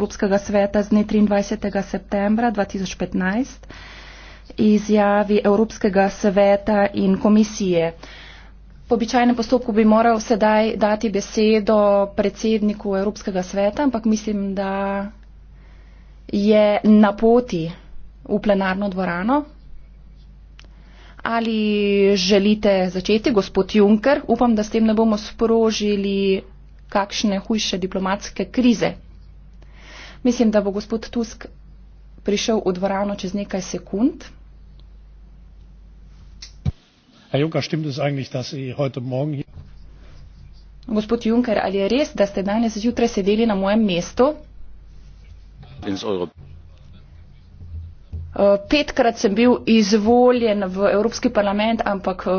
Evropskega sveta z dne 23. septembra 2015, izjavi Evropskega sveta in komisije. Po običajnem postopku bi moral sedaj dati besedo predsedniku Evropskega sveta, ampak mislim, da je na poti v plenarno dvorano. Ali želite začeti, gospod Juncker? Upam, da s tem ne bomo sprožili kakšne hujše diplomatske krize. Mislim, da bo gospod Tusk prišel v dvorano čez nekaj sekund. Herr Juncker, stimmt es eigentlich, dass Sie heute Morgen hier. Gospod Juncker, ali je res, da ste danes zjutraj sedeli na mojem mestu? Eh, petkrat sem bil izvoljen v Evropski parlament, ampak eh,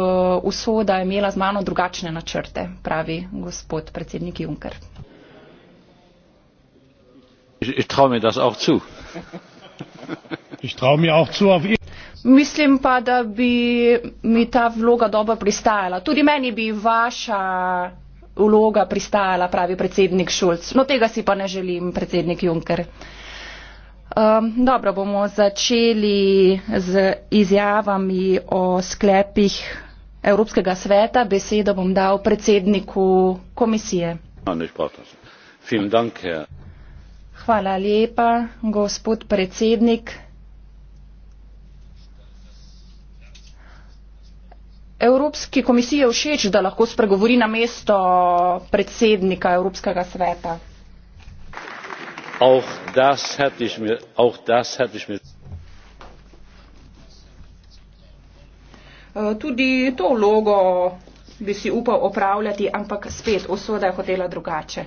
usoda je imela z mano drugačne načrte, pravi gospod predsednik Juncker. Mislim pa, da bi mi ta vloga dobro pristajala. Tudi meni bi vaša vloga pristajala, pravi predsednik Šulc. No, tega si pa ne želim, predsednik Juncker. Um, dobro, bomo začeli z izjavami o sklepih Evropskega sveta. Besedo bom dal predsedniku komisije. Ah, Hvala lepa, gospod predsednik. Evropski komisiji je všeč, da lahko spregovori na mesto predsednika Evropskega sveta. Auch das hätte ich mir, auch das hätte ich mir. Eh, tudi to vlogo bi si upal opravljati, ampak spet usoda je hotela drugače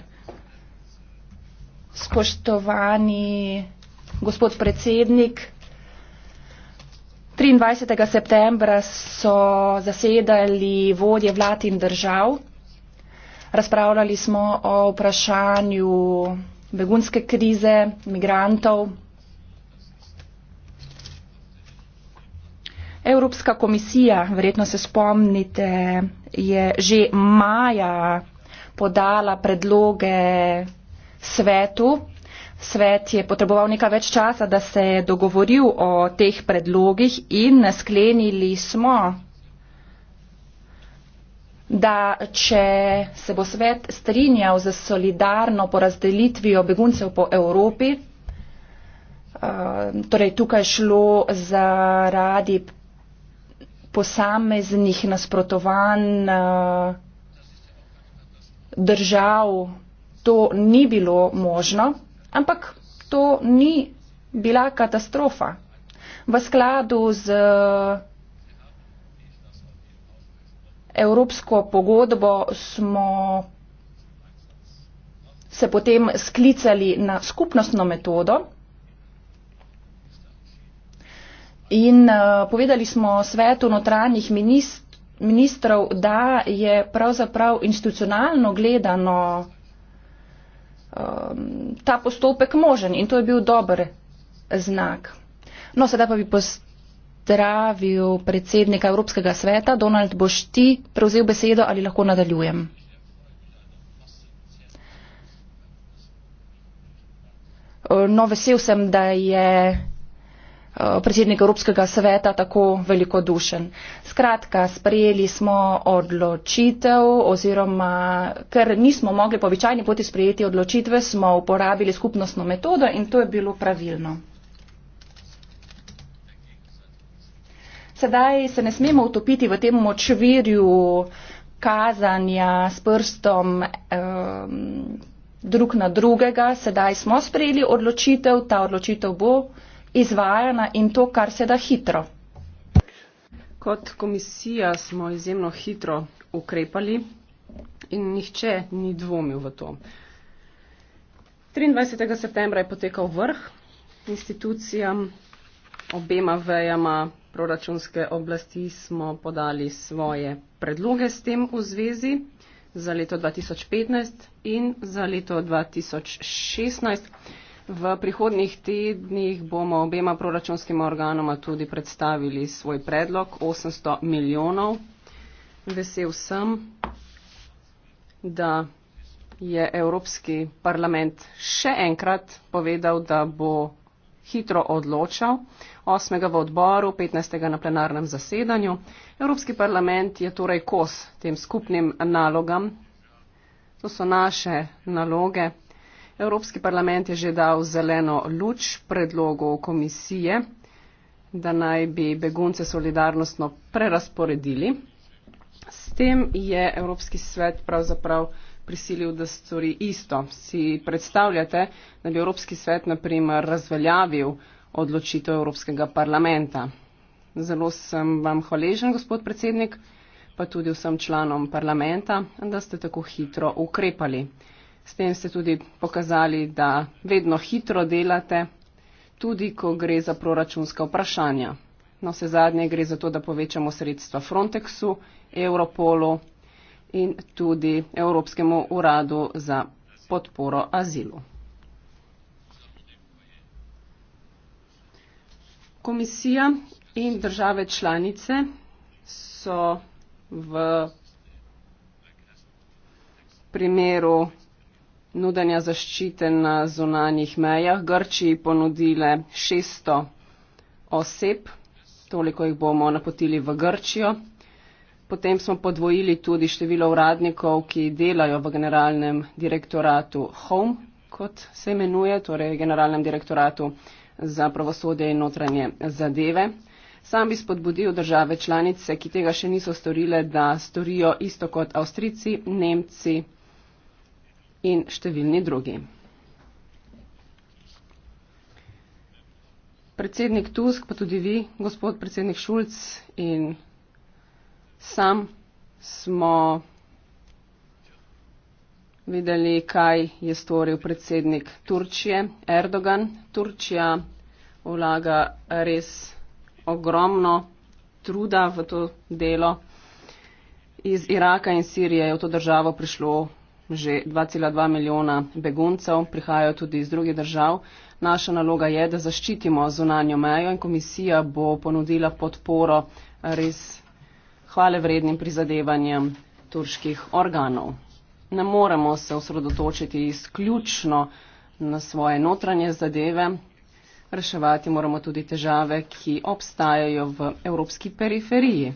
spoštovani gospod predsednik. 23. septembra so zasedali vodje vlad in držav. Razpravljali smo o vprašanju begunske krize, migrantov. Evropska komisija, verjetno se spomnite, je že maja podala predloge svetu. Svet je potreboval nekaj več časa, da se je dogovoril o teh predlogih in sklenili smo, da če se bo svet strinjal za solidarno porazdelitvijo beguncev po Evropi, eh, torej tukaj šlo zaradi posameznih nasprotovanj eh, držav to ni bilo možno, ampak to ni bila katastrofa. V skladu z eh, Evropsko pogodbo smo se potem sklicali na skupnostno metodo in eh, povedali smo svetu notranjih ministrov, da je pravzaprav institucionalno gledano um, ta postopek možen in to je bil dober znak. No, sedaj pa bi pozdravil predsednika Evropskega sveta. Donald, boš ti prevzel besedo ali lahko nadaljujem? Uh, no, vesel sem, da je. Eh, predsednik Evropskega sveta tako velikodušen. Skratka, sprejeli smo odločitev oziroma, ker nismo mogli po običajni poti sprejeti odločitve, smo uporabili skupnostno metodo in to je bilo pravilno. Sedaj se ne smemo utopiti v tem močvirju kazanja s prstom um, drug na drugega. Sedaj smo sprejeli odločitev, ta odločitev bo izvajana in to, kar se da hitro. Kot komisija smo izjemno hitro ukrepali in nihče ni dvomil v to. 23. septembra je potekal vrh institucijam, obema vejama proračunske oblasti smo podali svoje predloge s tem v zvezi za leto 2015 in za leto 2016. V prihodnih tednih bomo obema proračunskima organoma tudi predstavili svoj predlog 800 milijonov. Vesel sem, da je Evropski parlament še enkrat povedal, da bo hitro odločal. 8. v odboru, 15. na plenarnem zasedanju. Evropski parlament je torej kos tem skupnim nalogam. To so naše naloge. Evropski parlament je že dal zeleno luč predlogu komisije, da naj bi begunce solidarnostno prerasporedili. S tem je Evropski svet pravzaprav prisilil, da stori isto. Si predstavljate, da bi Evropski svet naprimer razveljavil odločitev Evropskega parlamenta. Zelo sem vam hvaležen, gospod predsednik, pa tudi vsem članom parlamenta, da ste tako hitro ukrepali. S tem ste tudi pokazali, da vedno hitro delate, tudi ko gre za proračunska vprašanja. Na no, vse zadnje gre za to, da povečamo sredstva Frontexu, Europolu in tudi Evropskemu uradu za podporo azilu. Komisija in države članice so v primeru nudanja zaščite na zunanjih mejah Grčiji ponudile 600 oseb, toliko jih bomo napotili v Grčijo. Potem smo podvojili tudi število uradnikov, ki delajo v generalnem direktoratu HOME, kot se imenuje, torej generalnem direktoratu za pravosodje in notranje zadeve. Sam bi spodbudil države članice, ki tega še niso storile, da storijo isto kot Avstrici, Nemci, in številni drugi. Predsednik Tusk, pa tudi vi, gospod predsednik Šulc in sam smo videli, kaj je storil predsednik Turčije, Erdogan. Turčija vlaga res ogromno truda v to delo. Iz Iraka in Sirije je v to državo prišlo že 2,2 milijona beguncev, prihajajo tudi iz drugih držav. Naša naloga je, da zaščitimo zunanjo mejo in komisija bo ponudila podporo res hvale vrednim prizadevanjem turških organov. Ne moremo se osredotočiti izključno na svoje notranje zadeve. Reševati moramo tudi težave, ki obstajajo v evropski periferiji.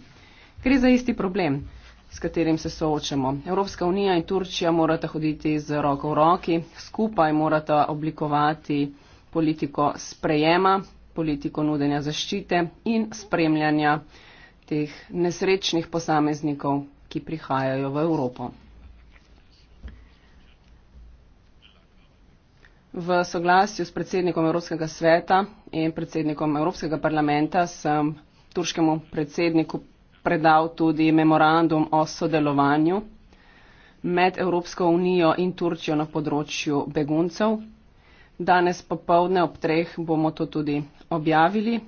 Gre za isti problem s katerim se soočamo. Evropska unija in Turčija morata hoditi z roko v roki, skupaj morata oblikovati politiko sprejema, politiko nudenja zaščite in spremljanja teh nesrečnih posameznikov, ki prihajajo v Evropo. V soglasju s predsednikom Evropskega sveta in predsednikom Evropskega parlamenta sem turškemu predsedniku predal tudi memorandum o sodelovanju med Evropsko unijo in Turčijo na področju beguncev. Danes popovdne ob treh bomo to tudi objavili.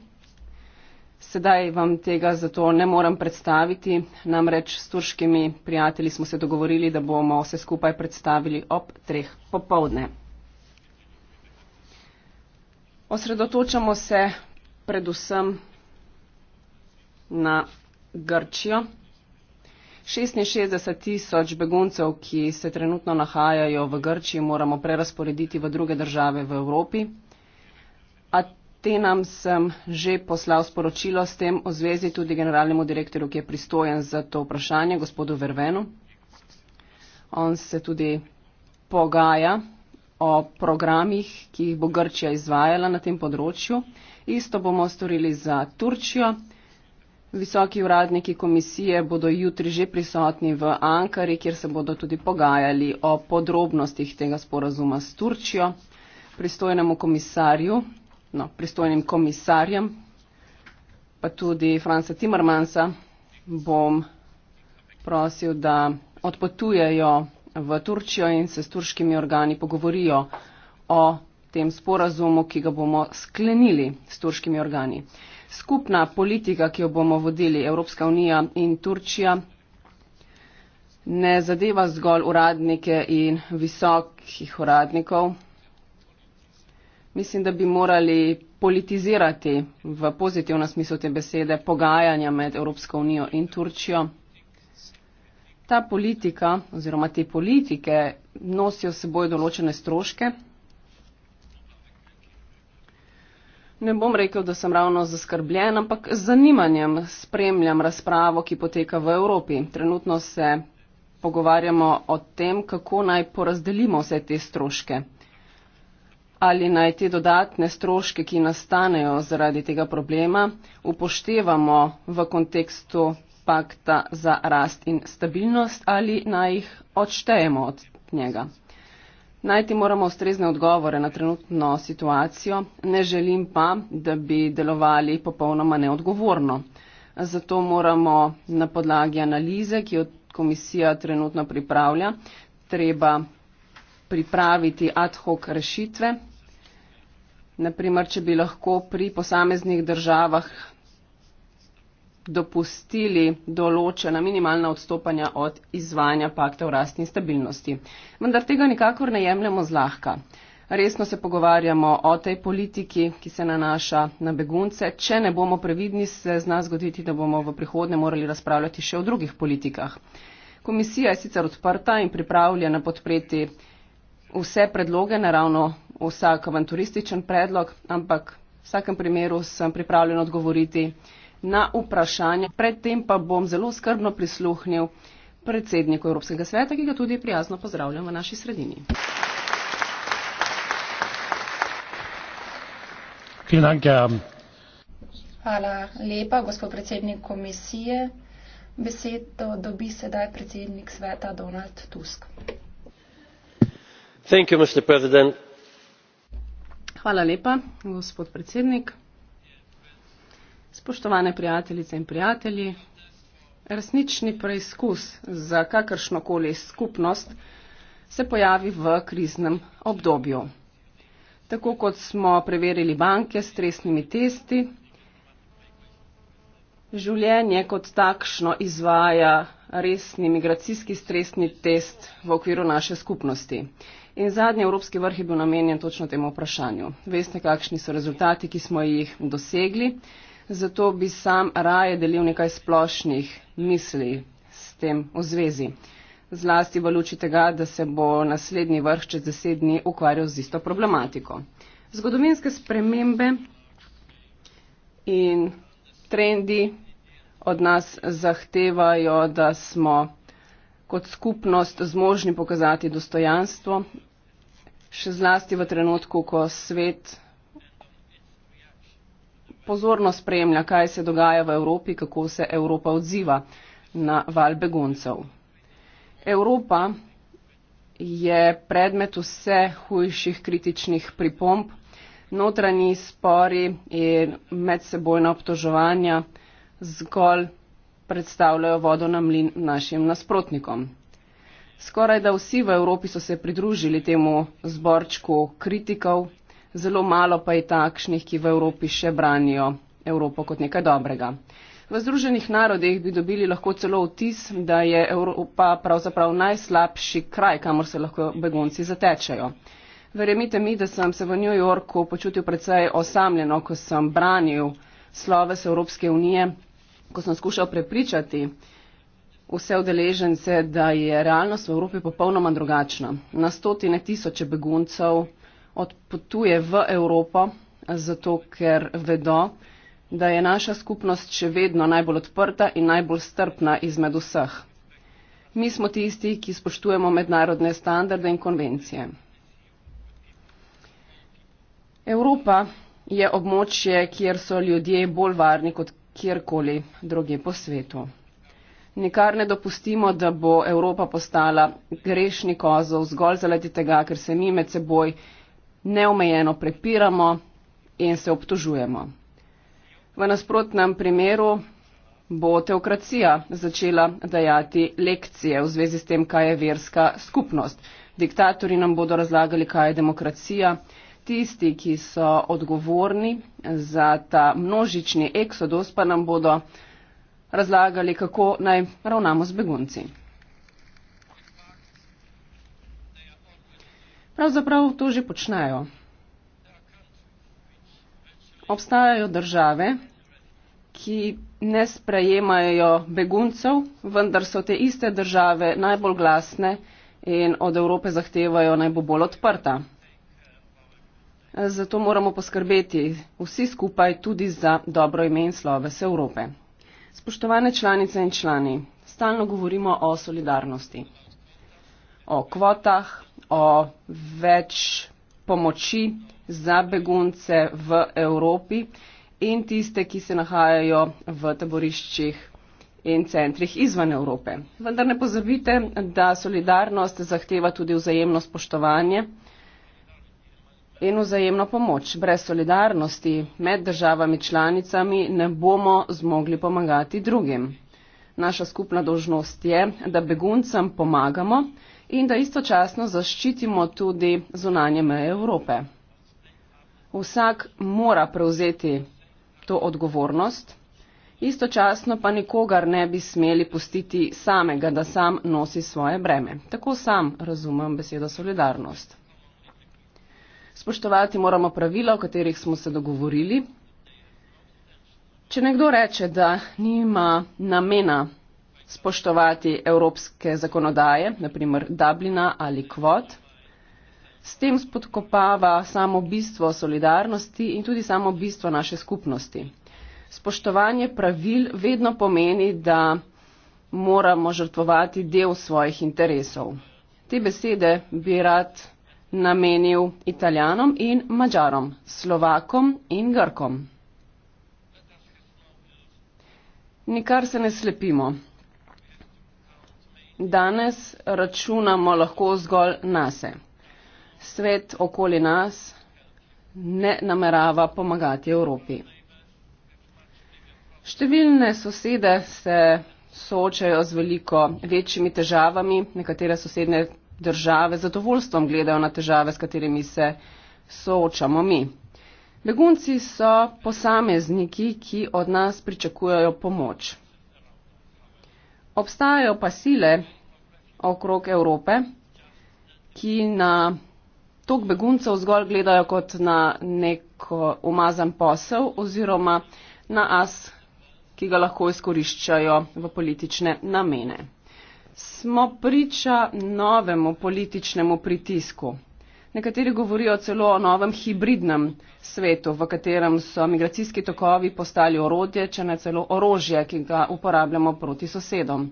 Sedaj vam tega zato ne morem predstaviti, namreč s turškimi prijatelji smo se dogovorili, da bomo vse skupaj predstavili ob treh popovdne. Osredotočamo se predvsem na Grčijo. 66 tisoč beguncev, ki se trenutno nahajajo v Grčiji, moramo prerasporediti v druge države v Evropi. Atenam sem že poslal sporočilo s tem o zvezi tudi generalnemu direktorju, ki je pristojen za to vprašanje, gospodu Vervenu. On se tudi pogaja o programih, ki jih bo Grčija izvajala na tem področju. Isto bomo storili za Turčijo. Visoki uradniki komisije bodo jutri že prisotni v Ankari, kjer se bodo tudi pogajali o podrobnostih tega sporazuma s Turčjo. Pristojnemu komisarju, no, pristojnim komisarjem, pa tudi Franca Timmermansa bom prosil, da odpotujejo v Turčjo in se s turškimi organi pogovorijo o tem sporazumu, ki ga bomo sklenili s turškimi organi skupna politika, ki jo bomo vodili Evropska unija in Turčija, ne zadeva zgolj uradnike in visokih uradnikov. Mislim, da bi morali politizirati v pozitivnem smislu te besede pogajanja med Evropsko unijo in Turčijo. Ta politika oziroma te politike nosijo s seboj določene stroške, Ne bom rekel, da sem ravno zaskrbljen, ampak z zanimanjem spremljam razpravo, ki poteka v Evropi. Trenutno se pogovarjamo o tem, kako naj porazdelimo vse te stroške. Ali naj te dodatne stroške, ki nastanejo zaradi tega problema, upoštevamo v kontekstu pakta za rast in stabilnost ali naj jih odštejemo od njega. Najti moramo ustrezne odgovore na trenutno situacijo, ne želim pa, da bi delovali popolnoma neodgovorno. Zato moramo na podlagi analize, ki jo komisija trenutno pripravlja, treba pripraviti ad hoc rešitve. Naprimer, če bi lahko pri posameznih državah dopustili določena minimalna odstopanja od izvajanja pakta o rastni stabilnosti. Vendar tega nikakor ne jemljemo zlahka. Resno se pogovarjamo o tej politiki, ki se nanaša na begunce. Če ne bomo previdni, se zna zgoditi, da bomo v prihodnje morali razpravljati še o drugih politikah. Komisija je sicer odprta in pripravljena podpreti vse predloge, naravno vsak avanturističen predlog, ampak v vsakem primeru sem pripravljen odgovoriti na vprašanje. Predtem pa bom zelo skrbno prisluhnil predsedniku Evropskega sveta, ki ga tudi prijazno pozdravljam v naši sredini. Hvala lepa, gospod predsednik komisije. Besedo dobi sedaj predsednik sveta Donald Tusk. You, Hvala lepa, gospod predsednik. Spoštovane prijateljice in prijatelji, resnični preizkus za kakršnokoli skupnost se pojavi v kriznem obdobju. Tako kot smo preverili banke s stresnimi testi, življenje kot takšno izvaja resni migracijski stresni test v okviru naše skupnosti. In zadnji Evropski vrh je bil namenjen točno temu vprašanju. Veste, kakšni so rezultati, ki smo jih dosegli zato bi sam raje delil nekaj splošnih misli s tem v zvezi. Zlasti v luči tega, da se bo naslednji vrh čez deset dni ukvarjal z isto problematiko. Zgodovinske spremembe in trendi od nas zahtevajo, da smo kot skupnost zmožni pokazati dostojanstvo, še zlasti v trenutku, ko svet pozorno spremlja, kaj se dogaja v Evropi, kako se Evropa odziva na val beguncev. Evropa je predmet vse hujših kritičnih pripomp, notranji spori in medsebojna obtoževanja zgolj predstavljajo vodo na mlin našim nasprotnikom. Skoraj da vsi v Evropi so se pridružili temu zborčku kritikov, zelo malo pa je takšnih, ki v Evropi še branijo Evropo kot nekaj dobrega. V Združenih narodih bi dobili lahko celo vtis, da je Evropa pravzaprav najslabši kraj, kamor se lahko begunci zatečajo. Verjemite mi, da sem se v New Yorku počutil precej osamljeno, ko sem branil sloves Evropske unije, ko sem skušal prepričati vse udeležence, da je realnost v Evropi popolnoma drugačna. Na stotine tisoče beguncev odpotuje v Evropo, zato ker vedo, da je naša skupnost še vedno najbolj odprta in najbolj strpna izmed vseh. Mi smo tisti, ki spoštujemo mednarodne standarde in konvencije. Evropa je območje, kjer so ljudje bolj varni kot kjerkoli druge po svetu. Nikar ne dopustimo, da bo Evropa postala grešni kozov zgolj zaradi tega, ker se mi med seboj neomejeno prepiramo in se obtožujemo. V nasprotnem primeru bo teokracija začela dajati lekcije v zvezi s tem, kaj je verska skupnost. Diktatori nam bodo razlagali, kaj je demokracija. Tisti, ki so odgovorni za ta množični eksodus, pa nam bodo razlagali, kako naj ravnamo z begunci. Pravzaprav to že počnejo. Obstajajo države, ki ne sprejemajo beguncev, vendar so te iste države najbolj glasne in od Evrope zahtevajo naj bo bolj odprta. Zato moramo poskrbeti vsi skupaj tudi za dobro ime in sloves Evrope. Spoštovane članice in člani, stalno govorimo o solidarnosti, o kvotah, o več pomoči za begunce v Evropi in tiste, ki se nahajajo v taboriščih in centrih izven Evrope. Vendar ne pozabite, da solidarnost zahteva tudi vzajemno spoštovanje in vzajemno pomoč. Brez solidarnosti med državami članicami ne bomo zmogli pomagati drugim. Naša skupna dožnost je, da beguncem pomagamo, in da istočasno zaščitimo tudi zunanje meje Evrope. Vsak mora prevzeti to odgovornost, istočasno pa nikogar ne bi smeli pustiti samega, da sam nosi svoje breme. Tako sam razumem besedo solidarnost. Spoštovati moramo pravila, o katerih smo se dogovorili. Če nekdo reče, da nima namena spoštovati evropske zakonodaje, naprimer Dublina ali kvot. S tem spodkopava samo bistvo solidarnosti in tudi samo bistvo naše skupnosti. Spoštovanje pravil vedno pomeni, da moramo žrtvovati del svojih interesov. Te besede bi rad namenil italijanom in mačarom, slovakom in grkom. Nikar se ne slepimo danes računamo lahko zgolj nase. Svet okoli nas ne namerava pomagati Evropi. Številne sosede se soočajo z veliko večjimi težavami, nekatere sosedne države z zadovoljstvom gledajo na težave, s katerimi se soočamo mi. Begunci so posamezniki, ki od nas pričakujejo pomoč. Obstajajo pa sile okrog Evrope, ki na tok beguncev zgolj gledajo kot na nek umazan posel oziroma na as, ki ga lahko izkoriščajo v politične namene. Smo priča novemu političnemu pritisku. Nekateri govorijo celo o novem hibridnem svetu, v katerem so migracijski tokovi postali orodje, če ne celo orožje, ki ga uporabljamo proti sosedom.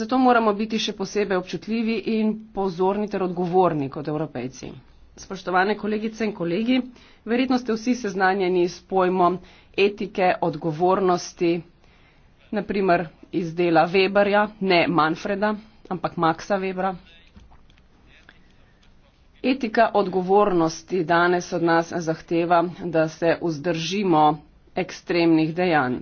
Zato moramo biti še posebej občutljivi in pozorni ter odgovorni kot evropejci. Spoštovane kolegice in kolegi, verjetno ste vsi seznanjeni s pojmom etike, odgovornosti, naprimer iz dela Weberja, ne Manfreda, ampak Maxa Webera. Etika odgovornosti danes od nas zahteva, da se vzdržimo ekstremnih dejanj.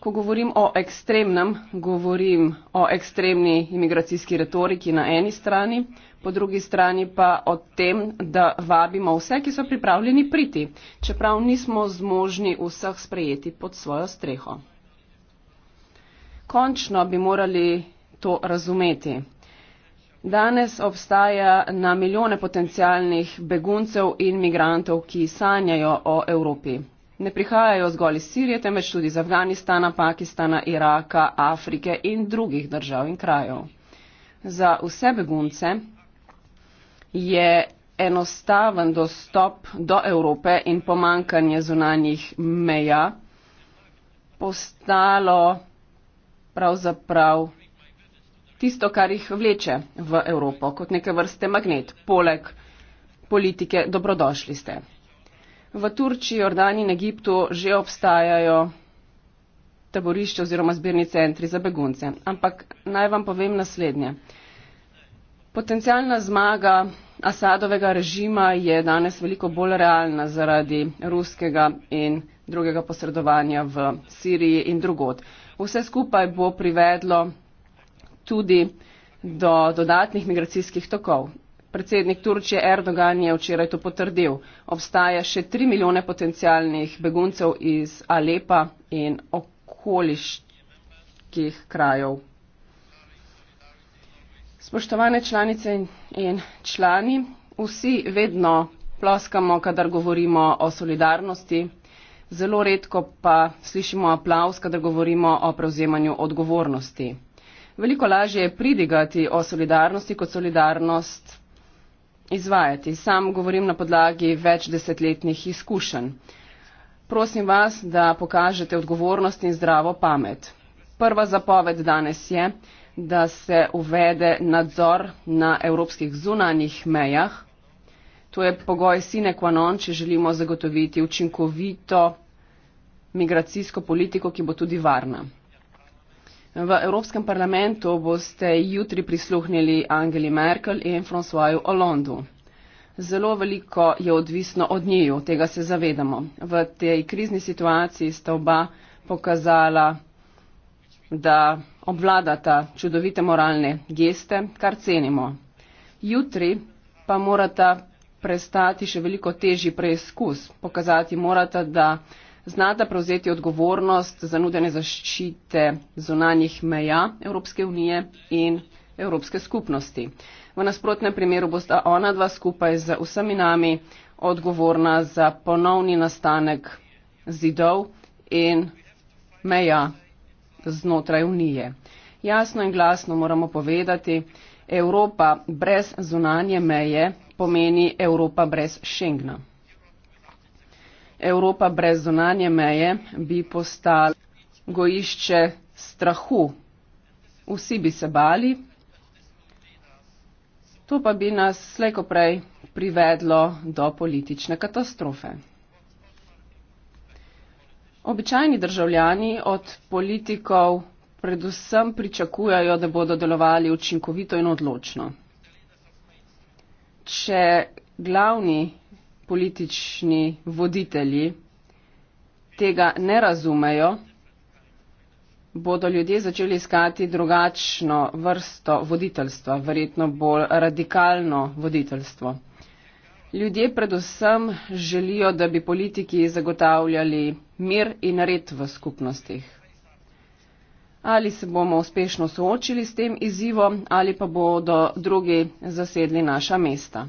Ko govorim o ekstremnem, govorim o ekstremni imigracijski retoriki na eni strani, po drugi strani pa o tem, da vabimo vse, ki so pripravljeni priti, čeprav nismo zmožni vseh sprejeti pod svojo streho. Končno bi morali to razumeti. Danes obstaja na milijone potencialnih beguncev in migrantov, ki sanjajo o Evropi. Ne prihajajo zgolj iz Sirije, temveč tudi iz Afganistana, Pakistana, Iraka, Afrike in drugih držav in krajev. Za vse begunce je enostaven dostop do Evrope in pomankanje zunanjih meja postalo pravzaprav tisto, kar jih vleče v Evropo, kot neke vrste magnet, poleg politike dobrodošli ste. V Turčiji, Jordani in Egiptu že obstajajo taborišče oziroma zbirni centri za begunce. Ampak naj vam povem naslednje. Potencijalna zmaga Asadovega režima je danes veliko bolj realna zaradi ruskega in drugega posredovanja v Siriji in drugod. Vse skupaj bo privedlo tudi do dodatnih migracijskih tokov. Predsednik Turčije Erdogan je včeraj to potrdil. Obstaja še 3 milijone potencijalnih beguncev iz Alepa in okoliških krajev. Spoštovane članice in člani, vsi vedno ploskamo, kadar govorimo o solidarnosti, zelo redko pa slišimo aplaus, kadar govorimo o prevzemanju odgovornosti veliko lažje je pridigati o solidarnosti kot solidarnost izvajati. Sam govorim na podlagi več desetletnih izkušenj. Prosim vas, da pokažete odgovornost in zdravo pamet. Prva zapoved danes je, da se uvede nadzor na evropskih zunanjih mejah. To je pogoj sine qua non, če želimo zagotoviti učinkovito migracijsko politiko, ki bo tudi varna. V Evropskem parlamentu boste jutri prisluhnili Angeli Merkel in Françoisu Hollandu. Zelo veliko je odvisno od njiju, tega se zavedamo. V tej krizni situaciji sta oba pokazala, da obvladata čudovite moralne geste, kar cenimo. Jutri pa morata prestati še veliko težji preizkus, pokazati morata, da znata prevzeti odgovornost za nudene zaščite zunanjih meja Evropske unije in Evropske skupnosti. V nasprotnem primeru bosta ona dva skupaj z vsemi nami odgovorna za ponovni nastanek zidov in meja znotraj Unije. Jasno in glasno moramo povedati, Evropa brez zunanje meje pomeni Evropa brez Schengna. Evropa brez zunanje meje bi postala gojišče strahu. Vsi bi se bali. To pa bi nas slejko prej privedlo do politične katastrofe. Običajni državljani od politikov predvsem pričakujajo, da bodo delovali učinkovito in odločno. Če glavni politični voditelji tega ne razumejo, bodo ljudje začeli iskati drugačno vrsto voditeljstva, verjetno bolj radikalno voditeljstvo. Ljudje predvsem želijo, da bi politiki zagotavljali mir in red v skupnostih. Ali se bomo uspešno soočili s tem izzivom ali pa bodo drugi zasedli naša mesta.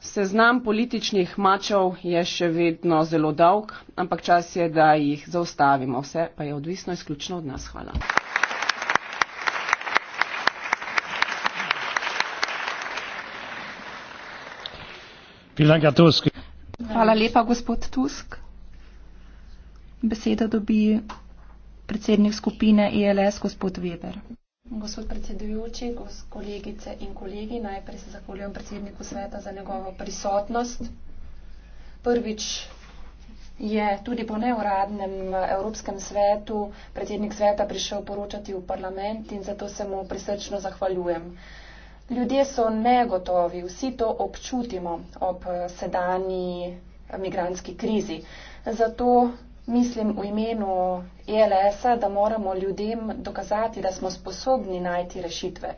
Seznam političnih mačev je še vedno zelo dolg, ampak čas je, da jih zaustavimo. Vse pa je odvisno izključno od nas. Hvala. Hvala lepa, gospod Tusk. Besedo dobi predsednik skupine ILS, e gospod Weber. Gospod predsedujoči, gost kolegice in kolegi, najprej se zahvaljujem predsedniku sveta za njegovo prisotnost. Prvič je tudi po neuradnem eh, Evropskem svetu predsednik sveta prišel poročati v parlament in zato se mu prisrčno zahvaljujem. Ljudje so negotovi, vsi to občutimo ob eh, sedanji eh, migranski krizi. Zato Mislim v imenu ILS-a, e da moramo ljudem dokazati, da smo sposobni najti rešitve.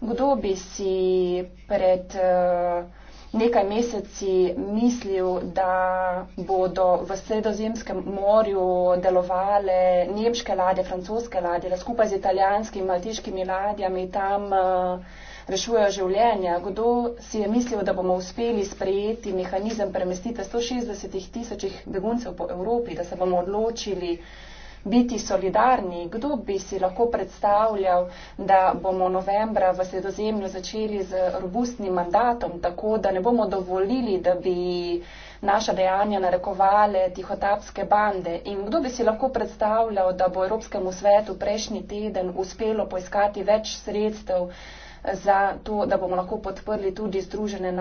Kdo bi si pred eh, nekaj meseci mislil, da bodo v sredozemskem morju delovale nemške ladje, francoske ladje, da skupaj z italijanskimi, maltiškimi ladjami tam. Uh, rešujejo življenja. Kdo si je mislil, da bomo uspeli sprejeti mehanizem premestitve 160 tisočih beguncev po Evropi, da se bomo odločili biti solidarni? Kdo bi si lahko predstavljal, da bomo novembra v sredozemlju začeli z robustnim mandatom, tako da ne bomo dovolili, da bi naša dejanja narekovale tihotapske bande in kdo bi si lahko predstavljal, da bo Evropskemu svetu prejšnji teden uspelo poiskati več sredstev za to, da bomo lahko podprli tudi združene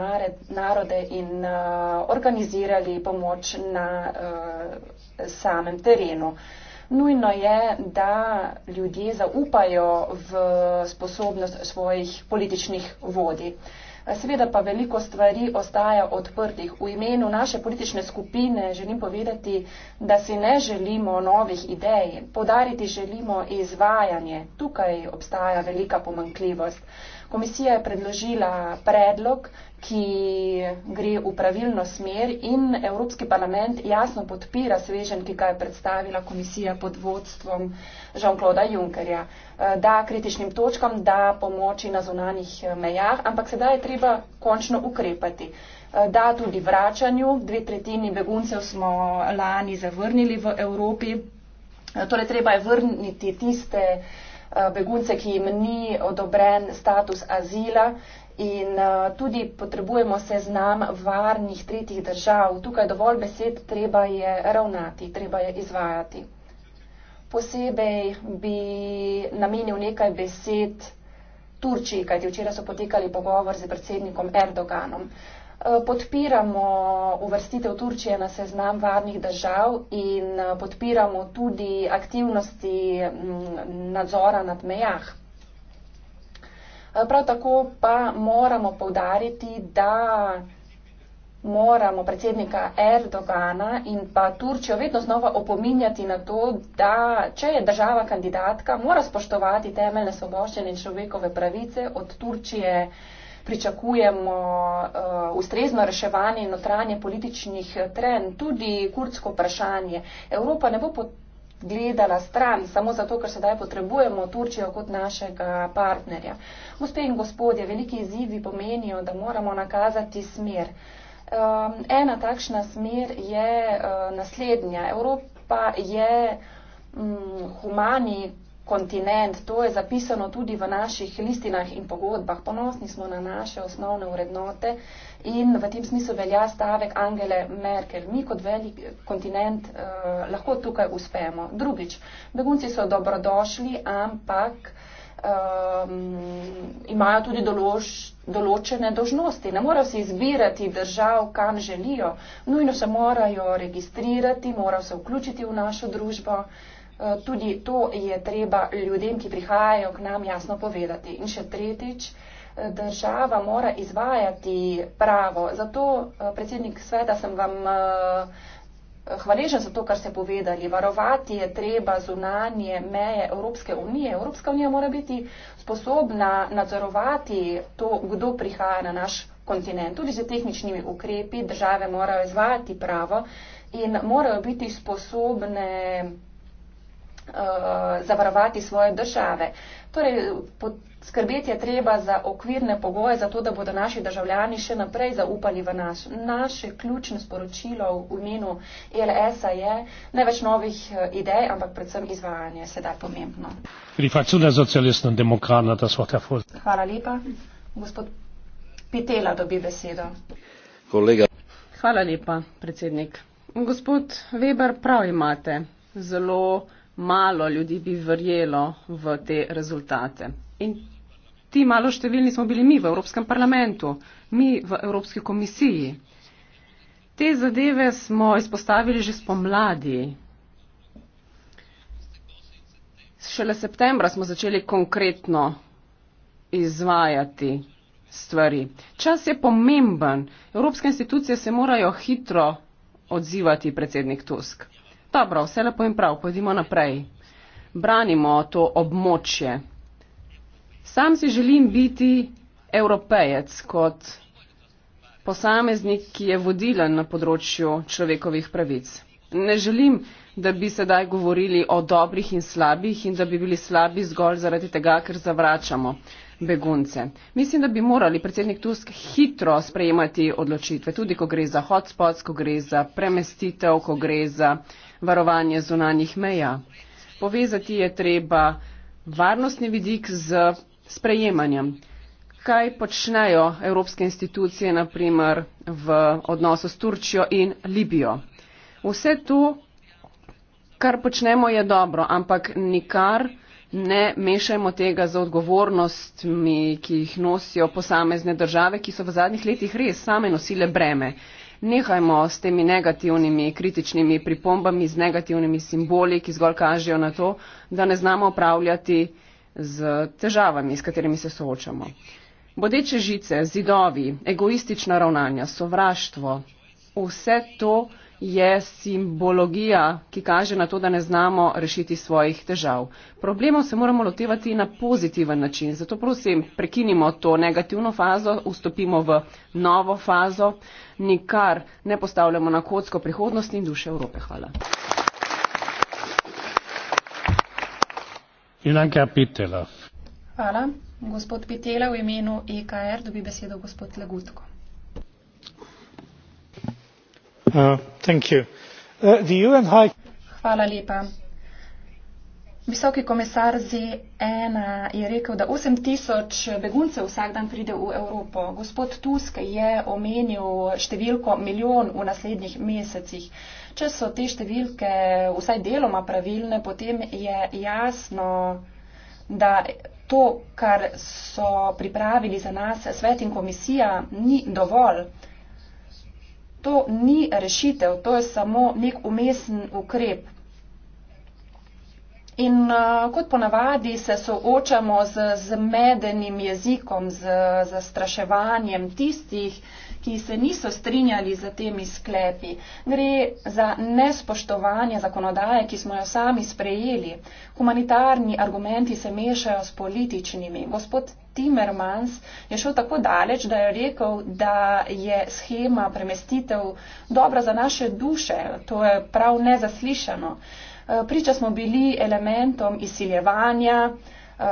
narode in uh, organizirali pomoč na uh, samem terenu. Nujno je, da ljudje zaupajo v sposobnost svojih političnih vodij. Seveda pa veliko stvari ostaja odprtih. V imenu naše politične skupine želim povedati, da si ne želimo novih idej, podariti želimo izvajanje. Tukaj obstaja velika pomankljivost. Komisija je predložila predlog, ki gre v pravilno smer in Evropski parlament jasno podpira svežen, ki ga je predstavila komisija pod vodstvom Jean-Claude Junckerja. Eh, da kritičnim točkam, da pomoči na zunanih eh, mejah, ampak sedaj je treba končno ukrepati. Eh, da tudi vračanju, dve tretjini beguncev smo lani zavrnili v Evropi, torej treba je vrniti tiste begunce, ki jim ni odobren status azila. In uh, tudi potrebujemo seznam varnih tretjih držav. Tukaj dovolj besed, treba je ravnati, treba je izvajati. Posebej bi namenil nekaj besed Turčiji, kajti včeraj so potekali pogovor z predsednikom Erdoganom. Eh, podpiramo uvrstitev Turčije na seznam varnih držav in eh, podpiramo tudi aktivnosti mm, nadzora nad mejah. Eh, prav tako pa moramo povdariti, da moramo predsednika Erdogana in pa Turčijo vedno znova opominjati na to, da če je država kandidatka, mora spoštovati temeljne svoboščine in človekove pravice od Turčije. Pričakujemo uh, ustrezno reševanje notranje političnih trenj, tudi kurdsko vprašanje. Evropa ne bo potrebna gleda na stran, samo zato, ker sedaj potrebujemo Turčijo kot našega partnerja. Gospe in gospodje, veliki izzivi pomenijo, da moramo nakazati smer. Um, ena takšna smer je uh, naslednja. Evropa je um, humani kontinent. To je zapisano tudi v naših listinah in pogodbah. Ponosni smo na naše osnovne urednote in v tem smislu velja stavek Angele Merkel. Mi kot velik kontinent eh, lahko tukaj uspemo. Drugič, begunci so dobrodošli, ampak Um, imajo tudi dolož, določene dožnosti. Ne morajo se izbirati držav, kam želijo. Nujno se morajo registrirati, morajo se vključiti v našo družbo. Uh, Eh, tudi to je treba ljudem, ki prihajajo k nam, jasno povedati. In še tretjič, eh, država mora izvajati pravo. Zato, eh, predsednik sveta, sem vam hvaležen za to, kar ste povedali. Varovati je treba zunanje meje Evropske unije. Evropska unija mora biti sposobna nadzorovati to, kdo prihaja na naš kontinent. Tudi z tehničnimi ukrepi države morajo izvajati pravo. In morajo biti sposobne Eh, zavarovati svoje države. Torej, skrbeti je treba za okvirne pogoje, zato da bodo naši državljani še naprej zaupali v nas. Naše ključno sporočilo v imenu ELS-a je ne več novih eh, idej, ampak predvsem izvajanje sedaj pomembno. Hvala lepa. Gospod Pitela dobi besedo. Kolega. Hvala lepa, predsednik. Gospod Weber, prav imate. Zelo malo ljudi bi verjelo v te rezultate. In ti malo številni smo bili mi v Evropskem parlamentu, mi v Evropski komisiji. Te zadeve smo izpostavili že spomladi. Šele septembra smo začeli konkretno izvajati stvari. Čas je pomemben. Evropske institucije se morajo hitro odzivati, predsednik Tusk. Dobro, vse lepo in prav, pojdimo naprej. Branimo to območje. Sam si želim biti evropejec kot posameznik, ki je vodilen na področju človekovih pravic. Ne želim, da bi sedaj govorili o dobrih in slabih in da bi bili slabi zgolj zaradi tega, ker zavračamo begunce. Mislim, da bi morali predsednik Tusk hitro sprejemati odločitve, tudi ko gre za hotspots, ko gre za premestitev, ko gre za varovanje zunanjih meja. Povezati je treba varnostni vidik z sprejemanjem. Kaj počnejo evropske institucije, naprimer v odnosu s Turčjo in Libijo? Vse to, kar počnemo, je dobro, ampak nikar ne mešajmo tega z odgovornostmi, ki jih nosijo posamezne države, ki so v zadnjih letih res same nosile breme nehajmo s temi negativnimi kritičnimi pripombami, z negativnimi simboli, ki zgolj kažejo na to, da ne znamo upravljati z težavami, s katerimi se soočamo. Bodeče žice, zidovi, egoistična ravnanja, sovraštvo, vse to je simbologija, ki kaže na to, da ne znamo rešiti svojih težav. Problemov se moramo lotevati na pozitiven način. Zato prosim, prekinimo to negativno fazo, vstopimo v novo fazo, nikar ne postavljamo na kocko prihodnosti in duše Evrope. Hvala. Hvala. Gospod Pitela v imenu EKR dobi besedo gospod Legutko. Uh, uh, Hvala lepa. Visoki komisar ZNA je rekel, da 8 tisoč beguncev vsak dan pride v Evropo. Gospod Tusk je omenil številko milijon v naslednjih mesecih. Če so te številke vsaj deloma pravilne, potem je jasno, da to, kar so pripravili za nas svet in komisija, ni dovolj to ni rešitev, to je samo nek umesen ukrep. In uh, kot ponavadi se soočamo z zmedenim jezikom, z zastraševanjem tistih, uh, ki se niso strinjali z temi sklepi. Gre za nespoštovanje zakonodaje, ki smo jo sami sprejeli. Humanitarni argumenti se mešajo s političnimi. Gospod Timmermans je šel tako daleč, da je rekel, da je schema premestitev dobra za naše duše. To je prav nezaslišano. E, priča smo bili elementom izsiljevanja, e,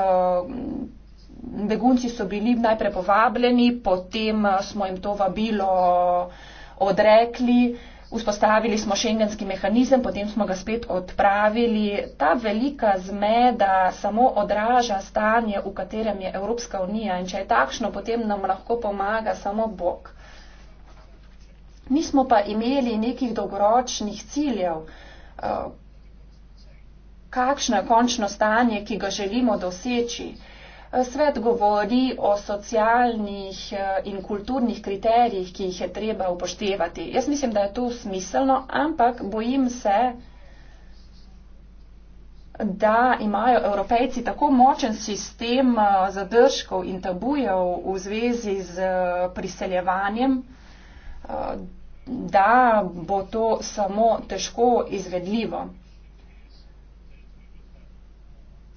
begunci so bili najprej povabljeni, potem eh, smo jim to vabilo odrekli, vzpostavili smo šengenski mehanizem, potem smo ga spet odpravili. Ta velika zmeda samo odraža stanje, v katerem je Evropska unija in če je takšno, potem nam lahko pomaga samo Bog. Nismo pa imeli nekih dolgoročnih ciljev, eh, kakšno je končno stanje, ki ga želimo doseči. Svet govori o socialnih eh, in kulturnih kriterijih, ki jih je treba upoštevati. Jaz mislim, da je to smiselno, ampak bojim se, da imajo evropejci tako močen sistem eh, zadržkov in tabujev v zvezi z eh, priseljevanjem, da bo to samo težko izvedljivo.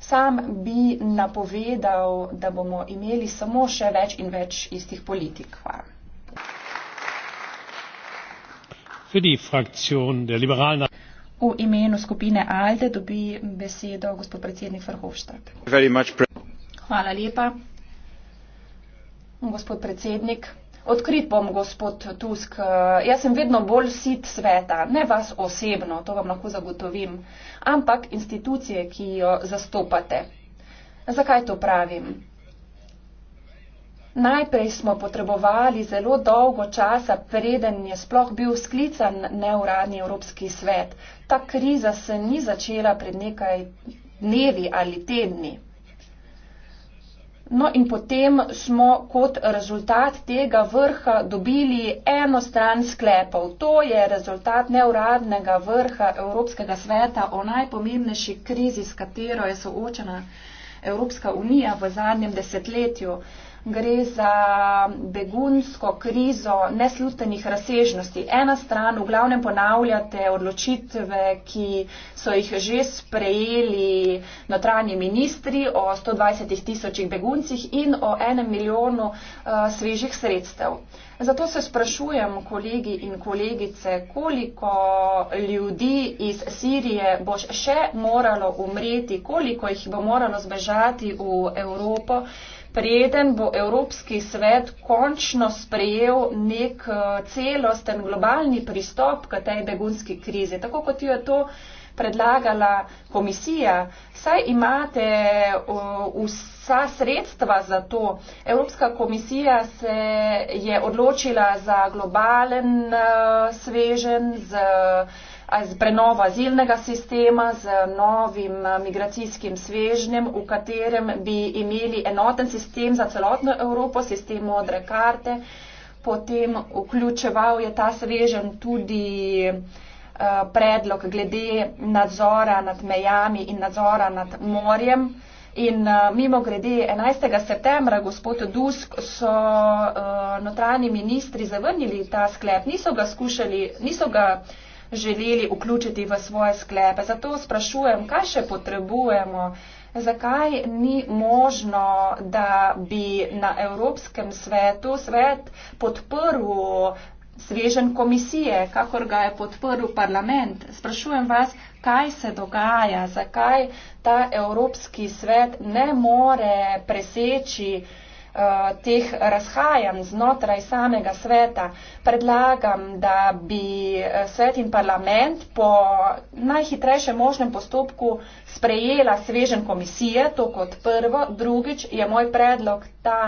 Sam bi napovedal, da bomo imeli samo še več in več istih politik. Hvala. V imenu skupine ALDE dobi besedo gospod predsednik Verhofstadt. Hvala lepa. Gospod predsednik. Odkrit bom, gospod Tusk, eh, jaz sem vedno bolj sit sveta, ne vas osebno, to vam lahko zagotovim, ampak institucije, ki jo zastopate. Zakaj to pravim? Najprej smo potrebovali zelo dolgo časa, preden je sploh bil sklican neuradni Evropski svet. Ta kriza se ni začela pred nekaj dnevi ali tedni. No in potem smo kot rezultat tega vrha dobili eno stran sklepov. To je rezultat neuradnega vrha Evropskega sveta o najpomembnejši krizi, s katero je soočena Evropska unija v zadnjem desetletju. Gre za begunsko krizo neslutenih razsežnosti. Ena stran, v glavnem ponavljate odločitve, ki so jih že sprejeli notranji ministri o 120 tisočih beguncih in o enem milijonu uh, svežih sredstev. Zato se sprašujem, kolegi in kolegice, koliko ljudi iz Sirije bo še moralo umreti, koliko jih bo moralo zbežati v Evropo, preden bo Evropski svet končno sprejel nek eh, celosten globalni pristop k tej begunski krizi. Tako kot jo je to predlagala komisija. Saj imate vsa sredstva za to. Evropska komisija se je odločila za globalen svežen, z, z prenovo azilnega sistema, z novim migracijskim svežnjem, v katerem bi imeli enoten sistem za celotno Evropo, sistem modre karte. Potem vključeval je ta svežen tudi Eh, predlog glede nadzora nad mejami in nadzora nad morjem. In eh, mimo grede 11. septembra, gospod Dusk, so eh, notranji ministri zavrnili ta sklep, niso ga, skušali, niso ga želeli vključiti v svoje sklepe. Zato sprašujem, kaj še potrebujemo, zakaj ni možno, da bi na Evropskem svetu svet podprl svežen komisije, kakor ga je podprl parlament. Sprašujem vas, kaj se dogaja, zakaj ta Evropski svet ne more preseči eh, teh razhajanj znotraj samega sveta. Predlagam, da bi eh, svet in parlament po najhitrejšem možnem postopku sprejela svežen komisije, to kot prvo. Drugič je moj predlog ta,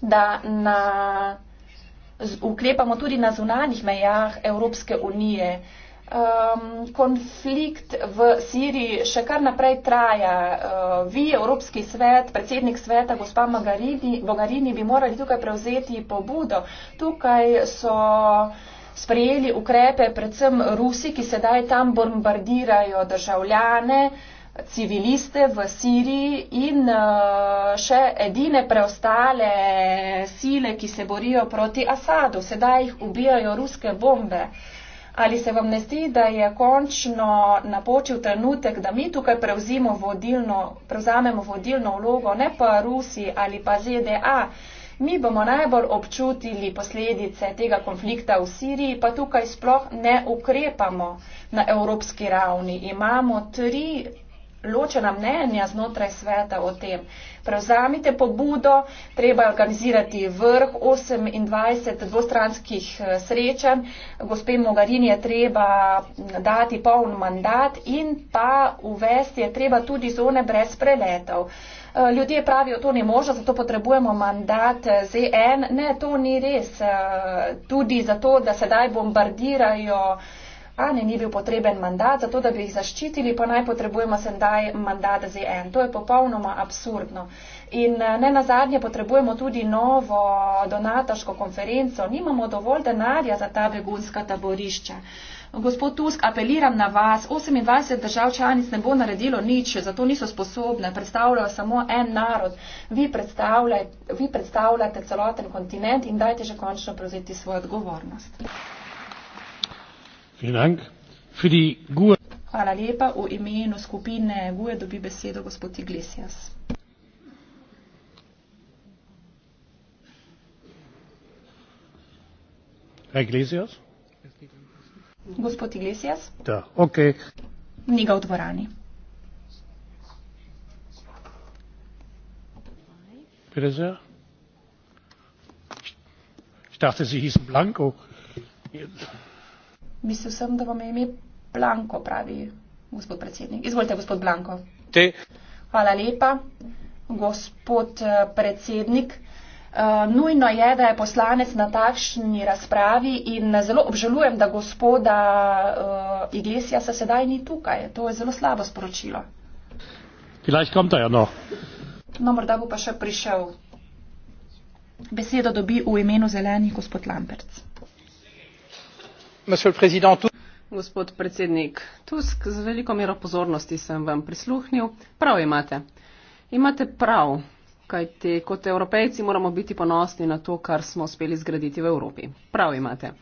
da na ukrepamo tudi na zunanjih mejah Evropske unije. Um, konflikt v Siriji še kar naprej traja. Uh, vi, Evropski svet, predsednik sveta, gospa Bogarini, bi morali tukaj prevzeti pobudo. Tukaj so sprejeli ukrepe predvsem Rusi, ki sedaj tam bombardirajo državljane. Uh, civiliste v Siriji in eh, še edine preostale sile, ki se borijo proti Asadu. Sedaj jih ubijajo ruske bombe. Ali se vam ne zdi, da je končno napočil trenutek, da mi tukaj vodilno, prevzamemo vodilno vlogo, ne pa Rusi ali pa ZDA? Mi bomo najbolj občutili posledice tega konflikta v Siriji, pa tukaj sploh ne ukrepamo na evropski ravni. Imamo tri ločena mnenja znotraj sveta o tem. Prevzamite pobudo, treba organizirati vrh 28 dvostranskih eh, srečanj, gospe Mogarin je treba mm, dati poln mandat in pa uvesti je treba tudi zone brez preletov. Eh, ljudje pravijo, to ni možno, zato potrebujemo mandat eh, ZN. Ne, to ni res. Tudi zato, da sedaj bombardirajo a ne ni bil potreben mandat, zato da bi jih zaščitili, pa naj potrebujemo sedaj mandat za en. To je popolnoma absurdno. In eh, ne na zadnje potrebujemo tudi novo donataško konferenco. Nimamo dovolj denarja za ta begunska taborišča. Gospod Tusk, apeliram na vas, 28 držav članic ne bo naredilo nič, zato niso sposobne, predstavljajo samo en narod. Vi predstavljate, vi predstavljate celoten kontinent in dajte že končno prevzeti svojo odgovornost. Hvala lepa. V imenu skupine GUE dobi besedo gospod Iglesias. Iglesias? Gospod Iglesias? Da, ok. Ni ga v dvorani. Bitte sehr. Ich dachte, sie hießen Blanco. Jetzt. Mislil sem, da vam je ime Blanko, pravi gospod predsednik. Izvolite, gospod Blanko. Te. Hvala lepa, gospod eh, predsednik. Eh, nujno je, da je poslanec na takšni razpravi in zelo obžalujem, da gospoda uh, eh, Iglesija se sedaj ni tukaj. To je zelo slabo sporočilo. Ja, no? no, morda bo pa še prišel. Besedo dobi v imenu zelenih gospod Lamperc gospod predsednik tusk z veliko mero pozornosti sem vam prisluhnil prav imate imate prav kajti kot evropejci moramo biti ponosni na to kar smo uspeli zgraditi v evropi prav imate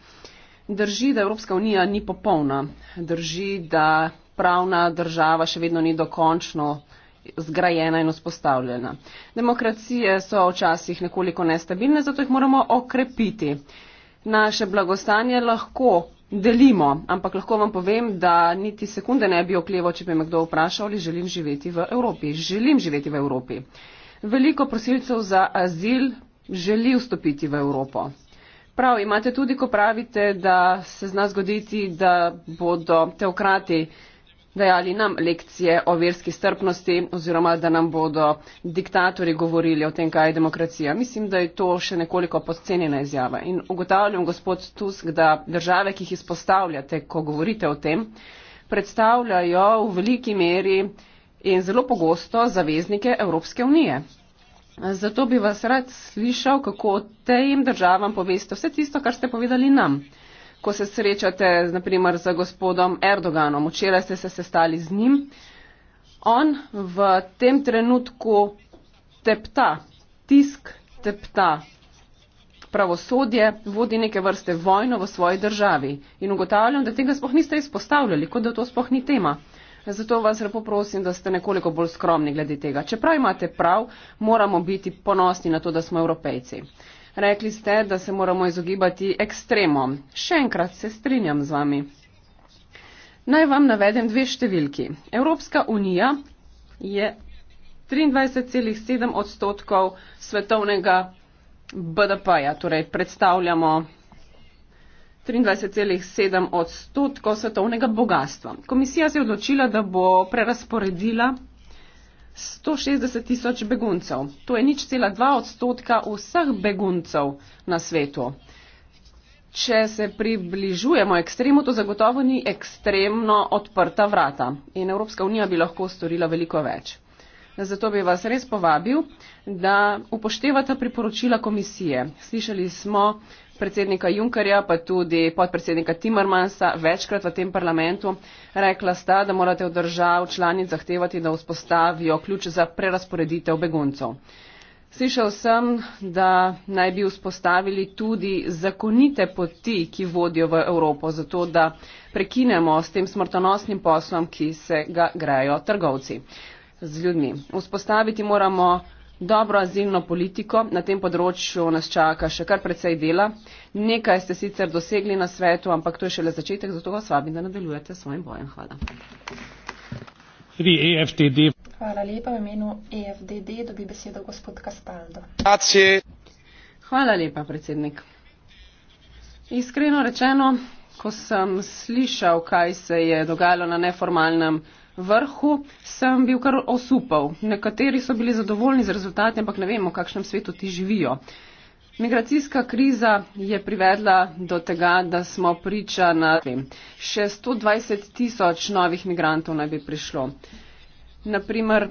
drži da evropska unija ni popolna drži da pravna država še vedno ni dokončno zgrajena in vzpostavljena demokracije so včasih nekoliko nestabilne zato jih moramo okrepiti naše blagostanje lahko delimo, ampak lahko vam povem, da niti sekunde ne bi okleval, če bi me kdo vprašal, ali želim živeti v Evropi. Želim živeti v Evropi. Veliko prosilcev za azil želi vstopiti v Evropo. Prav imate tudi, ko pravite, da se zna zgoditi, da bodo teokrati dajali nam lekcije o verski strpnosti oziroma da nam bodo diktatori govorili o tem, kaj je demokracija. Mislim, da je to še nekoliko podcenjena izjava. In ugotavljam, gospod Tusk, da države, ki jih izpostavljate, ko govorite o tem, predstavljajo v veliki meri in zelo pogosto zaveznike Evropske unije. Zato bi vas rad slišal, kako tem državam poveste vse tisto, kar ste povedali nam ko se srečate naprimer z gospodom Erdoganom, včeraj ste se sestali z njim, on v tem trenutku tepta, tisk tepta pravosodje, vodi neke vrste vojno v svoji državi in ugotavljam, da tega sploh niste izpostavljali, kot da to sploh ni tema. Zato vas lepo prosim, da ste nekoliko bolj skromni glede tega. Čeprav imate prav, moramo biti ponosni na to, da smo evropejci. Rekli ste, da se moramo izogibati ekstremom. Še enkrat se strinjam z vami. Naj vam navedem dve številki. Evropska unija je 23,7 odstotkov svetovnega BDP-ja, torej predstavljamo 23,7 odstotkov svetovnega bogatstva. Komisija se je odločila, da bo prerasporedila 160 tisoč beguncev. To je nič cela dva odstotka vseh beguncev na svetu. Če se približujemo ekstremu, to zagotovo ni ekstremno odprta vrata in Evropska unija bi lahko storila veliko več. Zato bi vas res povabil, da upoštevate priporočila komisije. Slišali smo predsednika Junkerja, pa tudi podpredsednika Timmermansa večkrat v tem parlamentu. Rekla sta, da morate v držav članic zahtevati, da vzpostavijo ključ za prerasporeditev beguncov. Slišal sem, da naj bi vzpostavili tudi zakonite poti, ki vodijo v Evropo, zato da prekinemo s tem smrtonosnim poslom, ki se ga grejo trgovci z ljudmi. Vzpostaviti moramo Dobro azilno politiko, na tem področju nas čaka še kar precej dela. Nekaj ste sicer dosegli na svetu, ampak to je šele začetek, zato vas vabim, da nadaljujete s svojim bojem. Hvala. E Hvala lepa, v imenu EFDD dobi besedo gospod Kastaldo. Hvala lepa, predsednik. Iskreno rečeno, ko sem slišal, kaj se je dogajalo na neformalnem vrhu, sem bil kar osupal. Nekateri so bili zadovoljni z rezultati, ampak ne vemo, v kakšnem svetu ti živijo. Migracijska kriza je privedla do tega, da smo priča na tem. Še 120 tisoč novih migrantov naj bi prišlo. Naprimer,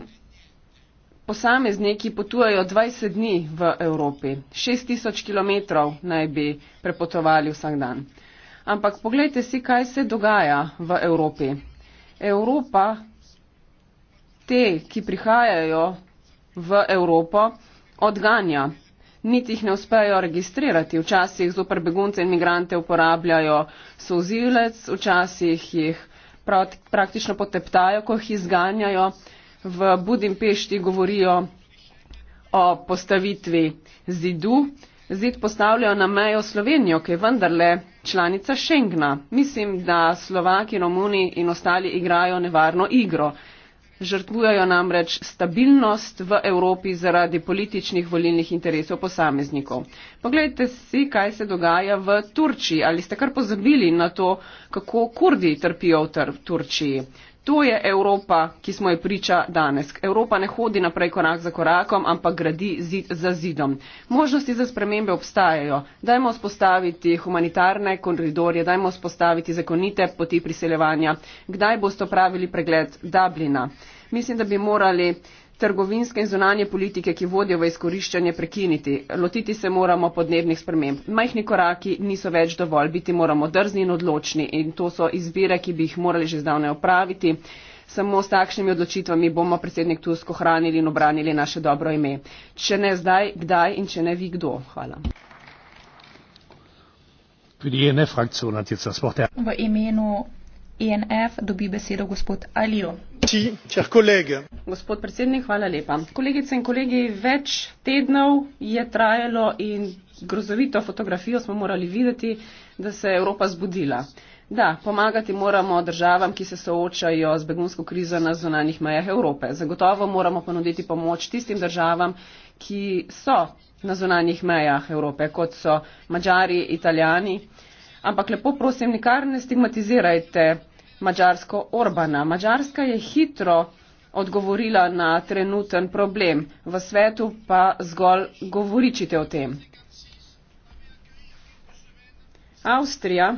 posamezniki potujejo 20 dni v Evropi, 6 tisoč kilometrov naj bi prepotovali vsak dan. Ampak pogledajte si, kaj se dogaja v Evropi. Evropa, te, ki prihajajo v Evropo, odganja. Niti jih ne uspejo registrirati. Včasih zoper begunce in migrante uporabljajo sozilec, včasih jih praktično poteptajo, ko jih izganjajo. V Budimpešti govorijo o postavitvi zidu. Zid postavljajo na mejo Slovenijo, ki je vendarle članica Schengna. Mislim, da Slovaki, Romuni in ostali igrajo nevarno igro. Žrtvujajo namreč stabilnost v Evropi zaradi političnih volilnih interesov posameznikov. Poglejte si, kaj se dogaja v Turčiji. Ali ste kar pozabili na to, kako kurdi trpijo v Turčiji? To je Evropa, ki smo jo priča danes. Evropa ne hodi naprej korak za korakom, ampak gradi zid za zidom. Možnosti za spremembe obstajajo. Dajmo spostaviti humanitarne koridorje, dajmo spostaviti zakonite poti priseljevanja. Kdaj boste opravili pregled Dublina? Mislim, da bi morali trgovinske in zunanje politike, ki vodijo v izkoriščanje, prekiniti. Lotiti se moramo podnebnih sprememb. Majhni koraki niso več dovolj, biti moramo drzni in odločni in to so izbire, ki bi jih morali že zdavne opraviti. Samo s takšnimi odločitvami bomo predsednik Tusk ohranili in obranili naše dobro ime. Če ne zdaj, kdaj in če ne vi, kdo? Hvala. E v imenu inf e dobi besedo gospod alijo Gospod predsednik, hvala lepa. Kolegice in kolegi, več tednov je trajalo in grozovito fotografijo smo morali videti, da se je Evropa zbudila. Da, pomagati moramo državam, ki se soočajo z begunsko krizo na zunanjih mejah Evrope. Zagotovo moramo ponuditi pomoč tistim državam, ki so na zunanjih mejah Evrope, kot so Mačari, Italijani. Ampak lepo prosim, nikar ne stigmatizirajte Mačarsko Orbana. Mačarska je hitro odgovorila na trenuten problem, v svetu pa zgolj govoričite o tem. Avstrija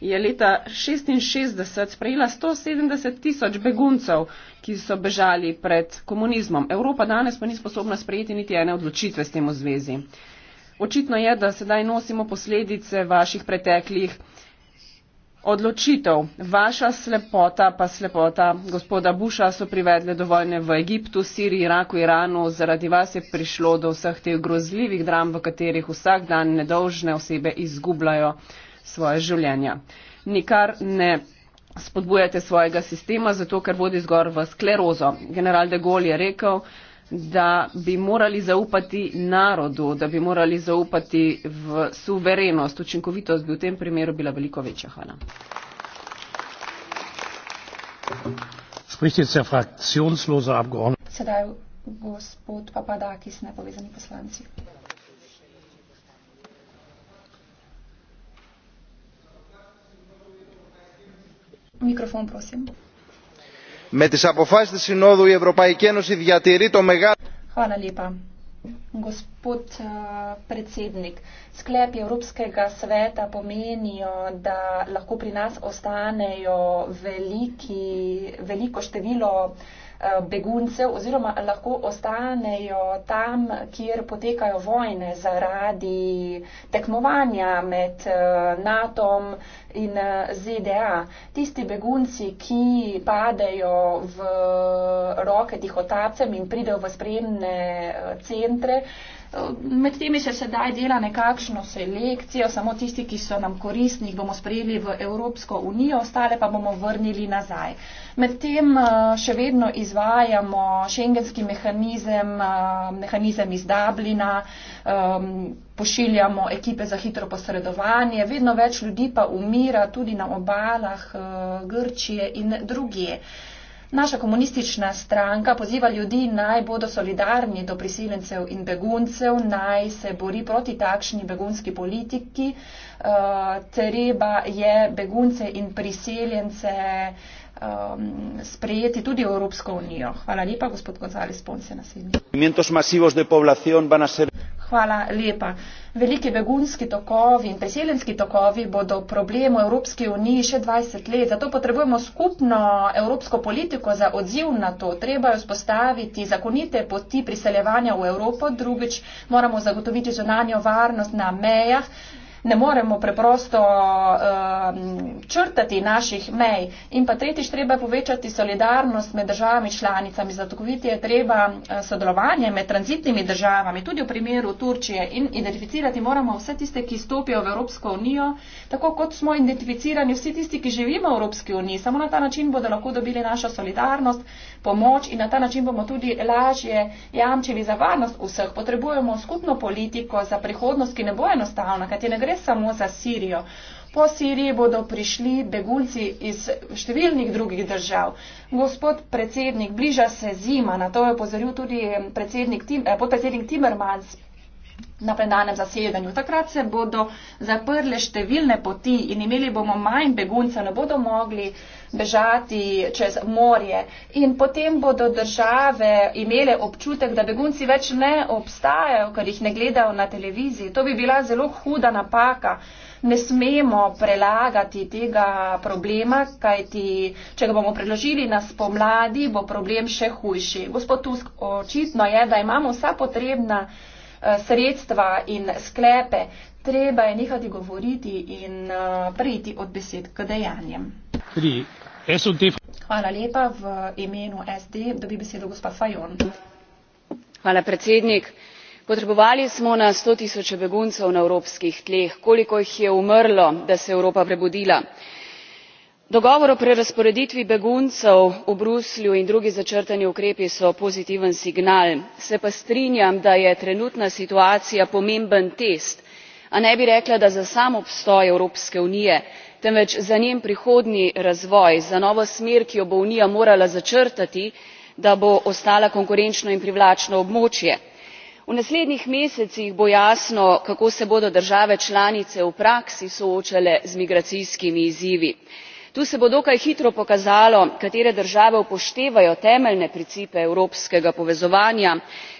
je leta 1966 sprejela 170 tisoč beguncev, ki so bežali pred komunizmom. Evropa danes pa ni sposobna sprejeti niti ene odločitve s tem v zvezi. Očitno je, da sedaj nosimo posledice vaših preteklih odločitev. Vaša slepota pa slepota gospoda Buša so privedle do vojne v Egiptu, Siriji, Iraku, Iranu. Zaradi vas je prišlo do vseh teh grozljivih dram, v katerih vsak dan nedolžne osebe izgubljajo svoje življenja. Nikar ne spodbujate svojega sistema, zato ker vodi zgor v sklerozo. General de Gaulle je rekel, da bi morali zaupati narodu, da bi morali zaupati v suverenost. Učinkovitost bi v tem primeru bila veliko večja. Hvala. Sedaj gospod Papadakis, nepovezani poslanci. Mikrofon, prosim. Με τις αποφάσεις της Συνόδου η Ευρωπαϊκή Ένωση διατηρεί το μεγάλο... Gospod eh, predsednik, sklep Evropskega sveta pomenijo, da lahko pri nas ostanejo veliki, veliko število uh, Eh, beguncev oziroma lahko ostanejo tam, kjer potekajo vojne zaradi tekmovanja med eh, NATO in eh, ZDA. Tisti begunci, ki padejo v roke tih otapcem in pridejo v spremne centre, Med temi se sedaj dela nekakšno selekcijo, samo tisti, ki so nam koristni, bomo sprejeli v Evropsko unijo, ostale pa bomo vrnili nazaj. Medtem eh, še vedno izvajamo šengenski mehanizem, eh, mehanizem iz Dublina, ehm, pošiljamo ekipe za hitro posredovanje, vedno več ljudi pa umira tudi na obalah eh, Grčije in drugje. Naša komunistična stranka poziva ljudi naj bodo solidarni do prisilencev in beguncev, naj se bori proti takšni begunski politiki. Eh, treba je begunce in prisiljence ehm, sprejeti tudi v Evropsko unijo. Hvala lepa, gospod González Ponce, naslednji. Hvala lepa. Veliki begunski tokovi in preseljenski tokovi bodo problem v Evropski uniji še 20 let. Zato potrebujemo skupno evropsko politiko za odziv na to. Treba je vzpostaviti zakonite poti priseljevanja v Evropo. Drugič, moramo zagotoviti zunanjo varnost na mejah ne moremo preprosto uh, črtati naših mej. In pa tretjič, treba povečati solidarnost med državami članicami. Zagotoviti je treba eh, sodelovanje med tranzitnimi državami, tudi v primeru Turčije. In identificirati moramo vse tiste, ki stopijo v Evropsko unijo, tako kot smo identificirani vsi tisti, ki živimo v Evropski uniji. Samo na ta način bodo lahko dobili našo solidarnost pomoč in na ta način bomo tudi lažje jamčili za varnost vseh. Potrebujemo skupno politiko za prihodnost, ki ne bo enostavna, kajti ne gre samo za Sirijo. Po Siriji bodo prišli begunci iz številnih drugih držav. Gospod predsednik, bliža se zima, na to je opozoril tudi Tim, eh, podpredsednik Timmermans na plenarnem zasedanju. Takrat se bodo zaprle številne poti in imeli bomo manj beguncev, ne bodo mogli bežati čez morje. In potem bodo države imele občutek, da begunci več ne obstajajo, ker jih ne gledajo na televiziji. To bi bila zelo huda napaka. Ne smemo prelagati tega problema, kajti če ga bomo preložili na spomladi, bo problem še hujši. Gospod Tusk, očitno je, da imamo vsa potrebna Eh, sredstva in sklepe. Treba je nehati govoriti in eh, preiti od besed k dejanjem. Hvala lepa v imenu SD, da bi besedo gospa Fajon. Hvala predsednik. Potrebovali smo na sto tisoče beguncev na evropskih tleh. Koliko jih je umrlo, da se je Evropa prebudila? dogovor o prerazporeditvi beguncev v bruslju in drugi začrtani ukrepi so pozitiven signal se pa strinjam da je trenutna situacija pomemben test a ne bi rekla da za sam obstoj evropske unije temveč za njen prihodnji razvoj za novo smer ki jo bo unija morala začrtati da bo ostala konkurenčno in privlačno območje. v naslednjih mesecih bo jasno kako se bodo države članice v praksi soočale z migracijskimi izzivi tu se bo dokaj hitro pokazalo katere države upoštevajo temeljne principe evropskega povezovanja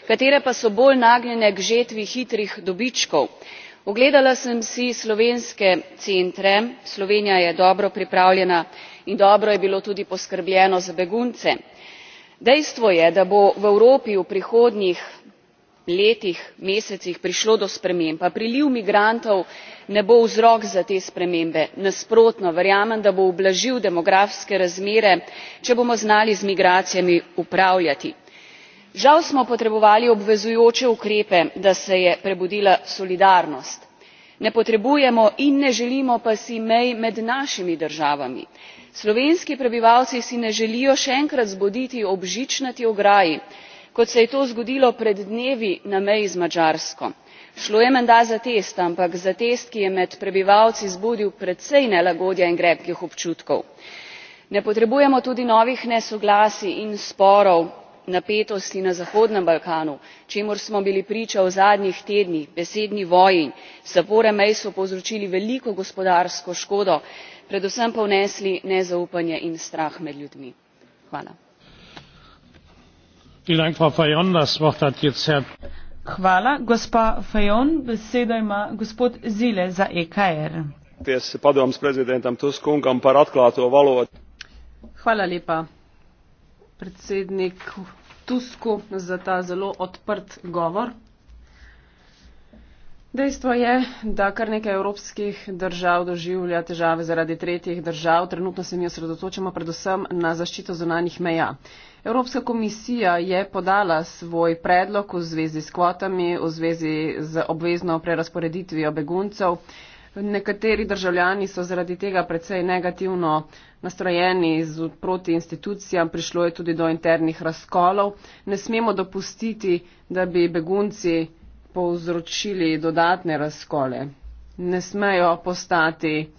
katere pa so bolj nagnjene k žetvi hitrih dobičkov. ogledala sem si slovenske centre slovenija je dobro pripravljena in dobro je bilo tudi poskrbljeno za begunce. dejstvo je da bo v evropi v prihodnjih letih mesecih prišlo do sprememb a priliv migrantov ne bo vzrok za te spremembe nasprotno verjamem da bo ublažil demografske razmere če bomo znali z migracijami upravljati. žal smo potrebovali obvezujoče ukrepe da se je prebudila solidarnost. ne potrebujemo in ne želimo pa si mej med našimi državami. slovenski prebivalci si ne želijo še enkrat zbuditi ob žičnati ograji kot se je to zgodilo pred dnevi na meji z madžarsko šlo je menda za test ampak za test ki je med prebivalci zbudil precej nelagodja in grenkih občutkov. ne potrebujemo tudi novih nesoglasij in sporov napetosti na zahodnem balkanu čemur smo bili priča v zadnjih tednih besedni vojni. zapore mej so povzročili veliko gospodarsko škodo predvsem pa vnesli nezaupanje in strah med ljudmi. hvala. Hvala. Gospa Fajon, besedo ima gospod Zile za EKR. Hvala lepa predsedniku Tusku za ta zelo odprt govor. Dejstvo je, da kar nekaj evropskih držav doživlja težave zaradi tretjih držav. Trenutno se mi osredotočamo predvsem na zaščito zunanih meja. Evropska komisija je podala svoj predlog v zvezi s kvotami, v zvezi z obvezno prerasporeditvijo beguncev. Nekateri državljani so zaradi tega predvsej negativno nastrojeni proti institucijam, prišlo je tudi do internih razkolov. Ne smemo dopustiti, da bi begunci povzročili dodatne razkole. Ne smejo postati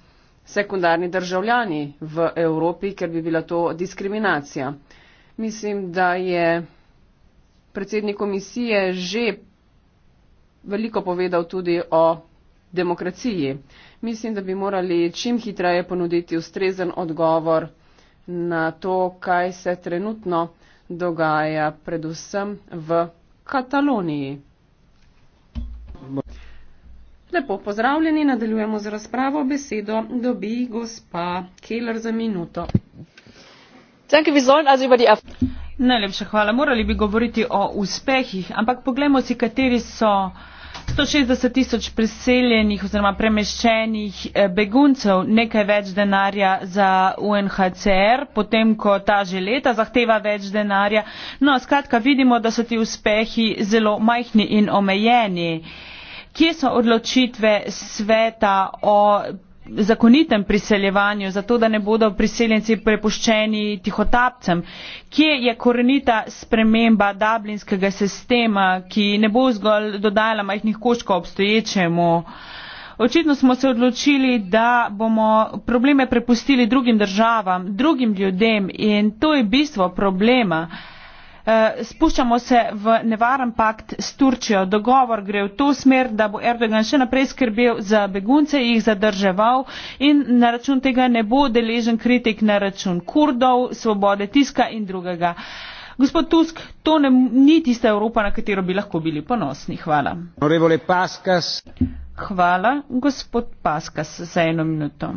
sekundarni državljani v Evropi, ker bi bila to diskriminacija. Mislim, da je predsednik komisije že veliko povedal tudi o demokraciji. Mislim, da bi morali čim hitreje ponuditi ustrezen odgovor na to, kaj se trenutno dogaja predvsem v Kataloniji. Lepo pozdravljeni, nadaljujemo z razpravo. Besedo dobi gospa Keller za minuto. Najlepša hvala. Morali bi govoriti o uspehih, ampak poglejmo si, kateri so 160 tisoč priseljenih oziroma premeščenih eh, beguncev, nekaj več denarja za UNHCR, potem ko ta že leta zahteva več denarja. No, skratka, vidimo, da so ti uspehi zelo majhni in omejeni kje so odločitve sveta o zakonitem priseljevanju, zato da ne bodo priseljenci prepuščeni tihotapcem. Kje je korenita sprememba dublinskega sistema, ki ne bo zgolj dodajala majhnih koščkov obstoječemu? Očitno smo se odločili, da bomo probleme prepustili drugim državam, drugim ljudem in to je bistvo problema. Uh, Eh, spuščamo se v nevaren pakt s Turčijo. Dogovor gre v to smer, da bo Erdogan še naprej skrbel za begunce, jih zadrževal in na račun tega ne bo deležen kritik na račun kurdov, svobode tiska in drugega. Gospod Tusk, to ne, ni tista Evropa, na katero bi lahko bili ponosni. Hvala. Hvala, gospod Paskas, za eno minuto.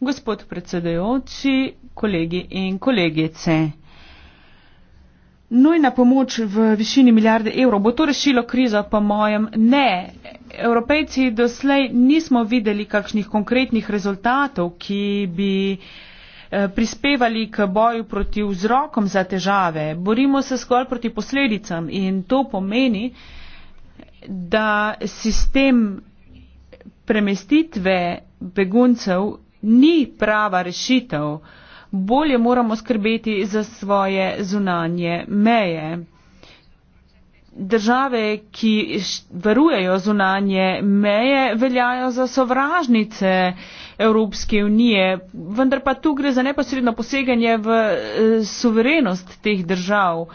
Gospod predsedajoči, kolegi in kolegice. Nujna pomoč v višini milijarde evrov, bo to rešilo krizo, po mojem, ne. Evropejci doslej nismo videli kakšnih konkretnih rezultatov, ki bi eh, prispevali k boju proti vzrokom za težave. Borimo se skolj proti posledicam in to pomeni, da sistem premestitve beguncev ni prava rešitev bolje moramo skrbeti za svoje zunanje meje. Države, ki varujejo zunanje meje, veljajo za sovražnice Evropske unije, vendar pa tu gre za neposredno poseganje v eh, suverenost teh držav.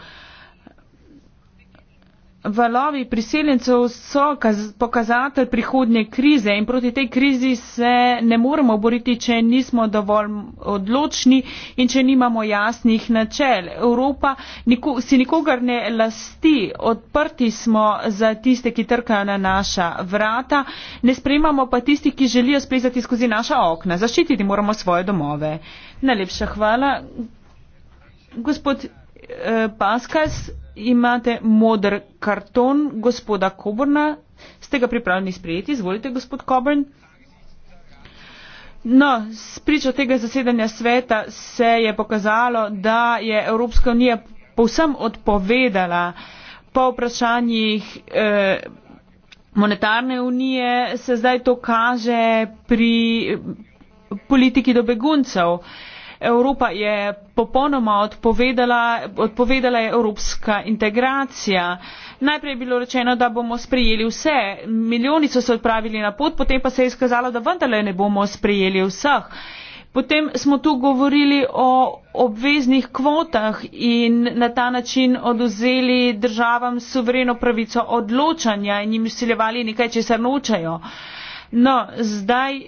Valovi priseljencev so pokazatelj prihodnje krize in proti tej krizi se ne moremo boriti, če nismo dovolj odločni in če nimamo jasnih načel. Evropa niko, si nikogar ne lasti, odprti smo za tiste, ki trkajo na naša vrata, ne sprejmamo pa tisti, ki želijo splezati skozi naša okna. Zaščititi moramo svoje domove. Najlepša hvala. Gospod eh, Paskas imate modr karton gospoda Coburna. Ste ga pripravljeni sprejeti? Izvolite, gospod Coburn. No, s pričo tega zasedanja sveta se je pokazalo, da je Evropska unija povsem odpovedala po vprašanjih eh, monetarne unije, se zdaj to kaže pri politiki do beguncev. Eh, Evropa je popolnoma odpovedala, odpovedala je evropska integracija. Najprej je bilo rečeno, da bomo sprejeli vse, milijoni so se odpravili na pot, potem pa se je izkazalo, da vendarle ne bomo sprejeli vseh. Potem smo tu govorili o obveznih kvotah in na ta način oduzeli državam suvereno pravico odločanja in jim siljevali nekaj, če se nočajo. No, zdaj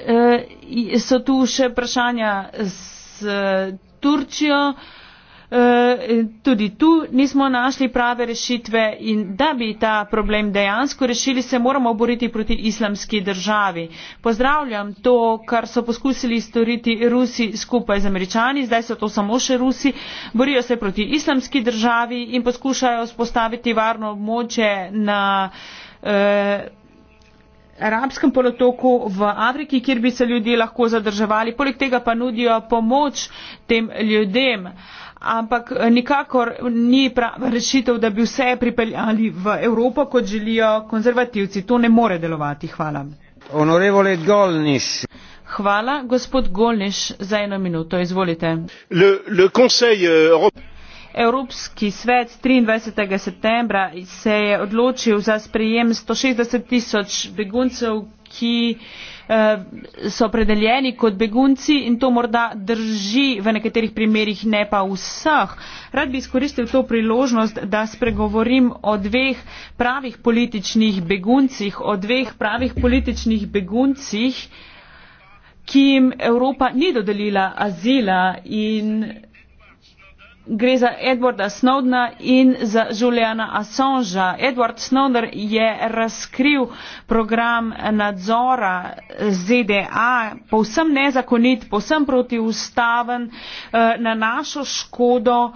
Eh, so tu še vprašanja s eh, Turčijo. Eh, tudi tu nismo našli prave rešitve in da bi ta problem dejansko rešili, se moramo boriti proti islamski državi. Pozdravljam to, kar so poskusili storiti Rusi skupaj z Američani, zdaj so to samo še Rusi, borijo se proti islamski državi in poskušajo spostaviti varno območje na. Eh, arabskem polotoku v Afriki, kjer bi se ljudje lahko zadrževali. Poleg tega pa nudijo pomoč tem ljudem. Ampak eh, nikakor ni prava rešitev, da bi vse pripeljali v Evropo, kot želijo konzervativci. To ne more delovati. Hvala. Hvala, gospod Golniš, za eno minuto. Izvolite. Le, le euh, Evropski svet 23. septembra se je odločil za sprejem 160 tisoč beguncev, ki eh, so opredeljeni kot begunci in to morda drži v nekaterih primerjih, ne pa vseh. Rad bi izkoristil to priložnost, da spregovorim o dveh pravih političnih beguncih, o dveh pravih političnih beguncih, ki jim Evropa ni dodelila azila in Gre za Edwarda Snowdena in za Juliana Assangea. Edward Snowden je razkril program nadzora ZDA, povsem nezakonit, povsem protiustaven, eh, na našo škodo.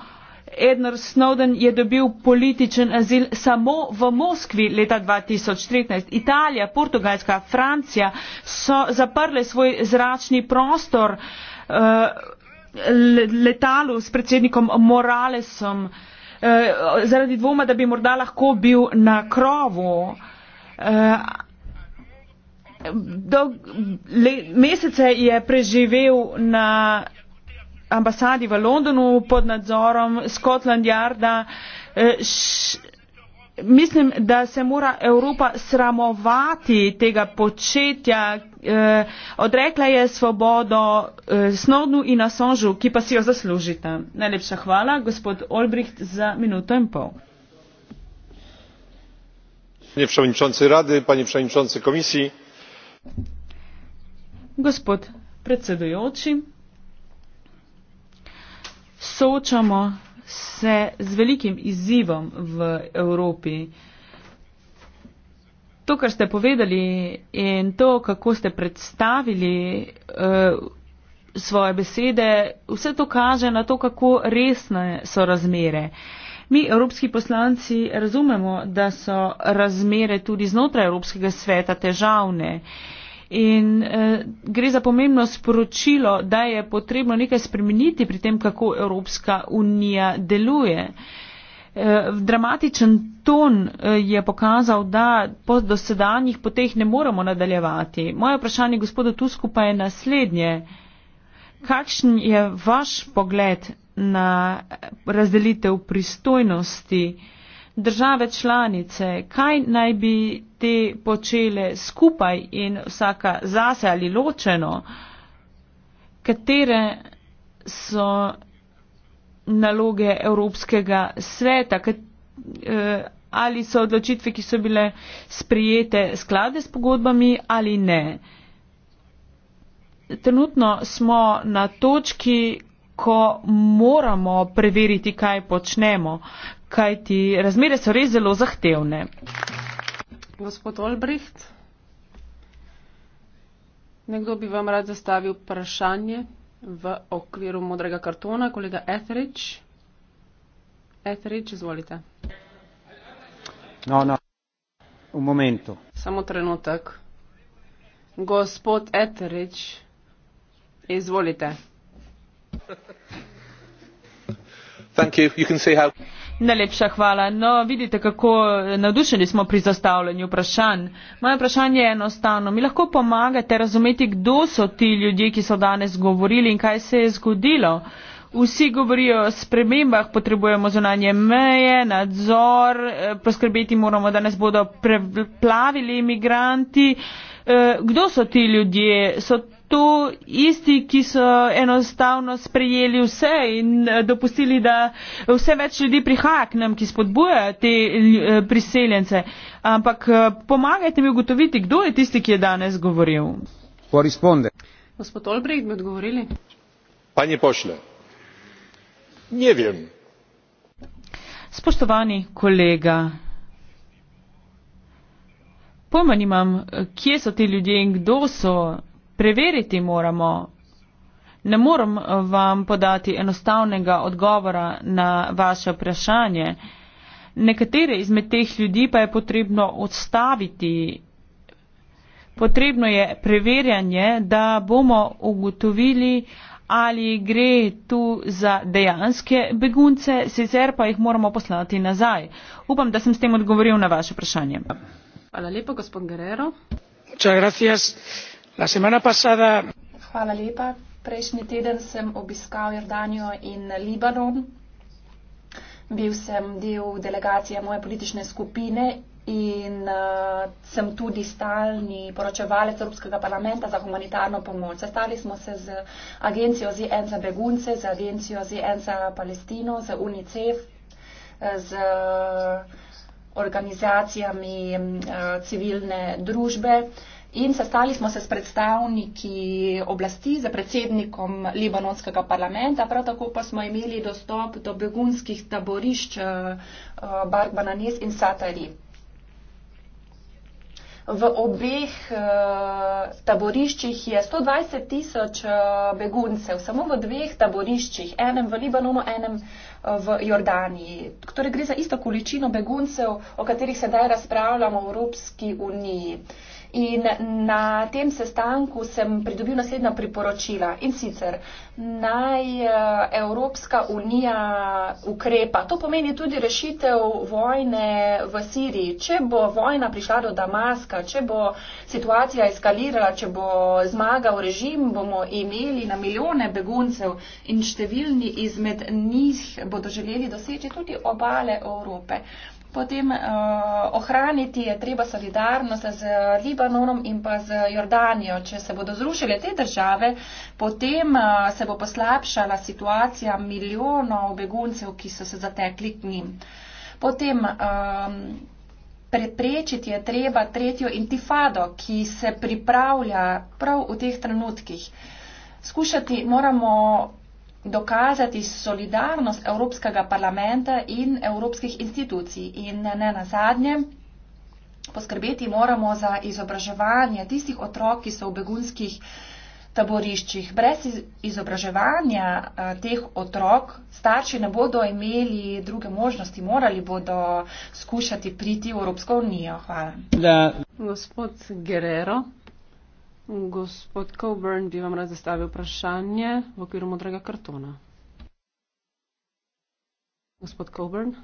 Edward Snowden je dobil političen azil samo v Moskvi leta 2013. Italija, Portugalska, Francija so zaprle svoj zračni prostor. Uh, letalu s predsednikom Moralesom eh, zaradi dvoma, da bi morda lahko bil na krovu. Eh, Do, le, mesece je preživel na ambasadi v Londonu pod nadzorom Scotland Yarda. Eh, mislim, da se mora Evropa sramovati tega početja, Eh, odrekla je svobodo eh, Snowdenu in Assangeu, ki pa si jo zaslužite. Najlepša hvala, gospod Olbricht, za minuto in pol. Panie przewodniczący Rady, panie przewodniczący Komisji. Gospod predsedujoči, soočamo se z velikim izzivom v Evropi to, kar ste povedali in to, kako ste predstavili uh, svoje besede, vse to kaže na to, kako resne so razmere. Mi, evropski poslanci, razumemo, da so razmere tudi znotraj Evropskega sveta težavne. In eh, gre za pomembno sporočilo, da je potrebno nekaj spremeniti pri tem, kako Evropska unija deluje. Eh, eh, dramatičen ton eh, je pokazal, da po dosedanjih poteh ne moremo nadaljevati. Moje vprašanje gospodu Tusku pa je naslednje. Kakšen je vaš pogled na razdelitev pristojnosti države članice? Kaj naj bi te počele skupaj in vsaka zase ali ločeno? Katere so naloge Evropskega sveta, kad, eh, ali so odločitve, ki so bile sprijete sklade s pogodbami ali ne. Trenutno smo na točki, ko moramo preveriti, kaj počnemo, kajti razmere so res zelo zahtevne. Gospod Olbricht, nekdo bi vam rad zastavil vprašanje v okviru modrega kartona, kolega Etherich. Etherich, izvolite. No, no. V momentu. Samo trenutek. Gospod Etherich, izvolite. Thank you. You can see how. Najlepša hvala. No, vidite, kako navdušeni smo pri zastavljanju vprašanj. Moje vprašanje je enostavno. Mi lahko pomagate razumeti, kdo so ti ljudje, ki so danes govorili in kaj se je zgodilo. Vsi govorijo o spremembah, potrebujemo zunanje meje, nadzor, eh, poskrbeti moramo, da nas bodo preplavili imigranti. Eh, kdo so ti ljudje? So to isti, ki so enostavno sprejeli vse in eh, dopustili, da vse več ljudi prihaja k nam, ki spodbuja te eh, priseljence. Ampak eh, pomagajte mi ugotoviti, kdo je tisti, ki je danes govoril. Koresponde. Gospod Olbrej, bi odgovorili? Panje pošle. Ne vem. Spoštovani kolega. Pojma nimam, kje so ti ljudje in kdo so. Preveriti moramo. Ne moram eh, vam podati enostavnega odgovora na vaše vprašanje. Nekatere izmed teh ljudi pa je potrebno odstaviti. Potrebno je preverjanje, da bomo ugotovili, ali gre tu za dejanske begunce, sicer pa jih moramo poslati nazaj. Upam, da sem s tem odgovoril na vaše vprašanje. Hvala lepa, gospod Guerrero. Muchas gracias. Hvala lepa. Prejšnji teden sem obiskal Jordanijo in Libanon. Bil sem del delegacije moje politične skupine in uh, sem tudi stalni poročevalec Evropskega parlamenta za humanitarno pomoč. Sestali smo se z agencijo ZN za begunce, z agencijo ZN za Palestino, z UNICEF, eh, z organizacijami uh, civilne družbe. Uh, In sestali smo se s predstavniki oblasti, z predsednikom libanonskega parlamenta, prav tako pa smo imeli dostop do begunskih taborišč eh, Bark Bananes in Satari. V obeh eh, taboriščih je 120 tisoč eh, beguncev, samo v dveh taboriščih, enem v Libanonu, enem v Jordaniji. Torej gre za isto količino beguncev, o katerih sedaj razpravljamo v Evropski uniji. In na tem sestanku sem pridobil naslednja priporočila in sicer naj eh, Evropska unija ukrepa. To pomeni tudi rešitev vojne v Siriji. Če bo vojna prišla do Damaska, če bo situacija eskalirala, če bo zmagal režim, bomo imeli na milijone beguncev in številni izmed njih bodo želeli doseči tudi obale Evrope. Potem uh, ohraniti je treba solidarnost z Libanonom in pa z Jordanijo. Če se bodo zrušile te države, potem uh, se bo poslabšala situacija milijonov beguncev, ki so se zatekli k njim. Potem um, preprečiti je treba tretjo intifado, ki se pripravlja prav v teh trenutkih. Skušati moramo dokazati solidarnost Evropskega parlamenta in evropskih institucij. In ne na zadnje, poskrbeti moramo za izobraževanje tistih otrok, ki so v begunskih taboriščih. Brez izobraževanja teh otrok starši ne bodo imeli druge možnosti, morali bodo skušati priti v Evropsko unijo. Hvala. Da. Gospod Guerrero. Gospod Coburn bi vam rad zastavil vprašanje v okviru modrega kartona. Gospod Coburn.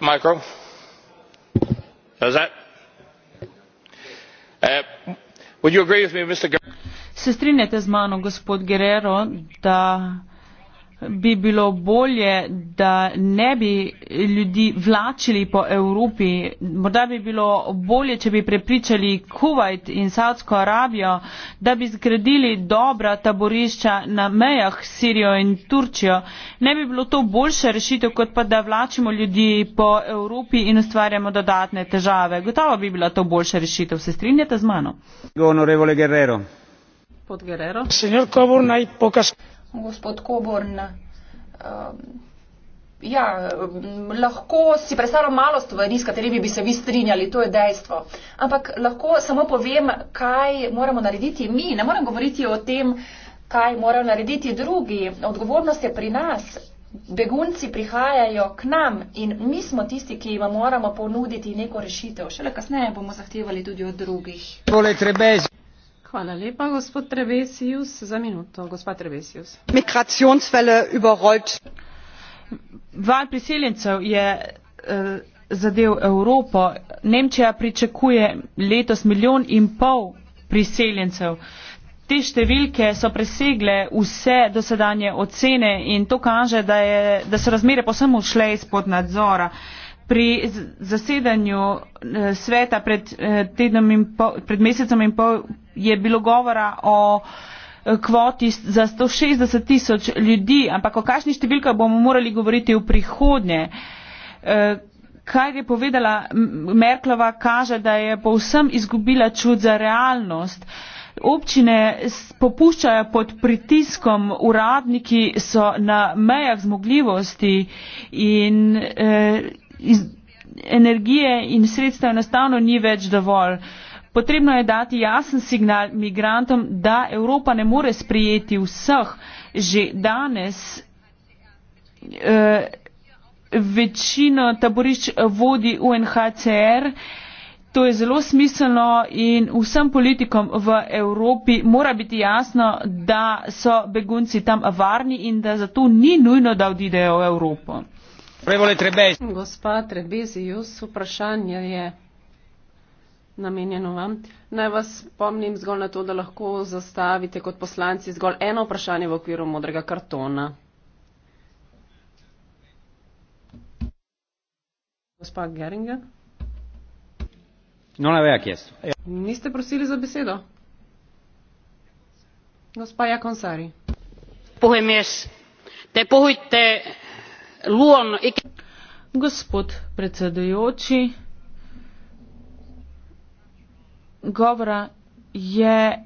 Mikro. Uh, Se strinjate z mano, gospod Guerrero, da bi bilo bolje, da ne bi ljudi vlačili po Evropi. Morda bi bilo bolje, če bi prepričali Kuwait in Saudsko Arabijo, da bi zgradili dobra taborišča na mejah s Sirijo in Turčijo. Ne bi bilo to boljša rešitev, kot pa da vlačimo ljudi po Evropi in ustvarjamo dodatne težave. Gotovo bi bila to boljša rešitev. Se strinjate z mano? gospod Koborn. Um, ja, um, lahko si predstavljam malo stvari, s katerimi bi se vi strinjali, to je dejstvo. Ampak lahko samo povem, kaj moramo narediti mi. Ne moram govoriti o tem, kaj morajo narediti drugi. Odgovornost je pri nas. Begunci prihajajo k nam in mi smo tisti, ki jim moramo ponuditi neko rešitev. Šele kasneje bomo zahtevali tudi od drugih. Tole trebezi. Hvala lepa, gospod Trebesius. Za minuto, gospod Trebesius. Migracijonsvele überrollt. Val priseljencev je uh, eh, zadev Evropo. Nemčija pričakuje letos milijon in pol priseljencev. Te številke so presegle vse dosedanje ocene in to kaže, da, je, da so razmere posebno šle izpod nadzora. Uh, pri zasedanju eh, sveta pred, eh, in pol, pred mesecem in pol je bilo govora o eh, kvoti za 160 tisoč ljudi, ampak o kakšni številki bomo morali govoriti v prihodnje. Kaj je povedala Merklova, kaže, da je povsem izgubila čud za realnost. Občine popuščajo pod pritiskom, uradniki so na mejah zmogljivosti in eh, iz, energije in sredstev enostavno ni več dovolj. Potrebno je dati jasen signal migrantom, da Evropa ne more sprijeti vseh. Že danes eh, večino taborišč vodi UNHCR. To je zelo smiselno in vsem politikom v Evropi mora biti jasno, da so begunci tam varni in da zato ni nujno, da odidejo v Evropo. Gospa Trebezijus, vprašanje je namenjeno vam. Naj vas spomnim zgolj na to, da lahko zastavite kot poslanci zgolj eno vprašanje v okviru modrega kartona. Gospa Geringa. No, ne ve, kje so. Ja. Niste prosili za besedo? Gospa Jakonsari. Puhemies, te puhuitte gospod predsedujoči, govora je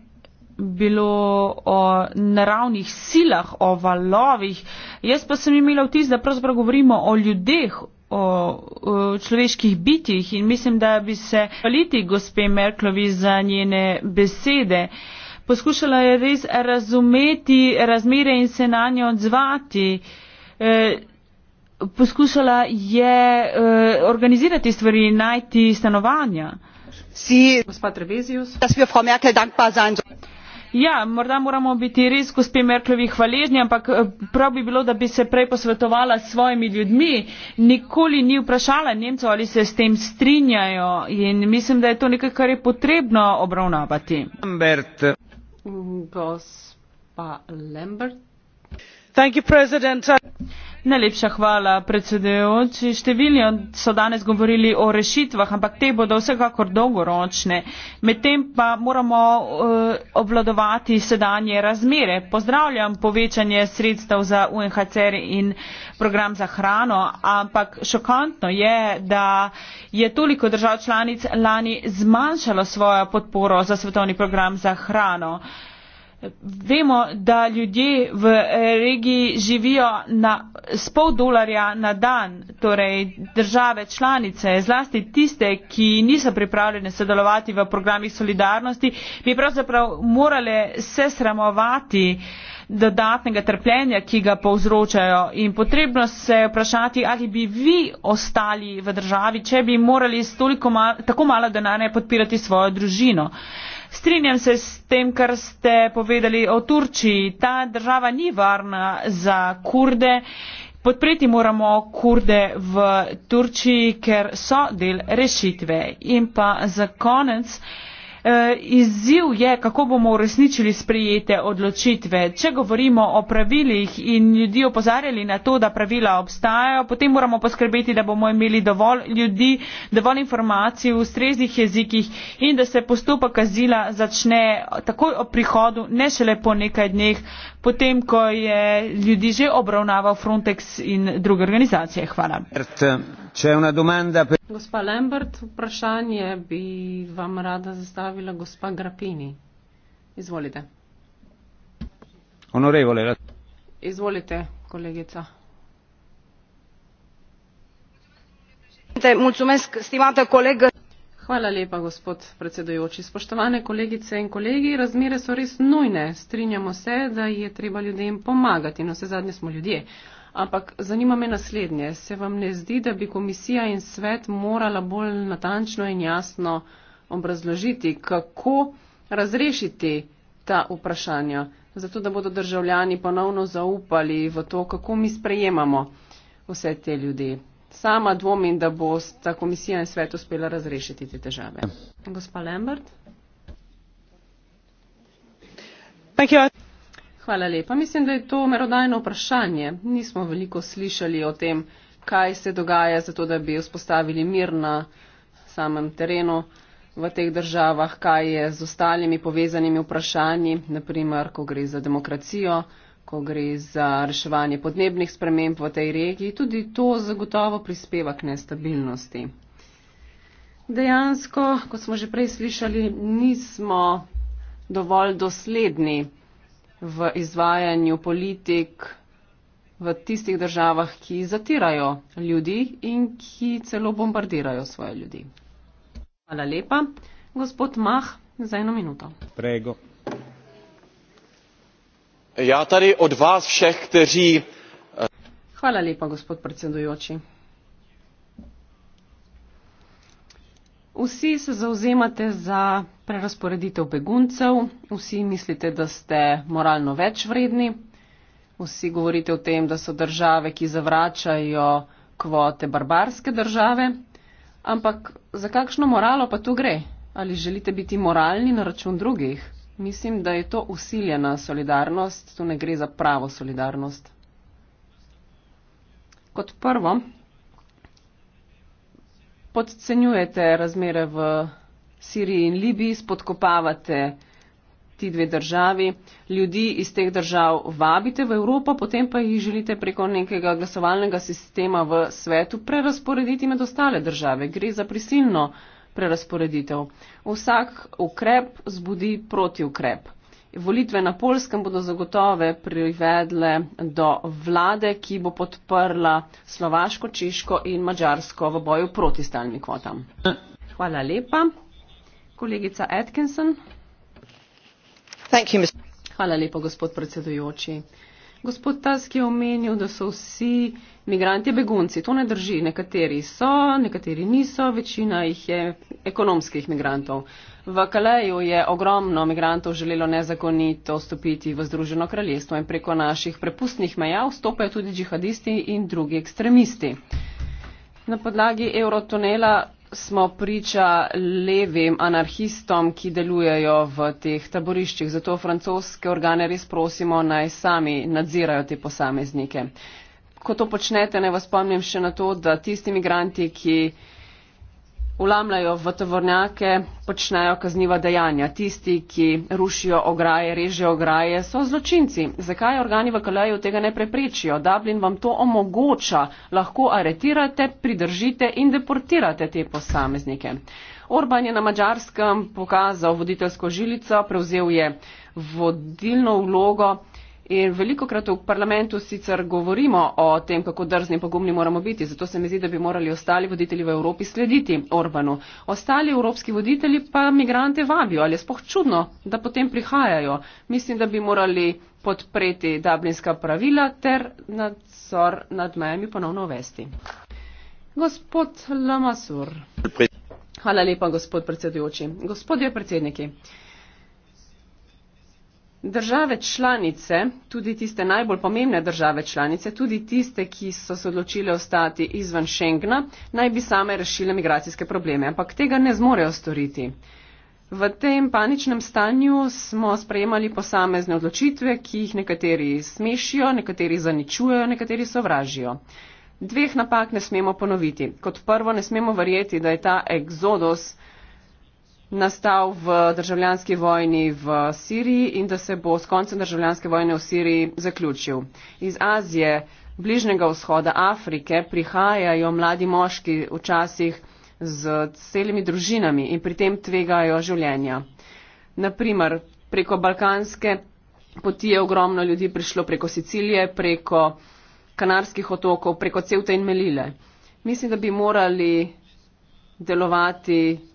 bilo o naravnih silah, o valovih. Jaz pa sem imela vtis, da pravzaprav govorimo o ljudeh, o, o človeških bitjih in mislim, da bi se hvaliti gospe Merklovi za njene besede. Poskušala je res razumeti razmere in se na nje odzvati. E, poskušala je uh, organizirati stvari, najti stanovanja. Si, ja, morda moramo biti res gospe Merklovi hvaležni, ampak eh, prav bi bilo, da bi se prej posvetovala s svojimi ljudmi. Nikoli ni vprašala Nemcev, ali se s tem strinjajo in mislim, da je to nekaj, kar je potrebno obravnavati. Lambert. Gospa Lambert. Thank you, President. Najlepša hvala, predsedujoči. Številni so danes govorili o rešitvah, ampak te bodo vsekakor dolgoročne. Medtem pa moramo uh, obvladovati sedanje razmere. Pozdravljam povečanje sredstev za UNHCR in program za hrano, ampak šokantno je, da je toliko držav članic lani zmanjšalo svojo podporo za svetovni program za hrano. Uh, Vemo, da ljudje v regiji živijo na, s pol dolarja na dan, torej države članice, zlasti tiste, ki niso pripravljene sodelovati v programih solidarnosti, bi pravzaprav morale se sramovati dodatnega trpljenja, ki ga povzročajo. In potrebno se je vprašati, ali bi vi ostali v državi, če bi morali mal, tako malo denarja podpirati svojo družino. Uh, strinjam se s tem kar ste povedali o turčiji ta država ni varna za kurde Podpreti moramo kurde v Turčiji, ker so del rešitve. In pa za konec. Eh, izziv je kako bomo uresničili sprejete odločitve če govorimo o pravilih in ljudi opozarjali na to da pravila obstajajo potem moramo poskrbeti da bomo imeli dovolj ljudi dovolj informacij v ustreznih jezikih in da se postopek azila začne takoj ob prihodu ne šele po nekaj dneh potem ko je ljudi že obravnaval Frontex in druge organizacije. Hvala. Gospa Lambert, vprašanje bi vam rada zastavila gospa Grapini. Izvolite. Onorevole. Izvolite, kolegica. Mulțumesc, stimată colegă. Hvala lepa, gospod predsedojoči. Spoštovane kolegice in kolegi, razmere so res nujne. Strinjamo se, da je treba ljudem pomagati. No, vse zadnje smo ljudje. Ampak zanima me naslednje. Se vam ne zdi, da bi komisija in svet morala bolj natančno in jasno obrazložiti, kako razrešiti ta vprašanja, zato da bodo državljani ponovno zaupali v to, kako mi sprejemamo vse te ljudi? sama dvomim, da bo ta komisija in svet uspela razrešiti te težave. Gospa Lambert. Hvala lepa. Mislim, da je to merodajno vprašanje. Nismo veliko slišali o tem, kaj se dogaja za to, da bi vzpostavili mir na samem terenu v teh državah, kaj je z ostalimi povezanimi vprašanji, naprimer, ko gre za demokracijo, ko gre za reševanje podnebnih sprememb v tej regiji, tudi to zagotovo prispeva k nestabilnosti. Dejansko, kot smo že prej slišali, nismo dovolj dosledni v izvajanju politik v tistih državah, ki zatirajo ljudi in ki celo bombardirajo svoje ljudi. Hvala lepa. Gospod Mah, za eno minuto. Prego. Eh, vsi se zavzemate za prerazporeditev beguncev vsi mislite da ste moralno večvredni vsi govorite o tem da so države ki zavračajo kvote barbarske države ampak za kakšno moralo pa tu gre ali želite biti moralni na račun drugih? Mislim, da je to usiljena solidarnost, tu ne gre za pravo solidarnost. Kot prvo, podcenjujete razmere v Siriji in Libiji, spodkopavate ti dve državi, ljudi iz teh držav vabite v Evropo, potem pa jih želite preko nekega glasovalnega sistema v svetu prerasporediti med ostale države. Gre za prisilno prerasporeditev. Vsak ukrep zbudi proti ukrep. Volitve na Polskem bodo zagotove privedle do vlade, ki bo podprla Slovaško, Češko in Mačarsko v boju proti stalnim kvotam. Hvala lepa. Kolegica Atkinson. Hvala lepa, gospod predsedujoči gospod Tusk je omenil, da so vsi migranti begunci. To ne drži. Nekateri so, nekateri niso, večina jih je ekonomskih migrantov. V Kaleju je ogromno migrantov želelo nezakonito vstopiti v Združeno kraljestvo in preko naših prepustnih meja vstopajo tudi džihadisti in drugi ekstremisti. Na podlagi eurotunela smo priča levim anarhistom, ki delujejo v teh taboriščih. Zato francoske organe res prosimo, naj sami nadzirajo te posameznike. Ko to počnete, naj vas spomnim še na to, da tisti imigranti, ki vlamljajo v tovornjake, počnejo kazniva dejanja. Tisti, ki rušijo ograje, režejo ograje, so zločinci. Zakaj organi v Kalaju tega ne preprečijo? Dublin vam to omogoča. Lahko aretirate, pridržite in deportirate te posameznike. Orban je na Mađarskem pokazal voditeljsko žilico, prevzel je vodilno vlogo. In veliko krat v parlamentu sicer govorimo o tem, kako drzni in pogumni moramo biti, zato se mi zdi, da bi morali ostali voditelji v Evropi slediti Orbanu. Ostali evropski voditelji pa migrante vabijo, ali je spoh čudno, da potem prihajajo. Mislim, da bi morali podpreti dublinska pravila ter nadzor nad mejami ponovno uvesti. Gospod Lamasur. Hvala lepa, gospod predsedujoči. Gospodje predsedniki. Države članice, tudi tiste najbolj pomembne države članice, tudi tiste, ki so se odločile ostati izven Schengna, naj bi same rešile migracijske probleme, ampak tega ne zmorejo storiti. V tem paničnem stanju smo sprejemali posamezne odločitve, ki jih nekateri smešijo, nekateri zaničujejo, nekateri sovražijo. Dveh napak ne smemo ponoviti. Kot prvo, ne smemo verjeti, da je ta eksodus nastal v državljanski vojni v Siriji in da se bo s koncem državljanske vojne v Siriji zaključil. Iz Azije, bližnjega vzhoda Afrike prihajajo mladi moški včasih z celimi družinami in pri tem tvegajo življenja. Naprimer, preko Balkanske poti je ogromno ljudi prišlo preko Sicilije, preko Kanarskih otokov, preko Ceuta in Melile. Mislim, da bi morali delovati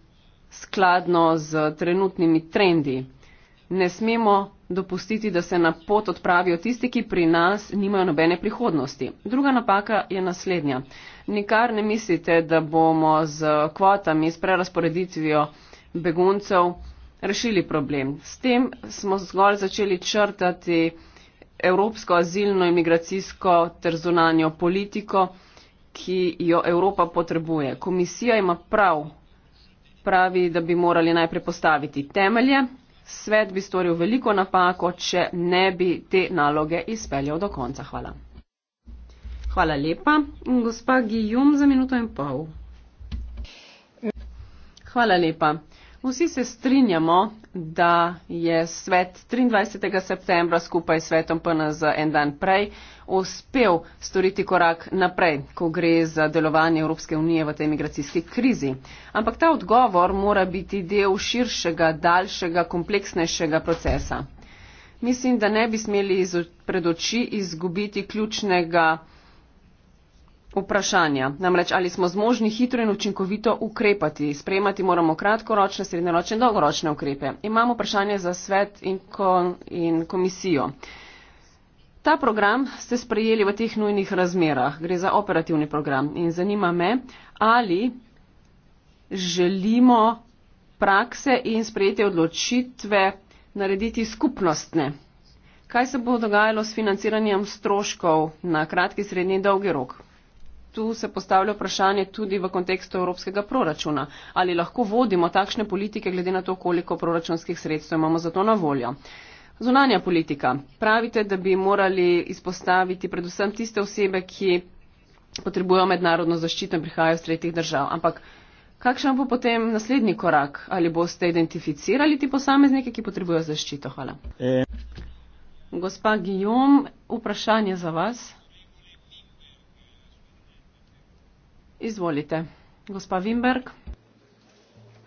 skladno z trenutnimi trendi. Ne smemo dopustiti, da se na pot odpravijo tisti, ki pri nas nimajo nobene prihodnosti. Druga napaka je naslednja. Nikar ne mislite, da bomo z kvotami, s prerasporeditvijo beguncev rešili problem. S tem smo zgolj začeli črtati evropsko azilno in migracijsko ter zunanjo politiko, ki jo Evropa potrebuje. Komisija ima prav pravi, da bi morali najprej postaviti temelje. Svet bi storil veliko napako, če ne bi te naloge izpeljal do konca. Hvala. Hvala lepa. Gospa Gijum za minuto in pol. Hvala lepa. Vsi se strinjamo, da je svet 23. septembra skupaj s svetom PNZ en dan prej uspel storiti korak naprej, ko gre za delovanje Evropske unije v tej migracijski krizi. Ampak ta odgovor mora biti del širšega, daljšega, kompleksnejšega procesa. Mislim, da ne bi smeli pred oči izgubiti ključnega vprašanja. Namreč, ali smo zmožni hitro in učinkovito ukrepati? Sprejemati moramo kratkoročne, srednjeročne in dolgoročne ukrepe. Imamo vprašanje za svet in, ko, in komisijo. Ta program ste sprejeli v teh nujnih razmerah. Gre za operativni program. In zanima me, ali želimo prakse in sprejete odločitve narediti skupnostne. Kaj se bo dogajalo s financiranjem stroškov na kratki, srednji in dolgi rok? tu se postavlja vprašanje tudi v kontekstu evropskega proračuna. Ali lahko vodimo takšne politike glede na to, koliko proračunskih sredstev imamo za to na voljo? Zunanja politika. Pravite, da bi morali izpostaviti predvsem tiste osebe, ki potrebujejo mednarodno zaščito in prihajajo iz tretjih držav. Ampak kakšen bo potem naslednji korak? Ali boste identificirali ti posameznike, ki potrebujejo zaščito? Hvala. E. Gospa Guillaume, vprašanje za vas. Izvolite. Gospa Wimberg.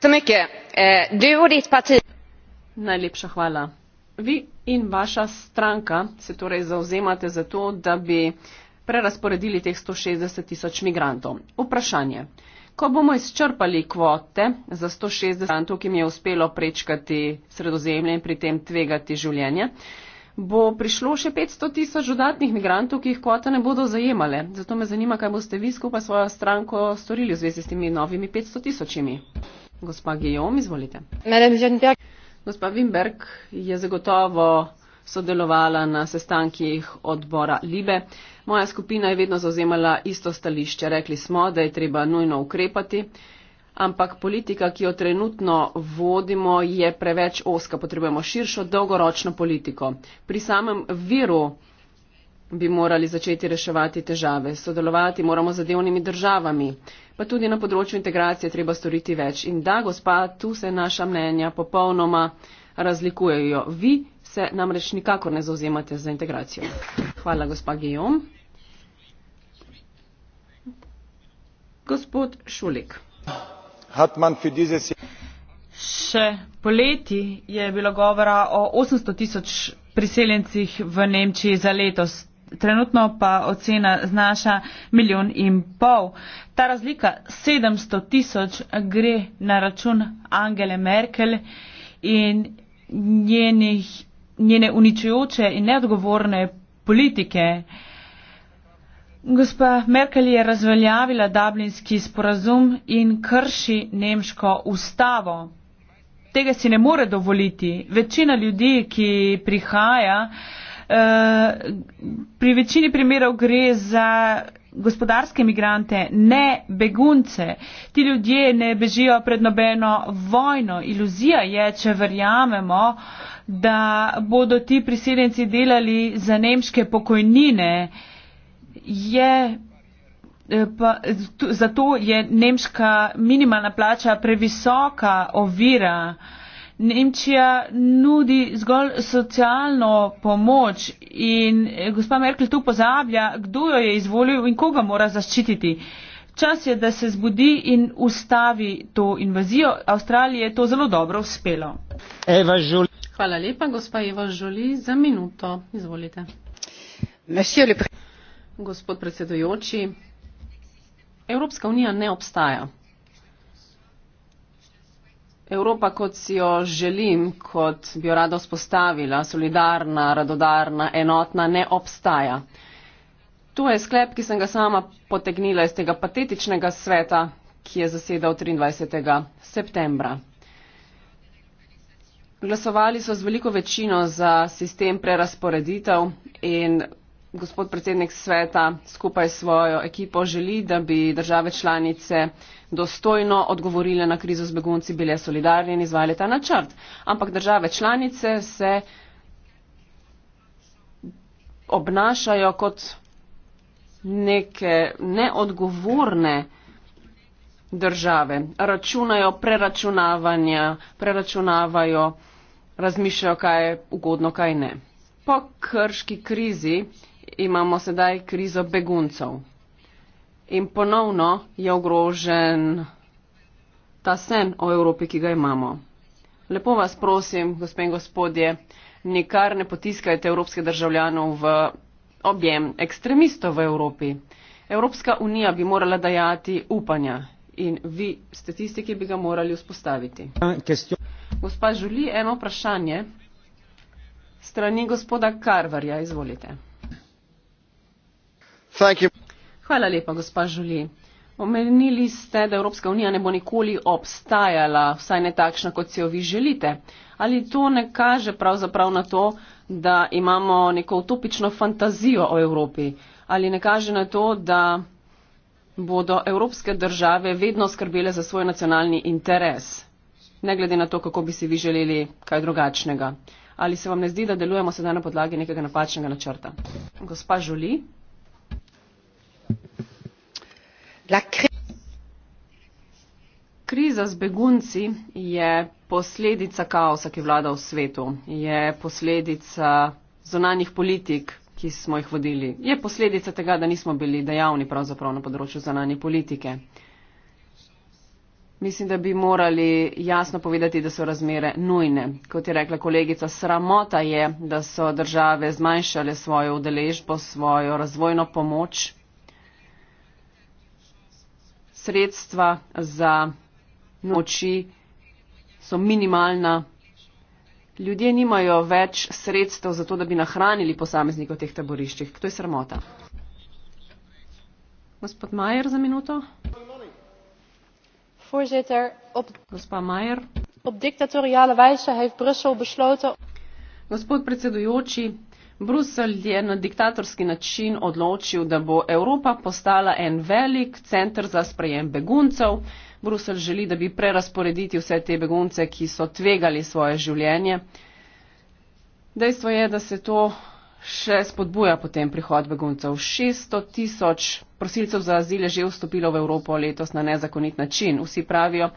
Eh, Najlepša hvala. Vi in vaša stranka se torej zauzemate za to, da bi prerasporedili teh 160 tisoč migrantov. Vprašanje. Ko bomo izčrpali kvote za 160 migrantov, ki jim je uspelo prečkati sredozemlje in pri tem tvegati življenje, bo prišlo še 500 tisoč dodatnih migrantov, ki jih kvote ne bodo zajemale. Zato me zanima, kaj boste vi skupaj svojo stranko storili v zvezi s temi novimi 500 tisočimi. Gospa Gijom, izvolite. Gospa Wimberg je zagotovo sodelovala na sestankih odbora Libe. Moja skupina je vedno zauzemala isto stališče. Rekli smo, da je treba nujno ukrepati ampak politika, ki jo trenutno vodimo, je preveč oska. Potrebujemo širšo, dolgoročno politiko. Pri samem viru bi morali začeti reševati težave, sodelovati moramo z zadevnimi državami, pa tudi na področju integracije treba storiti več. In da, gospa, tu se naša mnenja popolnoma razlikujejo. Vi se namreč nikakor ne zauzemate za integracijo. Hvala, gospa Gijom. Gospod Šulik hat man für dieses Še poleti je bilo govora o 800 tisoč priseljencih v Nemčiji za letos, trenutno pa ocena znaša milijon in pol. Ta razlika 700 tisoč gre na račun Angele Merkel in njenih, njene uničujoče in neodgovorne politike. Gospa Merkel je razveljavila Dublinski sporazum in krši nemško ustavo. Tega si ne more dovoliti. Večina ljudi, ki prihaja, eh, pri večini primerov gre za gospodarske migrante, ne begunce. Ti ljudje ne bežijo pred nobeno vojno. Iluzija je, če verjamemo, da bodo ti priseljenci delali za nemške pokojnine. Uh, je eh, pa, zato je nemška minimalna plača previsoka ovira. Nemčija nudi zgolj socialno pomoč in eh, gospa Merkel tu pozablja, kdo jo je izvolil in koga mora zaščititi. Čas je, da se zbudi in ustavi to invazijo. Avstraliji je to zelo dobro uspelo. Eva Žuli. Hvala lepa, gospa Eva Žuli, za minuto. Izvolite. Monsieur le président. Gospod predsedujoči, Evropska unija ne obstaja. Evropa, kot si jo želim, kot bi jo rada vzpostavila, solidarna, radodarna, enotna, ne obstaja. To je sklep, ki sem ga sama potegnila iz tega patetičnega sveta, ki je zasedal 23. septembra. Glasovali so z veliko večino za sistem prerasporeditev in gospod predsednik sveta skupaj s svojo ekipo želi, da bi države članice dostojno odgovorile na krizo z begunci, bile solidarne in izvajale ta načrt. Ampak države članice se obnašajo kot neke neodgovorne države. Računajo preračunavanja, preračunavajo, razmišljajo, kaj je ugodno, kaj ne. Po krški krizi imamo sedaj krizo beguncev. In ponovno je ogrožen ta sen o Evropi, ki ga imamo. Lepo vas prosim, gospe in gospodje, nikar ne potiskajte evropskih državljanov v objem ekstremistov v Evropi. Evropska unija bi morala dajati upanja in vi ste tisti, ki bi ga morali vzpostaviti. Gospa Žuli, eno vprašanje strani gospoda Karvarja, izvolite. Hvala lepa, gospa Žuli. Omenili ste, da Evropska unija ne bo nikoli obstajala, vsaj ne takšna, kot si jo vi želite. Ali to ne kaže pravzaprav na to, da imamo neko utopično fantazijo o Evropi? Ali ne kaže na to, da bodo evropske države vedno skrbele za svoj nacionalni interes, ne glede na to, kako bi si vi želeli kaj drugačnega? Ali se vam ne zdi, da delujemo sedaj na podlagi nekega napačnega načrta? Gospa Žuli. Kriza z begunci je posledica kaosa, ki vlada v svetu, je posledica zunanih politik, ki smo jih vodili, je posledica tega, da nismo bili dejavni pravzaprav na področju zunanje politike. Mislim, da bi morali jasno povedati, da so razmere nujne. Kot je rekla kolegica, sramota je, da so države zmanjšale svojo udeležbo, svojo razvojno pomoč sredstva za noči so minimalna. Ljudje nimajo več sredstev za to, da bi nahranili posameznikov teh taboriščih. To je sramota. Gospod Majer za minuto. Voorzitter, op... Gospa Majer. Op diktatoriale wijze heeft Brussel besloten. Gospod predsedujoči, Bruselj je na diktatorski način odločil, da bo Evropa postala en velik center za sprejem beguncev. Bruselj želi, da bi prerasporediti vse te begunce, ki so tvegali svoje življenje. Dejstvo je, da se to še spodbuja potem prihod beguncev. 600 tisoč prosilcev za azile že vstopilo v Evropo letos na nezakonit način. Vsi pravijo,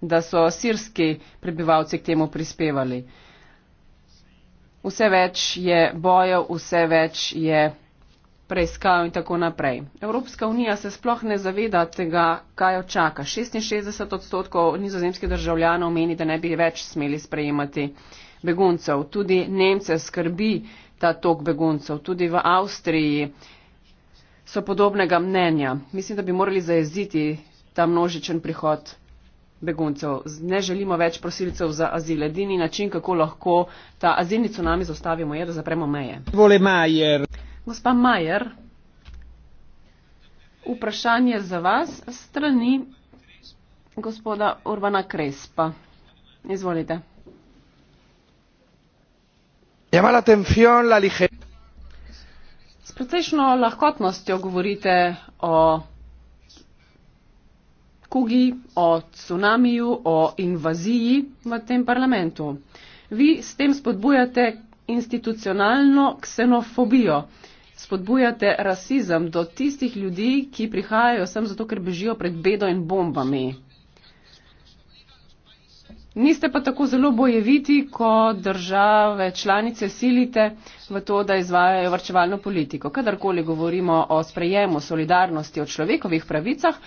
da so sirski prebivalci k temu prispevali. Vse več je bojev, vse več je preiskav in tako naprej. Evropska unija se sploh ne zaveda tega, kaj jo čaka. 66 odstotkov nizozemskih državljanov meni, da ne bi več smeli sprejemati beguncev. Tudi Nemce skrbi ta tok beguncev. Tudi v Avstriji so podobnega mnenja. Mislim, da bi morali zaeziti ta množičen prihod beguncev. Ne želimo več prosilcev za azil. Edini način, kako lahko ta azilni tsunami zaustavimo, je, da zapremo meje. Gospa Majer, vprašanje za vas strani gospoda Urbana Krespa. Izvolite. S precejšno lahkotnostjo govorite o kugi, o tsunamiju, o invaziji v tem parlamentu. Vi s tem spodbujate institucionalno ksenofobijo, spodbujate rasizem do tistih ljudi, ki prihajajo sem zato, ker bežijo pred bedo in bombami. Niste pa tako zelo bojeviti, ko države članice silite v to, da izvajajo vrčevalno politiko. Kadarkoli govorimo o sprejemu solidarnosti o človekovih pravicah,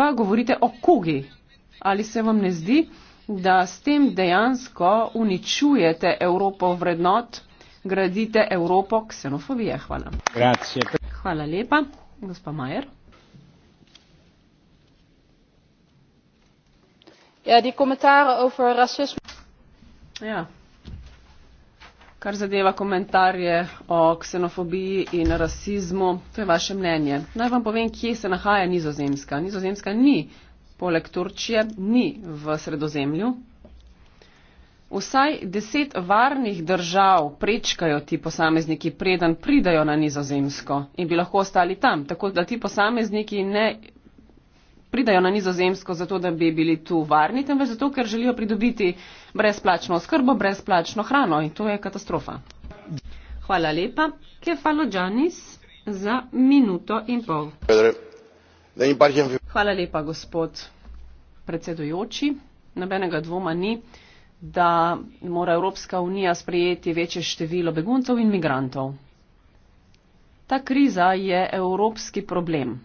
pa govorite o kugi. Ali se vam ne zdi, da s tem dejansko uničujete Evropo vrednot, gradite Evropo ksenofobije? Hvala. Grazie. Hvala lepa, gospa Majer. Ja, die commentaren over racisme. Ja, kar zadeva komentarje o ksenofobiji in rasizmu. To je vaše mnenje. Naj vam povem, kje se nahaja Nizozemska. Nizozemska ni poleg Turčije, ni v sredozemlju. Vsaj deset varnih držav prečkajo ti posamezniki, preden pridajo na nizozemsko in bi lahko ostali tam. Tako da ti posamezniki ne pridajo na nizozemsko zato, da bi bili tu varni, temveč zato, ker želijo pridobiti brezplačno oskrbo, brezplačno hrano in to je katastrofa. Hvala lepa. Kefalo Džanis za minuto in pol. Hvala lepa, gospod predsedujoči. Nobenega dvoma ni, da mora Evropska unija sprejeti večje število beguncev in migrantov. Ta kriza je evropski problem.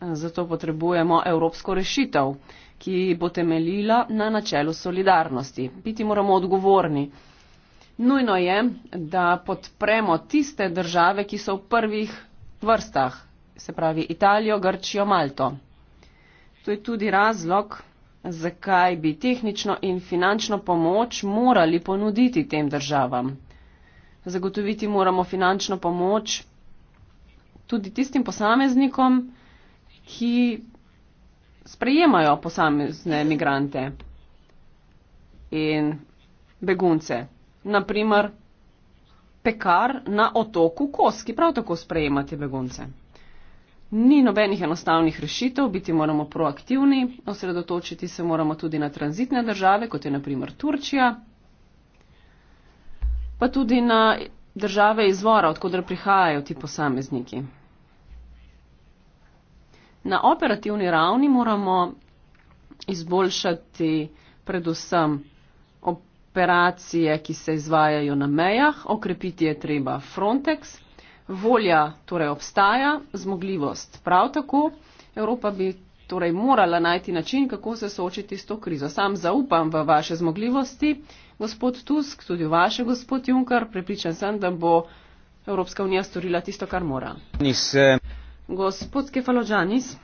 Zato potrebujemo evropsko rešitev, ki bo temeljila na načelu solidarnosti. Biti moramo odgovorni. Nujno je, da podpremo tiste države, ki so v prvih vrstah, se pravi Italijo, Grčijo, Malto. To je tudi razlog, zakaj bi tehnično in finančno pomoč morali ponuditi tem državam. Zagotoviti moramo finančno pomoč tudi tistim posameznikom, ki sprejemajo posamezne migrante in begunce. Naprimer, pekar na otoku Kos, ki prav tako sprejema te begunce. Ni nobenih enostavnih rešitev, biti moramo proaktivni, osredotočiti se moramo tudi na tranzitne države, kot je naprimer Turčija, pa tudi na države izvora, odkudra prihajajo ti posamezniki. Na operativni ravni moramo izboljšati predvsem operacije, ki se izvajajo na mejah, okrepiti je treba Frontex, volja torej obstaja, zmogljivost prav tako. Evropa bi torej morala najti način, kako se soočiti s to krizo. Sam zaupam v vaše zmogljivosti, gospod Tusk, tudi v vaše, gospod Juncker, prepričan sem, da bo Evropska unija storila tisto, kar mora. Nisem. Gospod Kefalođanis,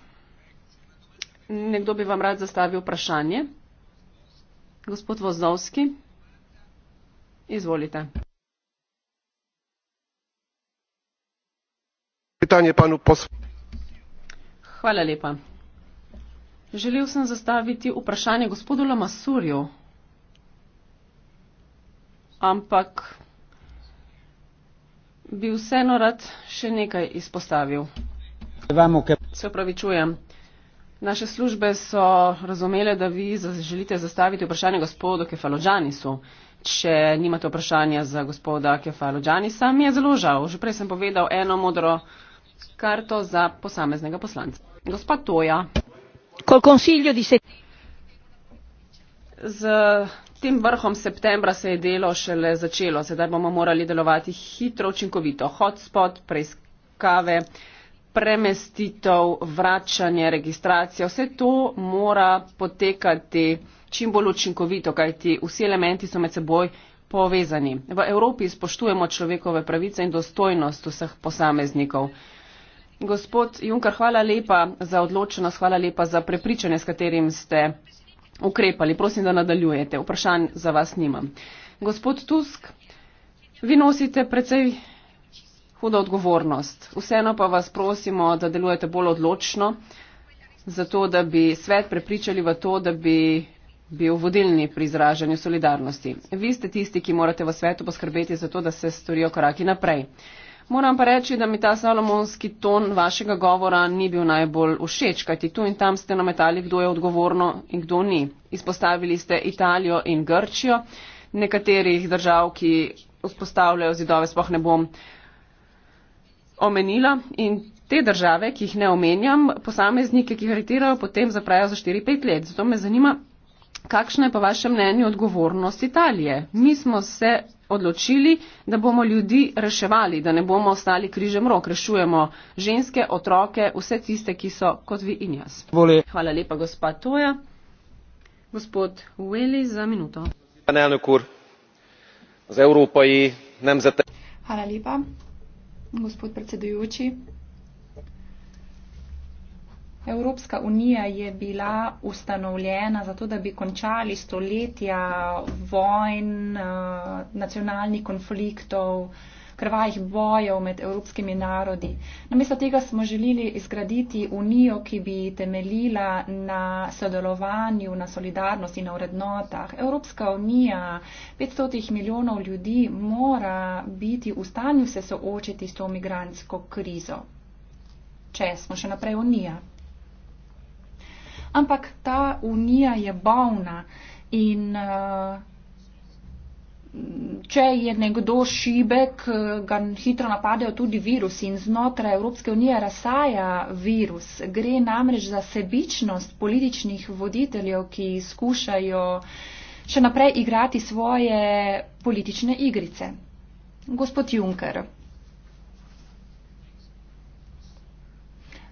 nekdo bi vam rad zastavil vprašanje. Gospod Vozovski, izvolite. Hvala lepa. Želel sem zastaviti vprašanje gospodu Lamasurju, ampak bi vseeno rad še nekaj izpostavil. Se upravičujem. Naše službe so razumele, da vi želite zastaviti vprašanje gospodu Kefalođanisu. Če nimate vprašanja za gospoda Kefalođanisa, mi je zelo žal. Že prej sem povedal eno modro karto za posameznega poslanca. Gospod Toja. Kol konsiljo di se. Z tem vrhom septembra se je delo šele začelo. Sedaj bomo morali delovati hitro, učinkovito. Hotspot, preiskave premestitev, vračanje, registracija, vse to mora potekati čim bolj učinkovito, kajti vsi elementi so med seboj povezani. V Evropi spoštujemo človekove pravice in dostojnost vseh posameznikov. Gospod Juncker, hvala lepa za odločenost, hvala lepa za prepričanje, s katerim ste ukrepali. Prosim, da nadaljujete. Vprašanj za vas nimam. Gospod Tusk, vi nosite precej huda odgovornost. Vseeno pa vas prosimo, da delujete bolj odločno, zato da bi svet prepričali v to, da bi bil vodilni pri izražanju solidarnosti. Vi ste tisti, ki morate v svetu poskrbeti za to, da se storijo koraki naprej. Moram pa reči, da mi ta salomonski ton vašega govora ni bil najbolj všeč, kajti tu in tam ste nametali, kdo je odgovorno in kdo ni. Izpostavili ste Italijo in Grčijo, nekaterih držav, ki vzpostavljajo zidove, spoh ne bom omenila in te države, ki jih ne omenjam, posameznike, ki jih aretirajo, potem zaprajo za 4-5 let. Zato me zanima, kakšna je po vašem mnenju odgovornost Italije. Mi smo se odločili, da bomo ljudi reševali, da ne bomo ostali križem rok. Rešujemo ženske, otroke, vse tiste, ki so kot vi in jaz. Voli. Hvala lepa, gospa Toja. Gospod Ueli, za minuto. Hvala lepa gospod predsedujoči. Evropska unija je bila ustanovljena zato, da bi končali stoletja vojn, eh, nacionalnih konfliktov, krvavih bojev med evropskimi narodi. Namesto tega smo želeli izgraditi unijo, ki bi temeljila na sodelovanju, na solidarnosti, na vrednotah. Evropska unija 500 milijonov ljudi mora biti v stanju se soočiti s to migransko krizo. Če smo še naprej unija. Ampak ta unija je bolna in uh, če je nekdo šibek, ga hitro napadejo tudi virus in znotraj Evropske unije razsaja virus. Gre namreč za sebičnost političnih voditeljev, ki skušajo še naprej igrati svoje politične igrice. Gospod Juncker.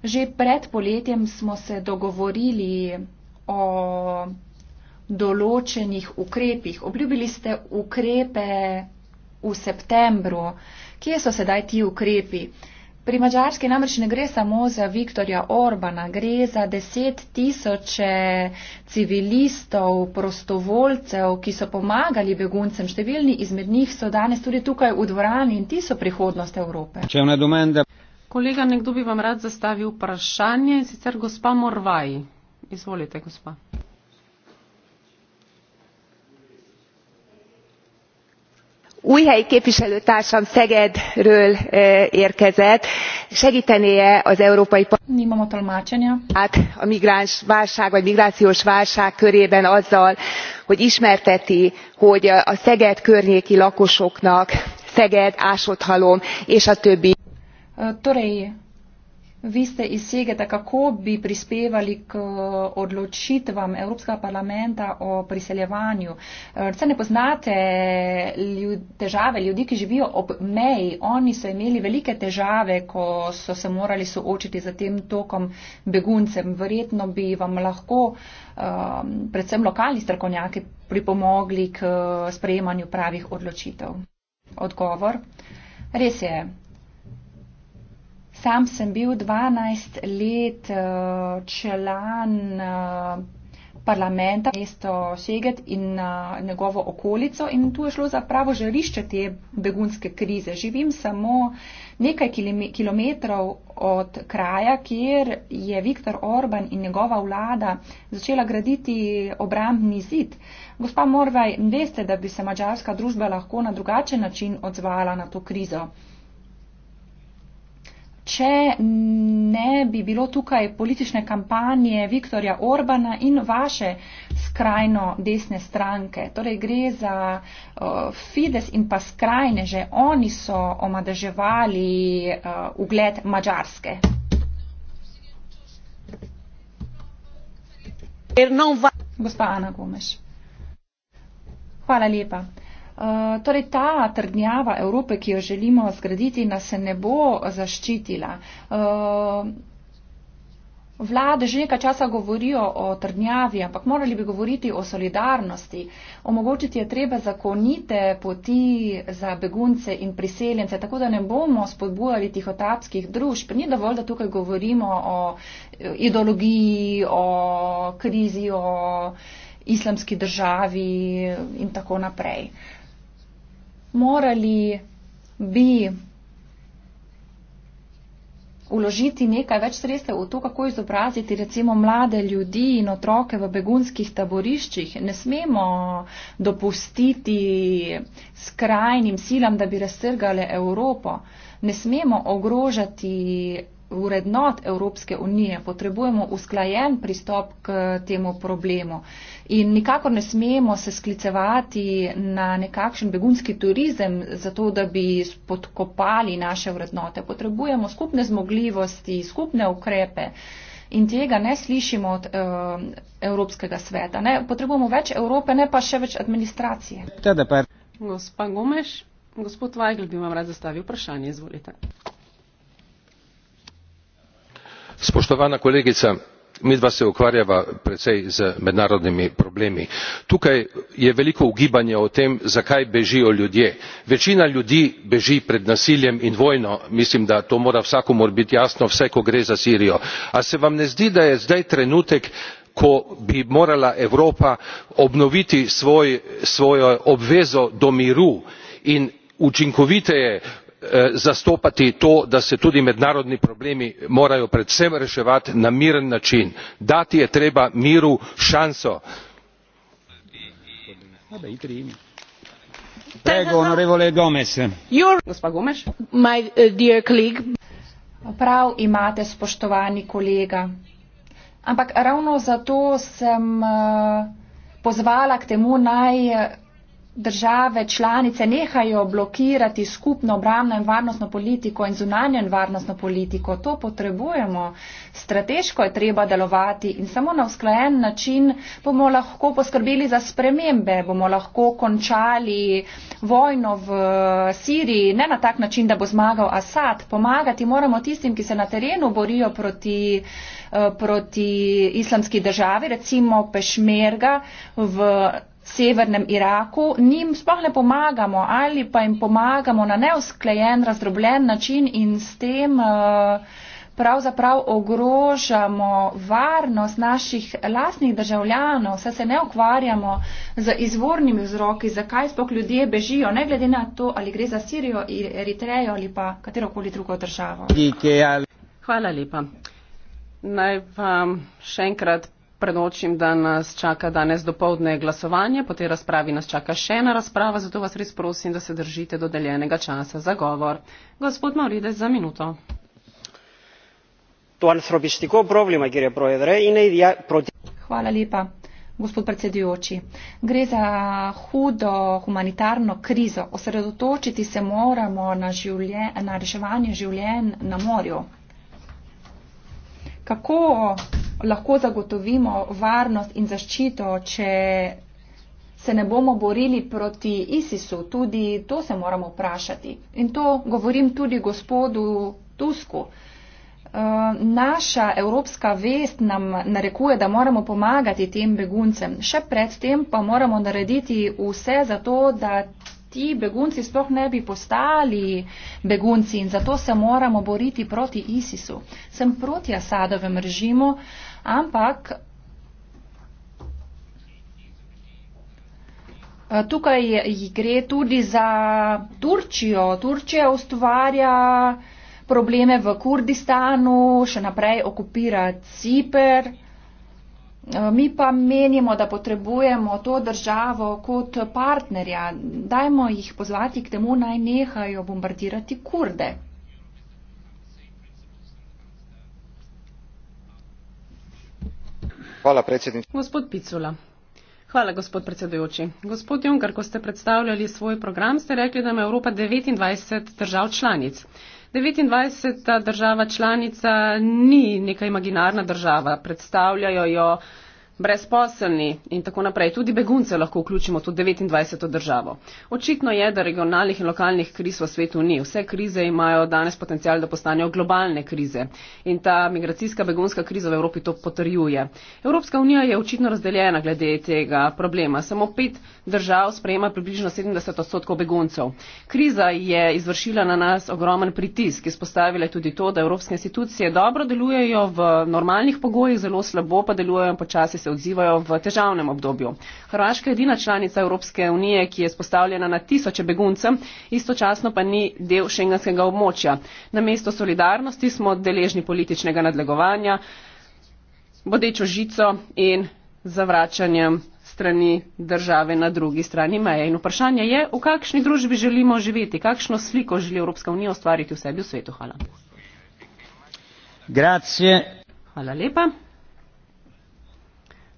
Že pred poletjem smo se dogovorili o določenih ukrepih. Obljubili ste ukrepe v septembru. Kje so sedaj ti ukrepi? Pri Mačarski namreč ne gre samo za Viktorja Orbana, gre za deset tisoče civilistov, prostovoljcev, ki so pomagali beguncem. Številni izmed njih so danes tudi tukaj v dvorani in ti so prihodnost Evrope. Kolega, nekdo bi vam rad zastavil vprašanje, sicer gospa Morvaj. Izvolite, gospa. új helyi képviselőtársam szegedről érkezett segtené e az európai parlament a migránsválság vagy migrációs válság körében azzal hogy ismerteti hogy a szeged környéki lakosoknak szeged ásotthalom és a többi torej, Vi ste iz Segeta, kako bi prispevali k odločitvam Evropskega parlamenta o priseljevanju? Eh, se ne poznate ljud, težave ljudi, ki živijo ob meji? Oni so imeli velike težave, ko so se morali soočiti z tem tokom beguncem. Verjetno bi vam lahko um, predvsem lokalni strokovnjaki pripomogli k eh, sprejemanju pravih odločitev. Odgovor. Res je, Sam sem bil 12 let eh, član eh, parlamenta, mesto Šeget in eh, njegovo okolico in tu je šlo za pravo žarišče te begunske krize. Živim samo nekaj kilometrov od kraja, kjer je Viktor Orban in njegova vlada začela graditi obrambni zid. Gospa Morvaj, veste, da bi se mađarska družba lahko na drugačen način odzvala na to krizo? če ne bi bilo tukaj politične kampanje Viktorja Orbana in vaše skrajno desne stranke. Torej gre za uh, eh, Fides in pa skrajne, že oni so omadeževali uh, ugled Mačarske. Gospa Ana Gomeš. Hvala lepa. Eh, torej ta trdnjava Evrope, ki jo želimo zgraditi, nas ne bo zaščitila. Eh, vlade že nekaj časa govorijo o trdnjavi, ampak morali bi govoriti o solidarnosti. Omogočiti je treba zakonite poti za begunce in priseljence, tako da ne bomo spodbujali tihotapskih družb. Ni dovolj, da tukaj govorimo o eh, ideologiji, o krizi, o islamski državi in tako naprej. Uh, morali bi uložiti nekaj več sredstev v to, kako izobraziti recimo mlade ljudi in otroke v begunskih taboriščih. Ne smemo dopustiti skrajnim silam, da bi raztrgale Evropo. Ne smemo ogrožati vrednot Evropske unije, potrebujemo usklajen pristop k temu problemu. In nikakor ne smemo se sklicevati na nekakšen begunski turizem, zato da bi spodkopali naše vrednote. Potrebujemo skupne zmogljivosti, skupne ukrepe. In tega ne slišimo od e, Evropskega sveta. Ne, potrebujemo več Evrope, ne pa še več administracije. Gospa Gomeš, gospod Vajgl bi vam rad zastavil vprašanje. Izvolite spoštovana kolegica midva se ukvarjava precej z mednarodnimi problemi tukaj je veliko ugibanja o tem zakaj bežijo ljudje večina ljudi beži pred nasiljem in vojno mislim da to mora vsakomur biti jasno vsaj ko gre za sirijo a se vam ne zdi da je zdaj trenutek ko bi morala evropa obnoviti svojo obvezo do miru in učinkoviteje Eh, zastopati to da se tudi mednarodni problemi morajo predvsem reševati na miren način dati je treba miru šanso. Eh, prav imate spoštovani kolega ampak ravno zato sem eh, pozvala k temu naj države članice nehajo blokirati skupno obramno in varnostno politiko in zunanje in varnostno politiko. To potrebujemo. Strateško je treba delovati in samo na usklajen način bomo lahko poskrbeli za spremembe, bomo lahko končali vojno v eh, Siriji, ne na tak način, da bo zmagal Asad. Pomagati moramo tistim, ki se na terenu borijo proti, eh, proti islamski državi, recimo Pešmerga v severnem Iraku, njim sploh ne pomagamo ali pa jim pomagamo na neusklejen, razdrobljen način in s tem eh, pravzaprav ogrožamo varnost naših lastnih državljanov, saj se ne ukvarjamo z izvornimi vzroki, zakaj sploh ljudje bežijo, ne glede na to, ali gre za Sirijo, Eritrejo ali pa katerokoli drugo državo. Hvala lepa. Naj vam še enkrat prenočim, da nas čaka danes dopoledne glasovanje, po tej razpravi nas čaka še ena razprava, zato vas res prosim, da se držite dodeljenega časa za govor. Gospod Mauride, za minuto. Hvala lepa, gospod predsedujoči. Gre za hudo humanitarno krizo. Osredotočiti se moramo na, življen, na reševanje življenj na morju kako eh, lahko zagotovimo varnost in zaščito, če se ne bomo borili proti ISIS-u. Tudi to se moramo vprašati. In to govorim tudi gospodu Tusku. Eh, naša evropska vest nam narekuje, da moramo pomagati tem beguncem. Še predtem pa moramo narediti vse za to, da ti begunci sploh ne bi postali begunci in zato se moramo boriti proti ISIS-u. Sem proti Asadovem režimu, ampak eh, tukaj gre tudi za Turčijo. Turčija ustvarja probleme v Kurdistanu, še naprej okupira Cipr. Eh, mi pa menimo, da potrebujemo to državo kot partnerja. Dajmo jih pozvati k temu, naj nehajo bombardirati kurde. Hvala, predsednik. Gospod Picula. Hvala, gospod predsedujoči. Gospod Junker, ko ste predstavljali svoj program, ste rekli, da ima Evropa 29 držav članic. 29. država članica ni neka imaginarna država, predstavljajo jo brezposelni in tako naprej. Tudi begunce lahko vključimo v to 29. državo. Očitno je, da regionalnih in lokalnih kriz v svetu ni. Vse krize imajo danes potencial, da postanejo globalne krize. In ta migracijska begunska kriza v Evropi to potrjuje. Evropska unija je očitno razdeljena glede tega problema. Samo pet držav sprejema približno 70 odstotkov beguncev. Kriza je izvršila na nas ogromen pritisk. Izpostavila je tudi to, da evropske institucije dobro delujejo v normalnih pogojih, zelo slabo pa delujejo počasi se odzivajo v težavnem obdobju. Hrvaška je edina članica Evropske unije, ki je spostavljena na tisoče beguncem, istočasno pa ni del šengenskega območja. Na mesto solidarnosti smo deležni političnega nadlegovanja, bodečo žico in zavračanjem strani države na drugi strani meje. In vprašanje je, v kakšni družbi želimo živeti, kakšno sliko želi Evropska unija ustvariti v sebi v svetu. Hvala. Grazie. Hvala lepa.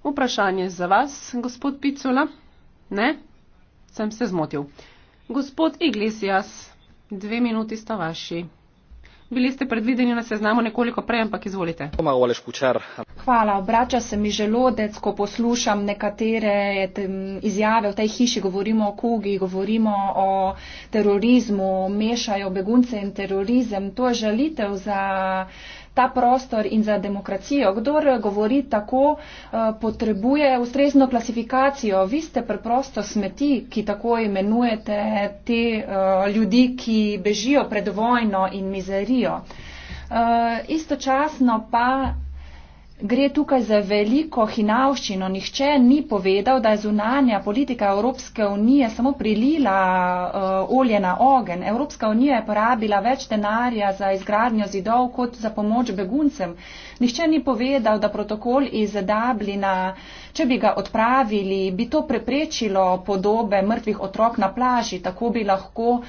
Vprašanje za vas, gospod Picula? Ne? Sem se zmotil. Gospod Iglesias, dve minuti sta vaši. Bili ste predvideni na seznamu nekoliko prej, ampak izvolite. Hvala, obrača se mi želodec, ko poslušam nekatere izjave v tej hiši, govorimo o kugi, govorimo o terorizmu, mešajo begunce in terorizem. To je žalitev za ta prostor in za demokracijo. Kdor govori tako, eh, potrebuje ustrezno klasifikacijo. Vi ste preprosto smeti, ki tako imenujete te eh, ljudi, ki bežijo pred vojno in mizerijo. Eh, istočasno pa gre tukaj za veliko hinavščino. Nihče ni povedal, da je zunanja politika Evropske unije samo prilila uh, olje na ogen. Evropska unija je porabila več denarja za izgradnjo zidov kot za pomoč beguncem. Nihče ni povedal, da protokol iz Dublina, če bi ga odpravili, bi to preprečilo podobe mrtvih otrok na plaži. Tako bi lahko uh,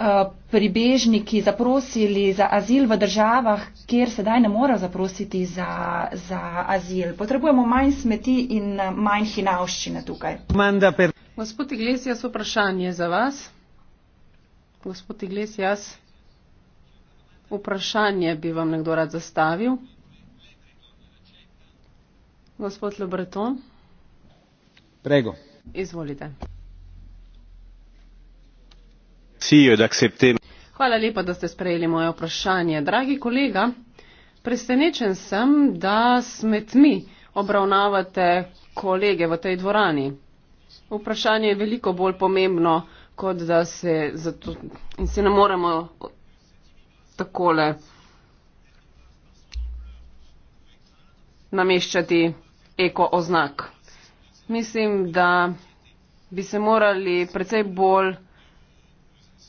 Eh, pribežniki zaprosili za azil v državah, kjer sedaj ne morejo zaprositi za, za azil. Potrebujemo manj smeti in eh, manj hinavščine tukaj. Gospod Iglesias, vprašanje za vas. Gospod Iglesias, vprašanje bi vam nekdo rad zastavil. Gospod Lebreton. Prego. Izvolite. Hvala lepa, da ste sprejeli moje vprašanje. Dragi kolega, presenečen sem, da smetmi obravnavate kolege v tej dvorani. Vprašanje je veliko bolj pomembno, kot da se, zato, se ne moremo takole nameščati eko oznak. Mislim, da bi se morali precej bolj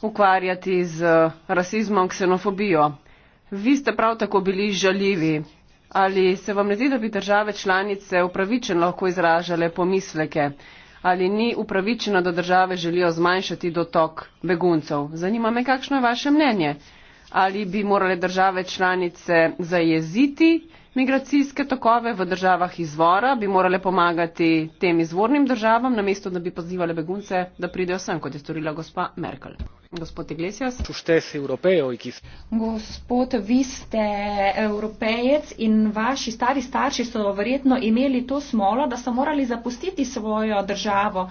ukvarjati z eh, rasizmom, ksenofobijo. Vi ste prav tako bili žaljivi. Ali se vam ne zdi, da bi države članice upravičeno lahko izražale pomisleke? Ali ni upravičeno, da države želijo zmanjšati dotok beguncev? Zanima me, kakšno je vaše mnenje. Ali bi morale države članice zajeziti migracijske tokove v državah izvora, bi morale pomagati tem izvornim državam, namesto da bi pozivale begunce, da pridejo sem, kot je storila gospa Merkel? Gospod, vi ste evropejec in vaši stari starši so verjetno imeli to smolo, da so morali zapustiti svojo državo,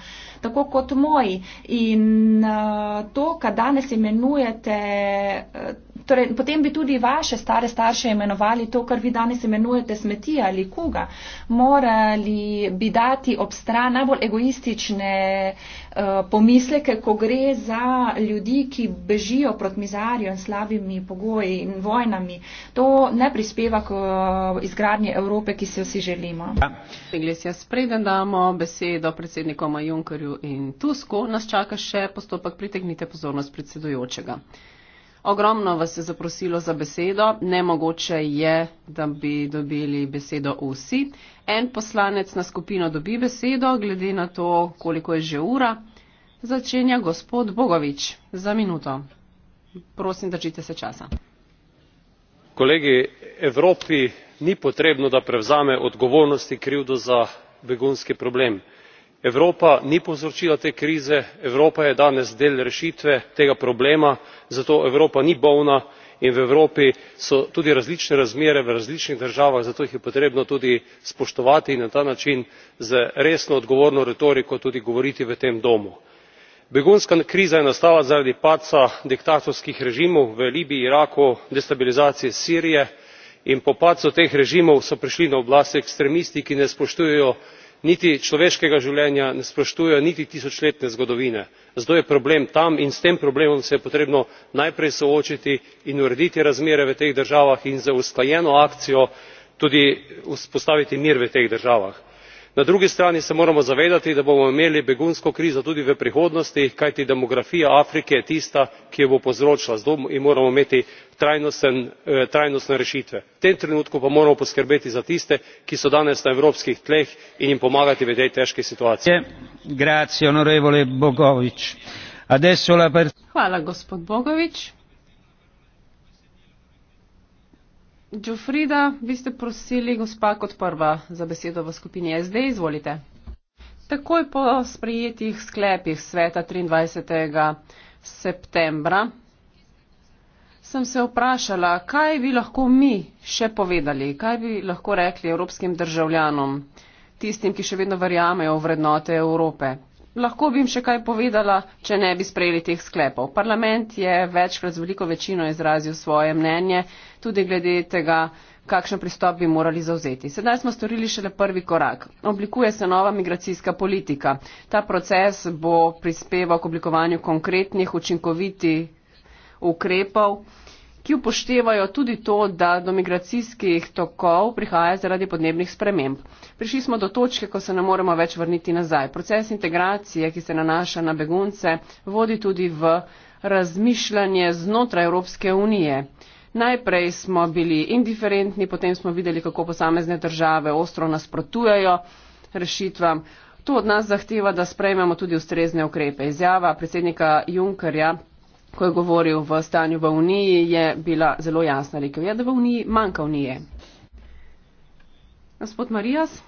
tako kot moji. In eh, to, kar danes imenujete. Eh, Torej, potem bi tudi vaše stare starše imenovali to, kar vi danes imenujete smeti ali kuga. Morali bi dati ob stran najbolj egoistične uh, pomisleke, ko gre za ljudi, ki bežijo proti mizarju in slabimi pogoji in vojnami. To ne prispeva k uh, izgradnji Evrope, ki si jo vsi želimo. Ja. Preden damo besedo predsednikoma Junkerju in Tusku, nas čaka še postopek pritegnite pozornost predsedujočega. Ogromno vas je zaprosilo za besedo, nemogoče je, da bi dobili besedo vsi. En poslanec na skupino dobi besedo, glede na to, koliko je že ura. Začenja gospod Bogovič za minuto. Prosim, držite se časa. Kolegi, Evropi ni potrebno, da prevzame odgovornosti krivdo za begunski problem evropa ni povzročila te krize evropa je danes del rešitve tega problema zato evropa ni bolna in v evropi so tudi različne razmere v različnih državah zato jih je potrebno tudi spoštovati in na ta način z resno odgovorno retoriko tudi govoriti v tem domu. begunska kriza je nastala zaradi padca diktatorskih režimov v libiji iraku destabilizacije sirije in po padcu teh režimov so prišli na oblast ekstremisti ki ne spoštujejo niti človeškega življenja ne spoštujejo niti tisočletne zgodovine zato je problem tam in s tem problemom se je potrebno najprej soočiti in urediti razmere v teh državah in z usklajeno akcijo tudi vzpostaviti mir v teh državah na drugi strani se moramo zavedati da bomo imeli begunsko krizo tudi v prihodnosti kajti demografija afrike je tista ki jo bo povzročila zato moramo imeti eh, trajnostne rešitve v tem trenutku pa moramo poskrbeti za tiste ki so danes na evropskih tleh in jim pomagati v tej težki situaciji. Džofrida, vi ste prosili gospa kot prva za besedo v skupini SD, izvolite. Takoj po sprejetih sklepih sveta 23. septembra sem se vprašala, kaj bi lahko mi še povedali, kaj bi lahko rekli evropskim državljanom, tistim, ki še vedno verjamejo v vrednote Evrope lahko bi jim še kaj povedala, če ne bi sprejeli teh sklepov. Parlament je večkrat z veliko večino izrazil svoje mnenje, tudi glede tega, kakšen pristop bi morali zauzeti. Sedaj smo storili šele prvi korak. Oblikuje se nova migracijska politika. Ta proces bo prispeval k oblikovanju konkretnih, učinkovitih ukrepov ki upoštevajo tudi to, da do migracijskih tokov prihaja zaradi podnebnih sprememb. Prišli smo do točke, ko se ne moremo več vrniti nazaj. Proces integracije, ki se nanaša na begunce, vodi tudi v razmišljanje znotraj Evropske unije. Najprej smo bili indiferentni, potem smo videli, kako posamezne države ostro nasprotujejo rešitvam. To od nas zahteva, da sprejmemo tudi ustrezne ukrepe. Izjava predsednika Junkerja ko je govoril v stanju v Uniji, je bila zelo jasna rekel, je, da v Uniji manjka Unije. Gospod Marijas.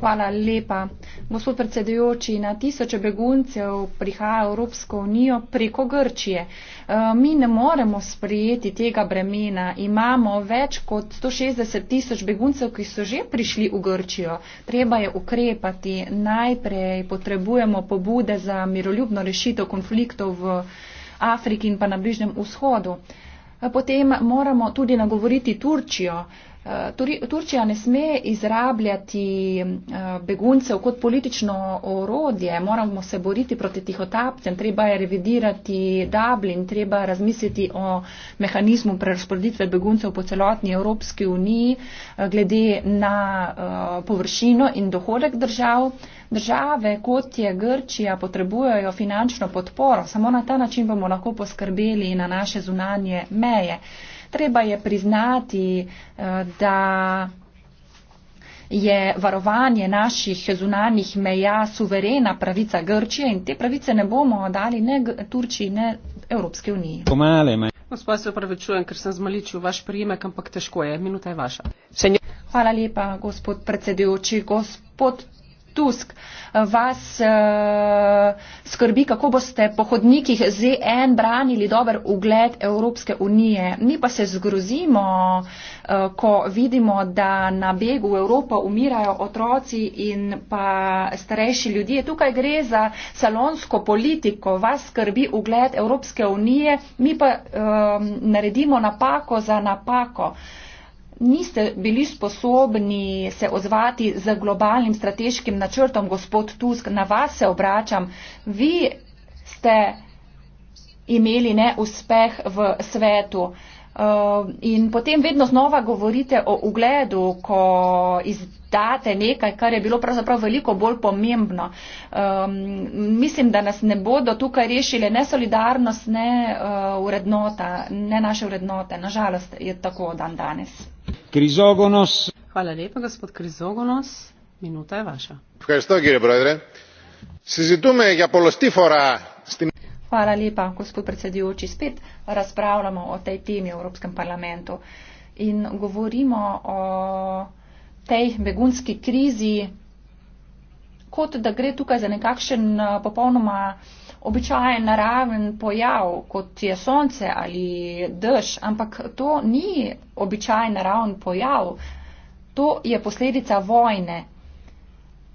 Hvala lepa. Gospod predsedujoči, na tisoče beguncev prihaja Evropsko unijo preko Grčije. Eh, mi ne moremo sprejeti tega bremena. Imamo več kot 160 tisoč beguncev, ki so že prišli v Grčijo. Treba je ukrepati. Najprej potrebujemo pobude za miroljubno rešitev konfliktov v Afriki in pa na Bližnjem vzhodu. Eh, potem moramo tudi nagovoriti Turčijo. Eh, Turčija ne sme izrabljati eh, beguncev kot politično orodje, moramo se boriti proti tihotapcem, treba je revidirati Dublin, treba razmisliti o mehanizmu prerasporeditve beguncev po celotni Evropski uniji eh, glede na površino in dohodek držav. Države kot je Grčija potrebujejo finančno podporo, samo na ta način bomo lahko poskrbeli na naše zunanje meje treba je priznati, eh, da je varovanje naših zunanjih meja suverena pravica Grčije in te pravice ne bomo dali ne Turčiji, ne Evropske unije. Gospod, se upravičujem, ker sem zmaličil vaš prijemek, ampak težko je. Minuta je vaša. Hvala lepa, gospod predsedujoči. Gospod Tusk, vas uh, skrbi, kako boste po hodnikih ZN branili dober ugled Evropske unije. Mi pa se zgrozimo, uh, ko vidimo, da na begu v Evropo umirajo otroci in pa starejši ljudje. Tukaj gre za salonsko politiko, vas skrbi ugled Evropske unije, mi pa uh, naredimo napako za napako. Uh, niste bili sposobni se odzvati z globalnim strateškim načrtom, gospod Tusk, na vas se obračam. Vi ste imeli neuspeh v svetu. Uh, in potem vedno znova govorite o ugledu, ko izdate nekaj, kar je bilo pravzaprav veliko bolj pomembno. Um, mislim, da nas ne bodo tukaj rešile ne solidarnost, ne uh, urednota, ne naše urednote. Nažalost je tako dan danes. Krizogonos. Hvala lepa, gospod Krizogonos. Minuta je vaša. Hvala lepa, gospod Krizogonos. Se zdi, da me je polosti fora. Hvala lepa, gospod predsedujoči. Spet razpravljamo o tej temi v Evropskem parlamentu in govorimo o tej begunski krizi, kot da gre tukaj za nekakšen popolnoma običajen naraven pojav, kot je sonce ali dež, ampak to ni običajen naraven pojav, to je posledica vojne.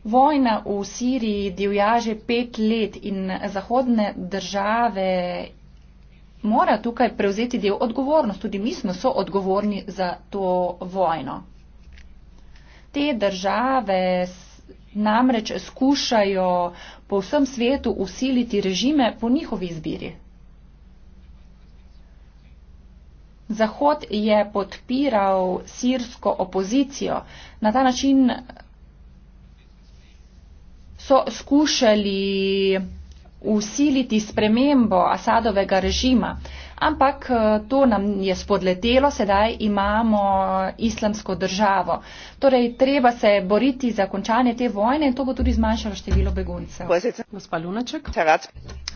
Vojna v Siriji divja že pet let in zahodne države mora tukaj prevzeti del odgovornosti. Tudi mi smo so odgovorni za to vojno. Te države namreč skušajo po vsem svetu usiliti režime po njihovi izbiri. Zahod je podpiral sirsko opozicijo. Na ta način so skušali usiliti spremembo Asadovega režima, ampak eh, to nam je spodletelo, sedaj imamo islamsko državo. Torej, treba se boriti za končanje te vojne in to bo tudi zmanjšalo število beguncev.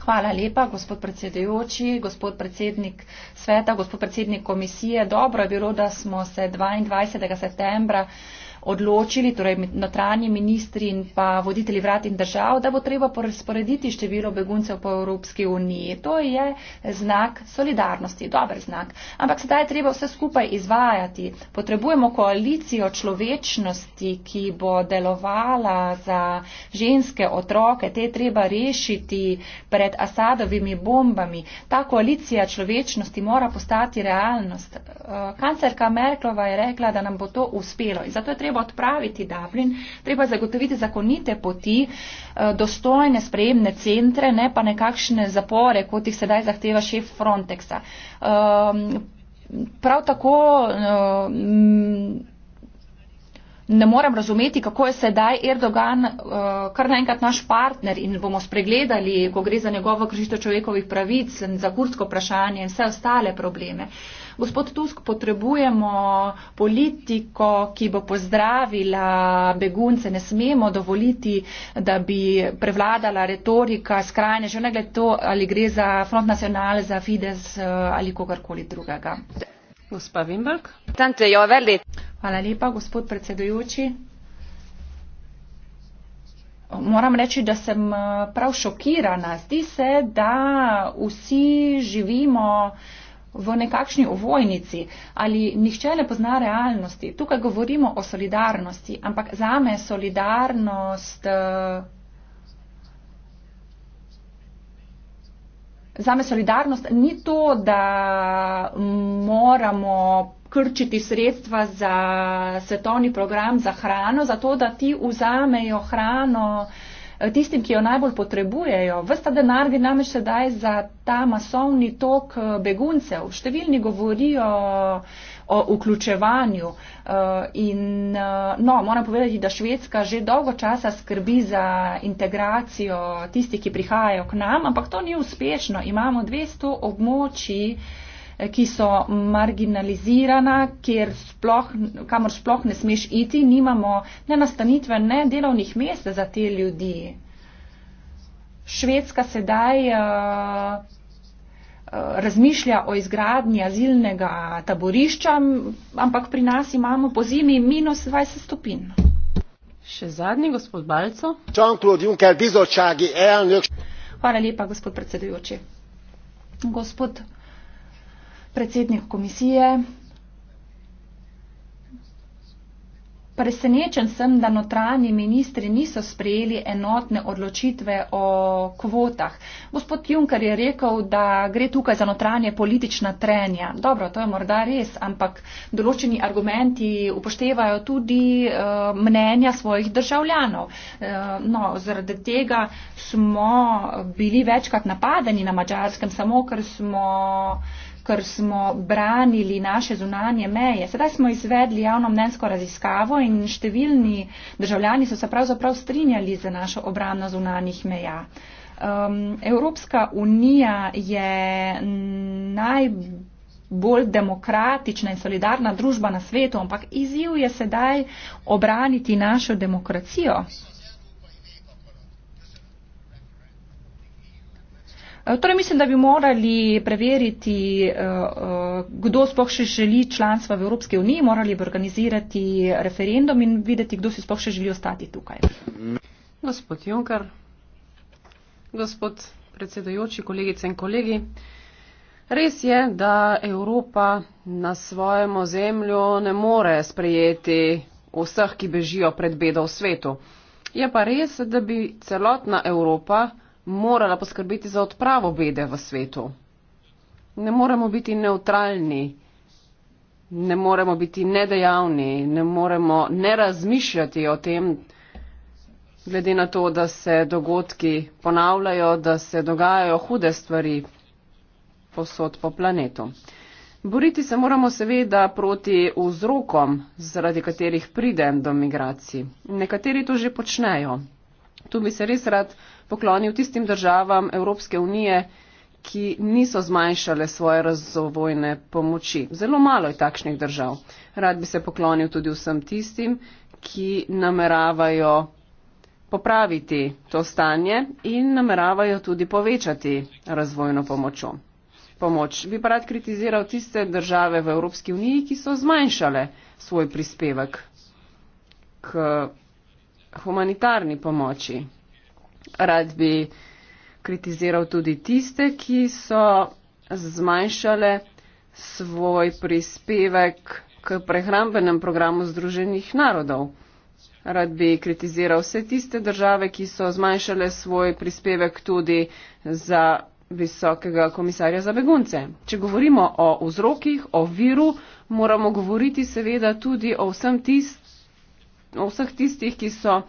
Hvala lepa, gospod predsedujoči, gospod predsednik sveta, gospod predsednik komisije. Dobro je bilo, da smo se 22. septembra odločili, torej notranji ministri in pa voditelji vrat in držav, da bo treba porazporediti število beguncev po Evropski uniji. To je znak solidarnosti, dober znak. Ampak sedaj je treba vse skupaj izvajati. Potrebujemo koalicijo človečnosti, ki bo delovala za ženske otroke. Te treba rešiti pred Asadovimi bombami. Ta koalicija človečnosti mora postati realnost. Eh, Kancelka Merklova je rekla, da nam bo to uspelo. In zato je treba treba odpraviti Dublin, treba zagotoviti zakonite poti, eh, dostojne sprejemne centre, ne pa nekakšne zapore, kot jih sedaj zahteva šef Frontexa. Ehm, prav tako ehm, ne morem razumeti, kako je sedaj Erdogan eh, kar naenkrat naš partner in bomo spregledali, ko gre za njegovo kršitev človekovih pravic, za kurdsko vprašanje in vse ostale probleme gospod Tusk, potrebujemo politiko, ki bo pozdravila begunce. Ne smemo dovoliti, da bi prevladala retorika skrajne, že ne glede to, ali gre za Front National, za Fides eh, ali kogarkoli drugega. Gospa Vimberg. Tante, jo, Hvala lepa, gospod predsedujoči. Moram reči, da sem eh, prav šokirana. Zdi se, da vsi živimo uh, v nekakšni ovojnici ali nihče ne pozna realnosti. Tukaj govorimo o solidarnosti, ampak zame solidarnost. Eh, zame solidarnost ni to, da moramo krčiti sredstva za svetovni program za hrano, zato da ti vzamejo hrano uh, tistim, ki jo najbolj potrebujejo. Vsta denar gre namreč sedaj za ta masovni tok eh, beguncev. Številni govorijo eh, o vključevanju. Eh, in, no, moram povedati, da Švedska že dolgo časa skrbi za integracijo tistih, ki prihajajo k nam, ampak to ni uspešno. Imamo 200 območij. Eh, ki so marginalizirana, kjer sploh, kamor sploh ne smeš iti, nimamo ne nastanitve, ne delovnih mest za te ljudi. Švedska sedaj eh, eh, razmišlja o izgradnji azilnega taborišča, ampak pri nas imamo po zimi minus 20 stopinj. Še zadnji gospod Balco. Jean-Claude Juncker, bizočagi, elnök. Hvala lepa, gospod predsedujoči. Gospod predsednik komisije. Presenečen sem, da notranji ministri niso sprejeli enotne odločitve o kvotah. Gospod Juncker je rekel, da gre tukaj za notranje politična trenja. Dobro, to je morda res, ampak določeni argumenti upoštevajo tudi uh, mnenja svojih državljanov. Uh, no, zaradi tega smo bili večkrat napadeni na mačarskem, samo ker smo. Uh, dokler smo branili naše zunanje meje. Sedaj smo izvedli javno mnensko raziskavo in številni državljani so se pravzaprav strinjali za našo obrano zunanih meja. Um, Evropska unija je najbolj demokratična in solidarna družba na svetu, ampak izziv je sedaj obraniti našo demokracijo. Eh, torej mislim, da bi morali preveriti, eh, eh, kdo sploh še želi članstva v Evropski uniji, morali bi organizirati referendum in videti, kdo si sploh še želi ostati tukaj. Gospod Junkar, gospod predsedojoči, kolegice in kolegi. Res je, da Evropa na svojem ozemlju ne more sprejeti vseh, ki bežijo pred bedo v svetu. Je pa res, da bi celotna Evropa morala poskrbeti za odpravo bede v svetu. Ne moremo biti neutralni, ne moremo biti nedejavni, ne moremo ne razmišljati o tem, glede na to, da se dogodki ponavljajo, da se dogajajo hude stvari posod po planetu. Boriti se moramo seveda proti vzrokom, zaradi katerih pridem do migracij. Nekateri to že počnejo. Tu bi se res rad poklonil tistim državam Evropske unije, ki niso zmanjšale svoje razvojne pomoči. Zelo malo je takšnih držav. Rad bi se poklonil tudi vsem tistim, ki nameravajo popraviti to stanje in nameravajo tudi povečati razvojno pomočo. pomoč. Bi pa rad kritiziral tiste države v Evropski uniji, ki so zmanjšale svoj prispevek k humanitarni pomoči rad bi kritiziral tudi tiste, ki so zmanjšale svoj prispevek k prehrambenem programu Združenih narodov. Rad bi kritiziral vse tiste države, ki so zmanjšale svoj prispevek tudi za visokega komisarja za begunce. Če govorimo o vzrokih, o viru, moramo govoriti seveda tudi o, tist, o vseh tistih, ki so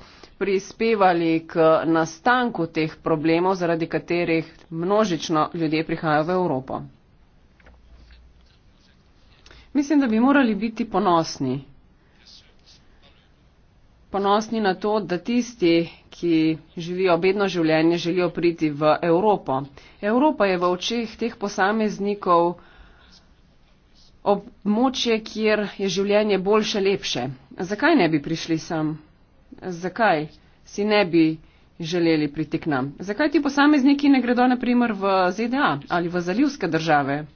prispevali k nastanku teh problemov, zaradi katerih množično ljudje prihajajo v Evropo? Mislim, da bi morali biti ponosni. Ponosni na to, da tisti, ki živijo bedno življenje, želijo priti v Evropo. Evropa je v očeh teh posameznikov območje, kjer je življenje boljše, lepše. Zakaj ne bi prišli sem? zakaj si ne bi želeli priti k nam? Zakaj ti posamezniki ne gredo naprimer v ZDA ali v zalivske države?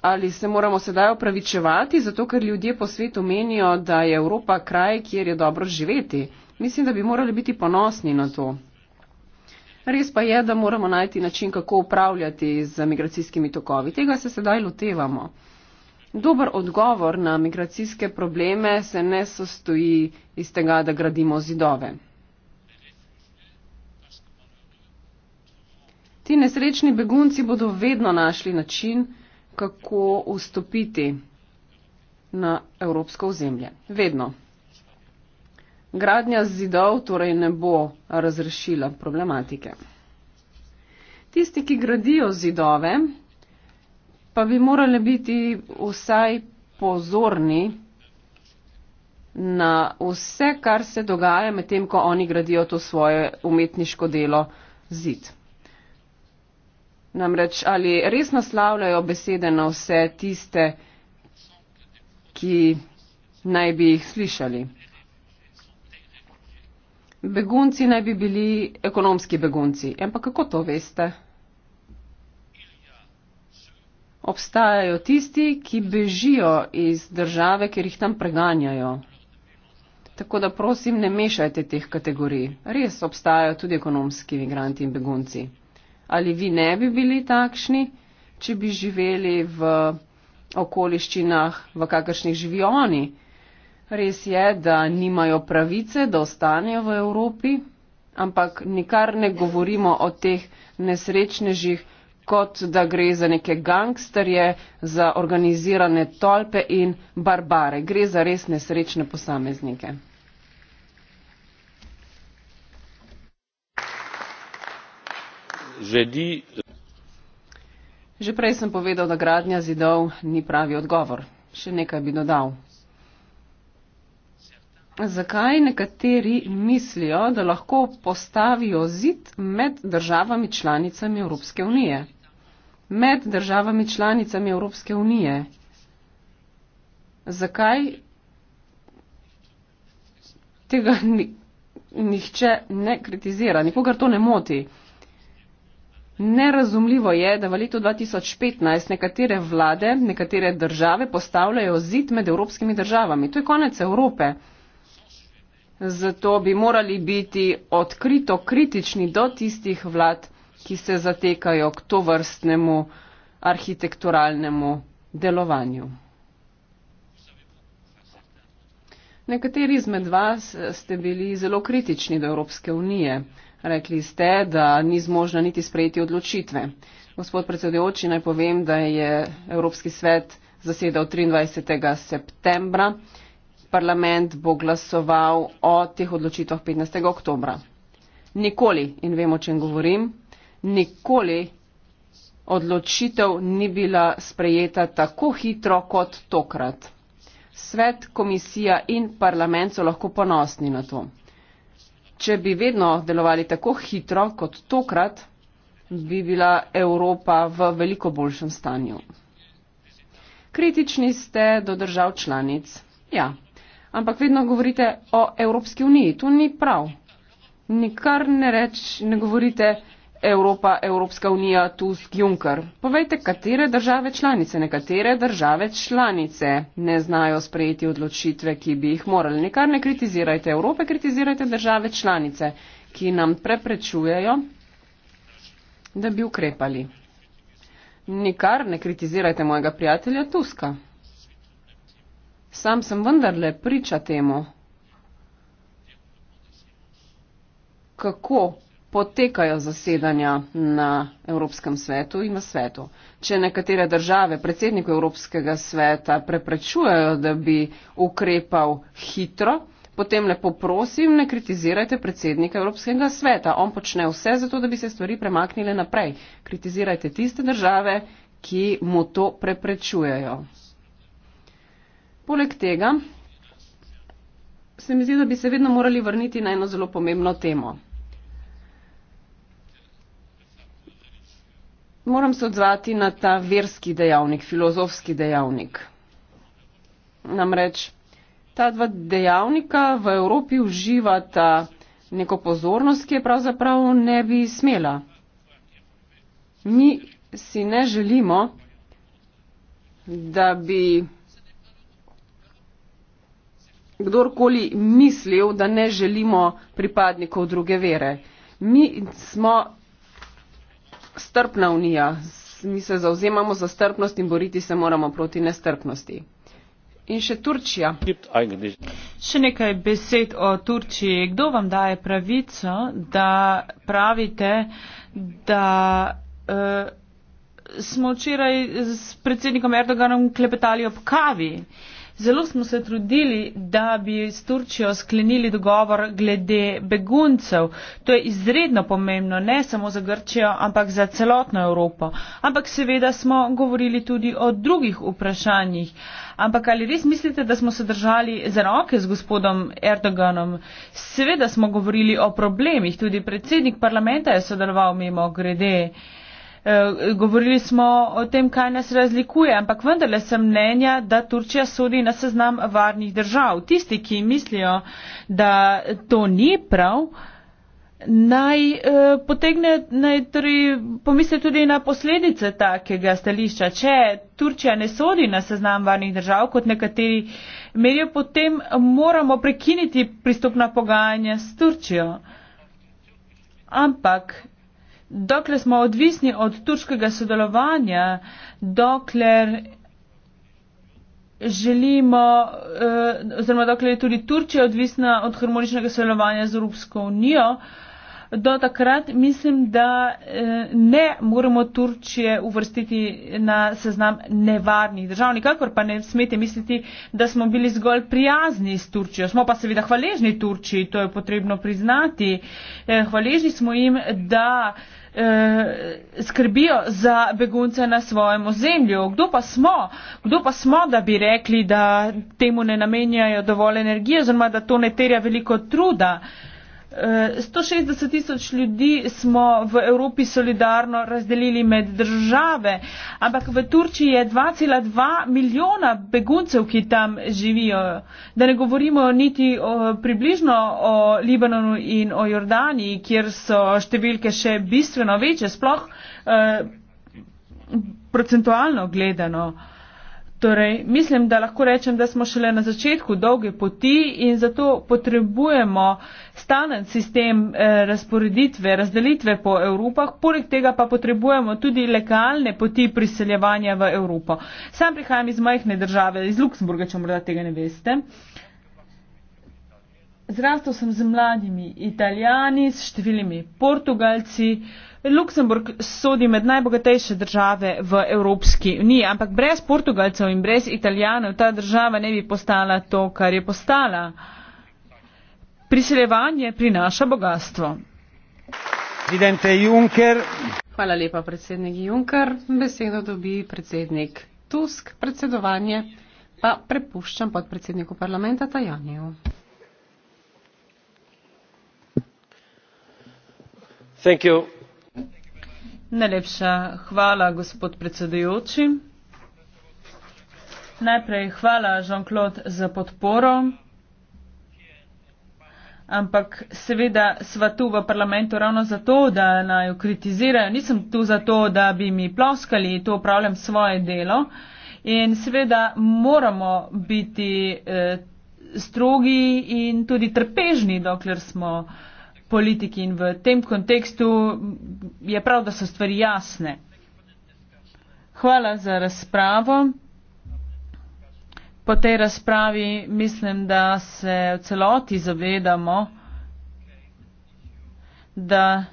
Ali se moramo sedaj opravičevati, zato ker ljudje po svetu menijo, da je Evropa kraj, kjer je dobro živeti? Mislim, da bi morali biti ponosni na to. Res pa je, da moramo najti način, kako upravljati z migracijskimi tokovi. Tega se sedaj lotevamo. Dober odgovor na migracijske probleme se ne sostoji iz tega, da gradimo zidove. Ti nesrečni begunci bodo vedno našli način, kako vstopiti na evropsko ozemlje. Vedno. Gradnja zidov torej ne bo razrešila problematike. Tisti, ki gradijo zidove, pa bi morali biti vsaj pozorni na vse, kar se dogaja med tem, ko oni gradijo to svoje umetniško delo zid. Namreč ali res naslavljajo besede na vse tiste, ki naj bi jih slišali. Begunci naj bi bili ekonomski begunci. Ampak kako to veste? obstajajo tisti, ki bežijo iz države, ker jih tam preganjajo. Tako da prosim, ne mešajte teh kategorij. Res obstajajo tudi ekonomski imigranti in begunci. Ali vi ne bi bili takšni, če bi živeli v okoliščinah, v kakršnih živijo oni? Res je, da nimajo pravice, da ostanejo v Evropi, ampak nikar ne govorimo o teh nesrečnežih, kot da gre za neke gangsterje, za organizirane tolpe in barbare. Gre za res nesrečne posameznike. Zedi. Že prej sem povedal, da gradnja zidov ni pravi odgovor. Še nekaj bi dodal. Zakaj nekateri mislijo, da lahko postavijo zid med državami članicami Evropske unije? med državami članicami Evropske unije. Zakaj tega ni, nihče ne kritizira, nikogar to ne moti? Nerazumljivo je, da v letu 2015 nekatere vlade, nekatere države postavljajo zid med evropskimi državami. To je konec Evrope. Zato bi morali biti odkrito kritični do tistih vlad, ki se zatekajo k to vrstnemu arhitekturalnemu delovanju. Nekateri izmed vas eh, ste bili zelo kritični do Evropske unije. Rekli ste, da ni zmožna niti sprejeti odločitve. Gospod predsedujoči, naj povem, da je Evropski svet zasedal 23. septembra. Parlament bo glasoval o teh odločitvah 15. oktobra. Nikoli, in vemo, o čem govorim, nikoli odločitev ni bila sprejeta tako hitro kot tokrat. Svet, komisija in parlament so lahko ponosni na to. Če bi vedno delovali tako hitro kot tokrat, bi bila Evropa v veliko boljšem stanju. Kritični ste do držav članic. Ja, ampak vedno govorite o Evropski uniji. To ni prav. Nikar ne reč, ne govorite, Evropa, Evropska unija, Tusk, Juncker. Povejte, katere države članice, nekatere države članice ne znajo sprejeti odločitve, ki bi jih morali. Nikar ne kritizirajte Evrope, kritizirajte države članice, ki nam preprečujejo, da bi ukrepali. Nikar ne kritizirajte mojega prijatelja Tuska. Sam sem vendarle priča temu. Kako potekajo zasedanja na Evropskem svetu in na svetu. Če nekatere države predsedniku Evropskega sveta preprečujejo, da bi ukrepal hitro, potem lepo prosim, ne kritizirajte predsednika Evropskega sveta. On počne vse zato, da bi se stvari premaknile naprej. Kritizirajte tiste države, ki mu to preprečujejo. Poleg tega se mi zdi, da bi se vedno morali vrniti na eno zelo pomembno temo. Moram se odzvati na ta verski dejavnik, filozofski dejavnik. Namreč ta dva dejavnika v Evropi uživata neko pozornost, ki je pravzaprav ne bi smela. Mi si ne želimo, da bi kdorkoli mislil, da ne želimo pripadnikov druge vere. Mi smo strpna unija. Mi se zauzemamo za strpnost in boriti se moramo proti nestrpnosti. In še Turčija. Še nekaj besed o Turčiji. Kdo vam daje pravico, da pravite, da uh, smo včeraj s predsednikom Erdoganom klepetali ob kavi? Uh, Zelo smo se trudili, da bi s Turčijo sklenili dogovor glede beguncev. To je izredno pomembno, ne samo za Grčijo, ampak za celotno Evropo. Ampak seveda smo govorili tudi o drugih vprašanjih. Ampak ali res mislite, da smo se držali za roke z gospodom Erdoganom? Seveda smo govorili o problemih, tudi predsednik parlamenta je sodeloval mimo grede. Uh, Eh, govorili smo o tem, kaj nas razlikuje, ampak vendarle sem mnenja, da Turčija sodi na seznam varnih držav. Tisti, ki mislijo, da to ni prav, naj eh, potegne, naj torej pomisli tudi na posledice takega stališča. Če Turčija ne sodi na seznam varnih držav, kot nekateri merijo, potem moramo prekiniti pristopna pogajanja s Turčijo. Ampak dokler smo odvisni od turškega sodelovanja, dokler želimo, eh, oziroma dokler je tudi Turčija odvisna od harmoničnega sodelovanja z Evropsko unijo, do takrat mislim, da eh, ne moramo Turčije uvrstiti na seznam nevarnih držav. Nikakor pa ne smete misliti, da smo bili zgolj prijazni s Turčijo. Smo pa seveda hvaležni Turčiji, to je potrebno priznati. Eh, hvaležni smo jim, da Eh, skrbijo za begunce na svojem ozemlju. Kdo pa smo? Kdo pa smo, da bi rekli, da temu ne namenjajo dovolj energije oziroma da to ne terja veliko truda? Uh, 160 tisoč ljudi smo v Evropi solidarno razdelili med države, ampak v Turčiji je 2,2 milijona beguncev, ki tam živijo. Da ne govorimo niti o, približno o Libanonu in o Jordaniji, kjer so številke še bistveno večje, sploh eh, procentualno gledano. Eh, Torej, mislim, da lahko rečem, da smo šele na začetku dolge poti in zato potrebujemo stanen sistem eh, razporeditve, razdelitve po Evropah, poleg tega pa potrebujemo tudi legalne poti priseljevanja v Evropo. Sam prihajam iz majhne države, iz Luksemburga, če morda tega ne veste. Zrastel sem z mladimi italijani, s številnimi portugalci, uh, Luksemburg sodi med najbogatejše države v Evropski uniji, ampak brez Portugalcev in brez Italijanov ta država ne bi postala to, kar je postala. Priseljevanje prinaša bogatstvo. Hvala lepa, predsednik Juncker. Besedo dobi predsednik Tusk. Predsedovanje pa prepuščam podpredsedniku parlamenta Tajaniju. Thank you, Najlepša hvala, gospod predsedujoči. Najprej hvala, Jean-Claude, za podporo. Ampak seveda sva tu v parlamentu ravno zato, da naj kritizirajo. Nisem tu zato, da bi mi ploskali, to upravljam svoje delo. In seveda moramo biti eh, strogi in tudi trpežni, dokler smo eh, politiki in v tem kontekstu je prav, da so stvari jasne. Hvala za razpravo. Po tej razpravi mislim, da se v celoti zavedamo, da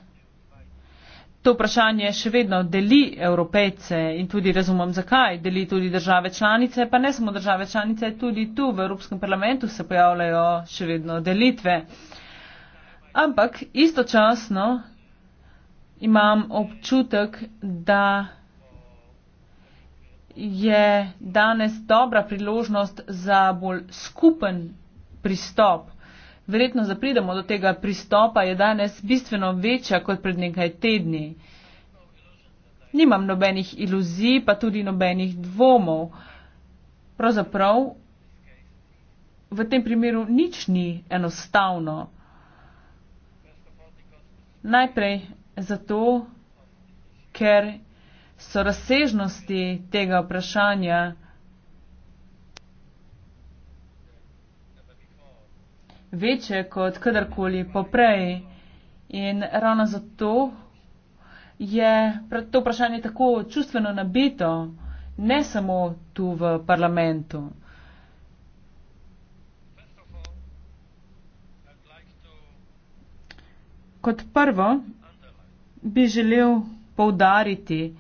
to vprašanje še vedno deli evropejce in tudi razumem, zakaj deli tudi države članice, pa ne samo države članice, tudi tu v Evropskem parlamentu se pojavljajo še vedno delitve. Ampak istočasno imam občutek, da je danes dobra priložnost za bolj skupen pristop. Verjetno zapridemo do tega pristopa, je danes bistveno večja kot pred nekaj tedni. Nimam nobenih iluzij, pa tudi nobenih dvomov. Pravzaprav v tem primeru nič ni enostavno. Najprej zato, ker so razsežnosti tega vprašanja večje kot kadarkoli poprej. In ravno zato je to vprašanje tako čustveno nabito, ne samo tu v parlamentu. Kot prvo bi želel povdariti,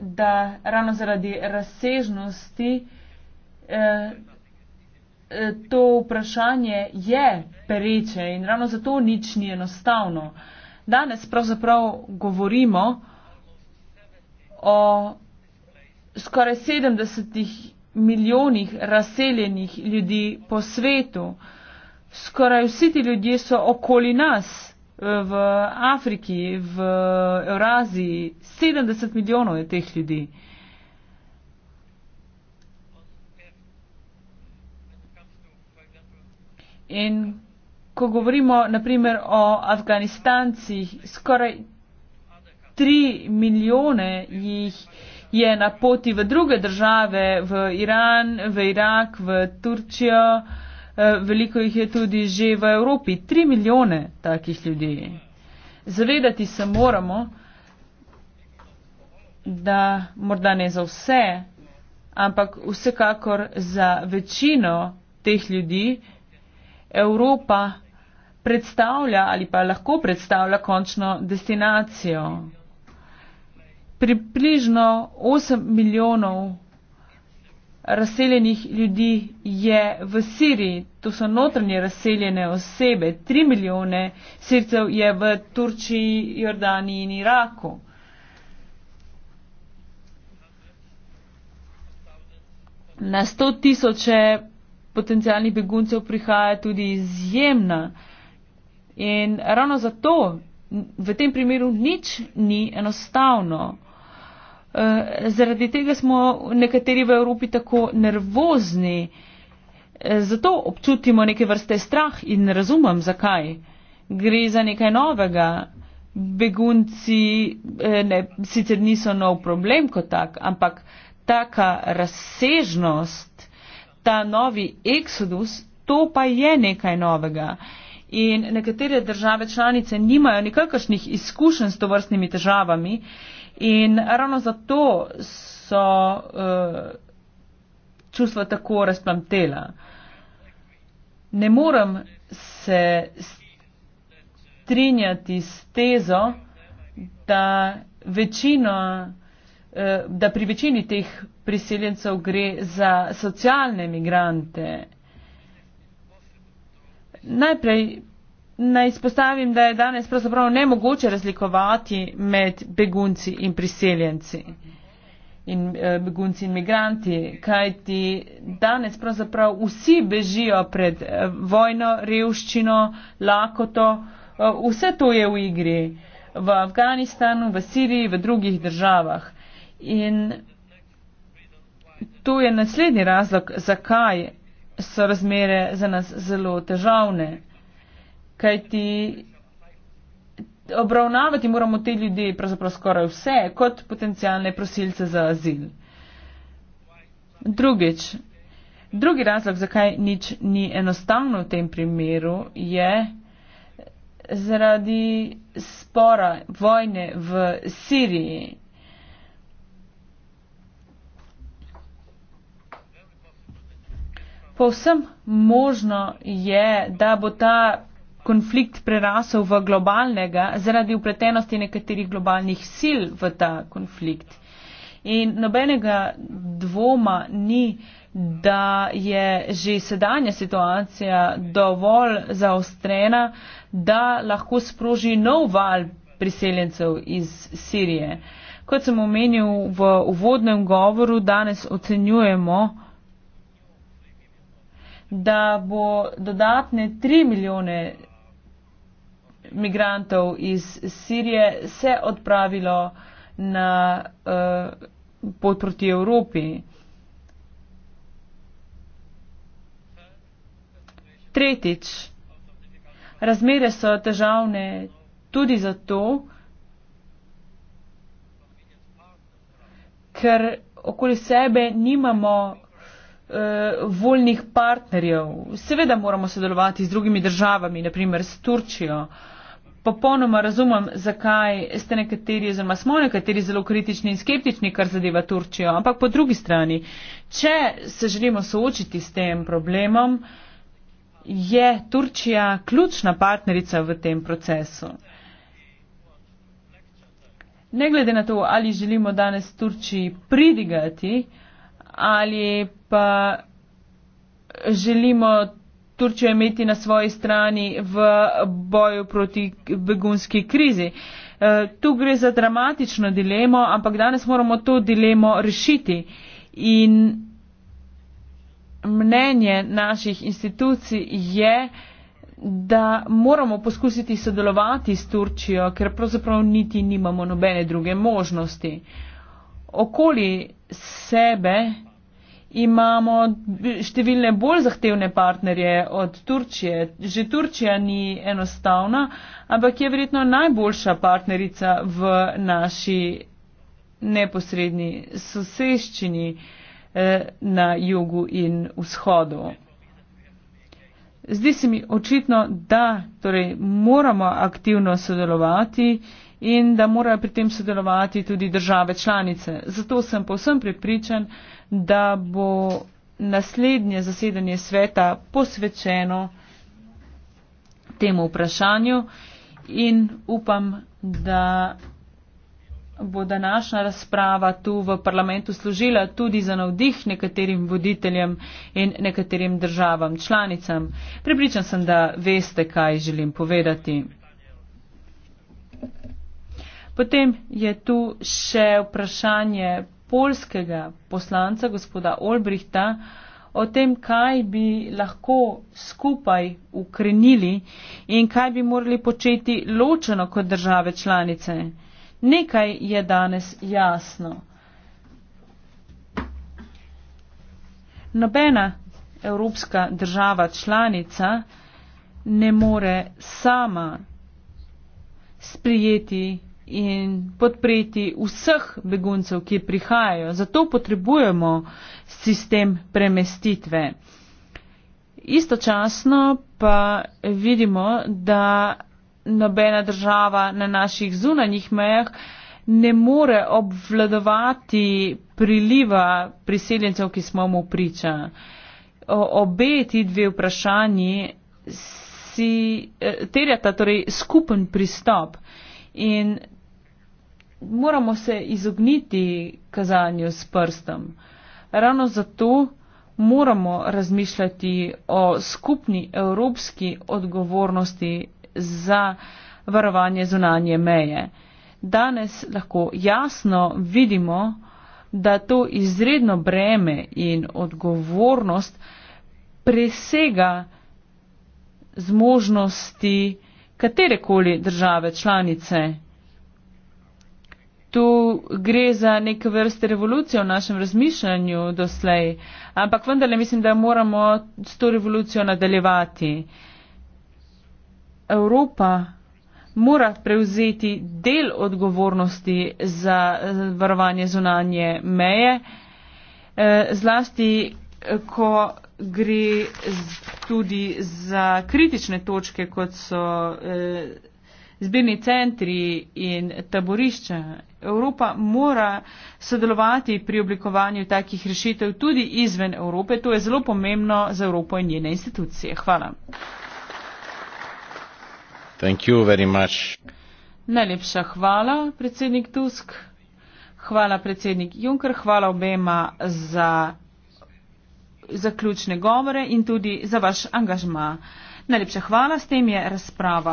da ravno zaradi razsežnosti eh, to vprašanje je pereče in ravno zato nič ni enostavno. Danes pravzaprav govorimo o skoraj 70 milijonih razseljenih ljudi po svetu. Skoraj vsi ti ljudje so okoli nas, eh, v Afriki, v Euraziji, 70 milijonov je teh ljudi. In ko govorimo naprimer o Afganistancih, skoraj 3 milijone jih je na poti v druge države, v Iran, v Irak, v Turčijo, eh, veliko jih je tudi že v Evropi, tri milijone takih ljudi. Zavedati se moramo, da morda ne za vse, ampak vsekakor za večino teh ljudi Evropa predstavlja ali pa lahko predstavlja končno destinacijo približno 8 milijonov razseljenih ljudi je v Siriji, to so notranje razseljene osebe, 3 milijone sircev je v Turčiji, Jordaniji in Iraku. Na 100 tisoče potencijalnih beguncev prihaja tudi izjemna in ravno zato v tem primeru nič ni enostavno. Eh, zaradi tega smo nekateri v Evropi tako nervozni. Eh, zato občutimo neke vrste strah in razumem, zakaj. Gre za nekaj novega. Begunci eh, ne, sicer niso nov problem kot tak, ampak taka razsežnost, ta novi eksodus, to pa je nekaj novega. In nekatere države članice nimajo nikakršnih izkušenj s tovrstnimi težavami In ravno zato so uh, čustva tako razplamtela. Ne morem se strinjati s tezo, da, večino, uh, da pri večini teh priseljencev gre za socialne imigrante. Najprej Naj izpostavim, da je danes pravzaprav nemogoče razlikovati med begunci in priseljenci in uh, begunci in migranti, kajti danes pravzaprav vsi bežijo pred uh, vojno, revščino, lakoto, uh, vse to je v igri v Afganistanu, v Siriji, v drugih državah. In to je naslednji razlog, zakaj so razmere za nas zelo težavne kaj ti obravnavati moramo te ljudi, pravzaprav skoraj vse, kot potencijalne prosilce za azil. Drugič, drugi razlog, zakaj nič ni enostavno v tem primeru, je zaradi spora vojne v Siriji. Povsem možno je, da bo ta konflikt prerasel v globalnega zaradi upletenosti nekaterih globalnih sil v ta konflikt. In nobenega dvoma ni, da je že sedanja situacija dovolj zaostrena, da lahko sproži nov val priseljencev iz Sirije. Kot sem omenil v uvodnem govoru, danes ocenjujemo, da bo dodatne 3 milijone migrantov iz Sirije se odpravilo na uh, pot proti Evropi. Tretjič, razmere so težavne tudi zato, ker okoli sebe nimamo uh, eh, voljnih partnerjev. Seveda moramo sodelovati z drugimi državami, naprimer s Turčijo, uh, popolnoma razumem, zakaj ste nekateri, oziroma smo nekateri zelo kritični in skeptični, kar zadeva Turčijo. Ampak po drugi strani, če se želimo soočiti s tem problemom, je Turčija ključna partnerica v tem procesu. Ne glede na to, ali želimo danes Turčiji pridigati ali pa želimo Turčijo imeti na svoji strani v boju proti begunski krizi. Eh, tu gre za dramatično dilemo, ampak danes moramo to dilemo rešiti. In mnenje naših institucij je, da moramo poskusiti sodelovati s Turčijo, ker pravzaprav niti nimamo nobene druge možnosti. Okoli sebe imamo številne bolj zahtevne partnerje od Turčije. Že Turčija ni enostavna, ampak je verjetno najboljša partnerica v naši neposrednji soseščini eh, na jugu in vzhodu. Zdi se mi očitno, da torej, moramo aktivno sodelovati in da morajo pri tem sodelovati tudi države članice. Zato sem povsem pripričan, da bo naslednje zasedanje sveta posvečeno temu vprašanju in upam, da bo današnja razprava tu v parlamentu služila tudi za navdih nekaterim voditeljem in nekaterim državam članicam. Pripričan sem, da veste, kaj želim povedati. Potem je tu še vprašanje polskega poslanca, gospoda Olbrihta, o tem, kaj bi lahko skupaj ukrenili in kaj bi morali početi ločeno kot države članice. Nekaj je danes jasno. Nobena evropska država članica ne more sama sprijeti in podpreti vseh beguncev, ki prihajajo. Zato potrebujemo sistem premestitve. Istočasno pa vidimo, da nobena država na naših zunanjih mejah ne more obvladovati priliva priseljencev, ki smo mu priča. O, obe ti dve vprašanji si eh, terjata torej skupen pristop in moramo se izogniti kazanju s prstem. Ravno zato moramo razmišljati o skupni evropski odgovornosti za varovanje zunanje meje. Danes lahko jasno vidimo, da to izredno breme in odgovornost presega zmožnosti katerekoli države članice tu gre za neke vrste revolucije v našem razmišljanju doslej, ampak vendarle mislim, da moramo s to revolucijo nadaljevati. Evropa mora prevzeti del odgovornosti za eh, varovanje zunanje meje, eh, zlasti eh, ko gre tudi za kritične točke, kot so zbirni centri in taborišča Evropa mora sodelovati pri oblikovanju takih rešitev tudi izven Evrope. To je zelo pomembno za Evropo in njene institucije. Hvala. Najlepša hvala, predsednik Tusk. Hvala, predsednik Juncker. Hvala obema za zaključne govore in tudi za vaš angažma. Najlepša hvala, s tem je razprava.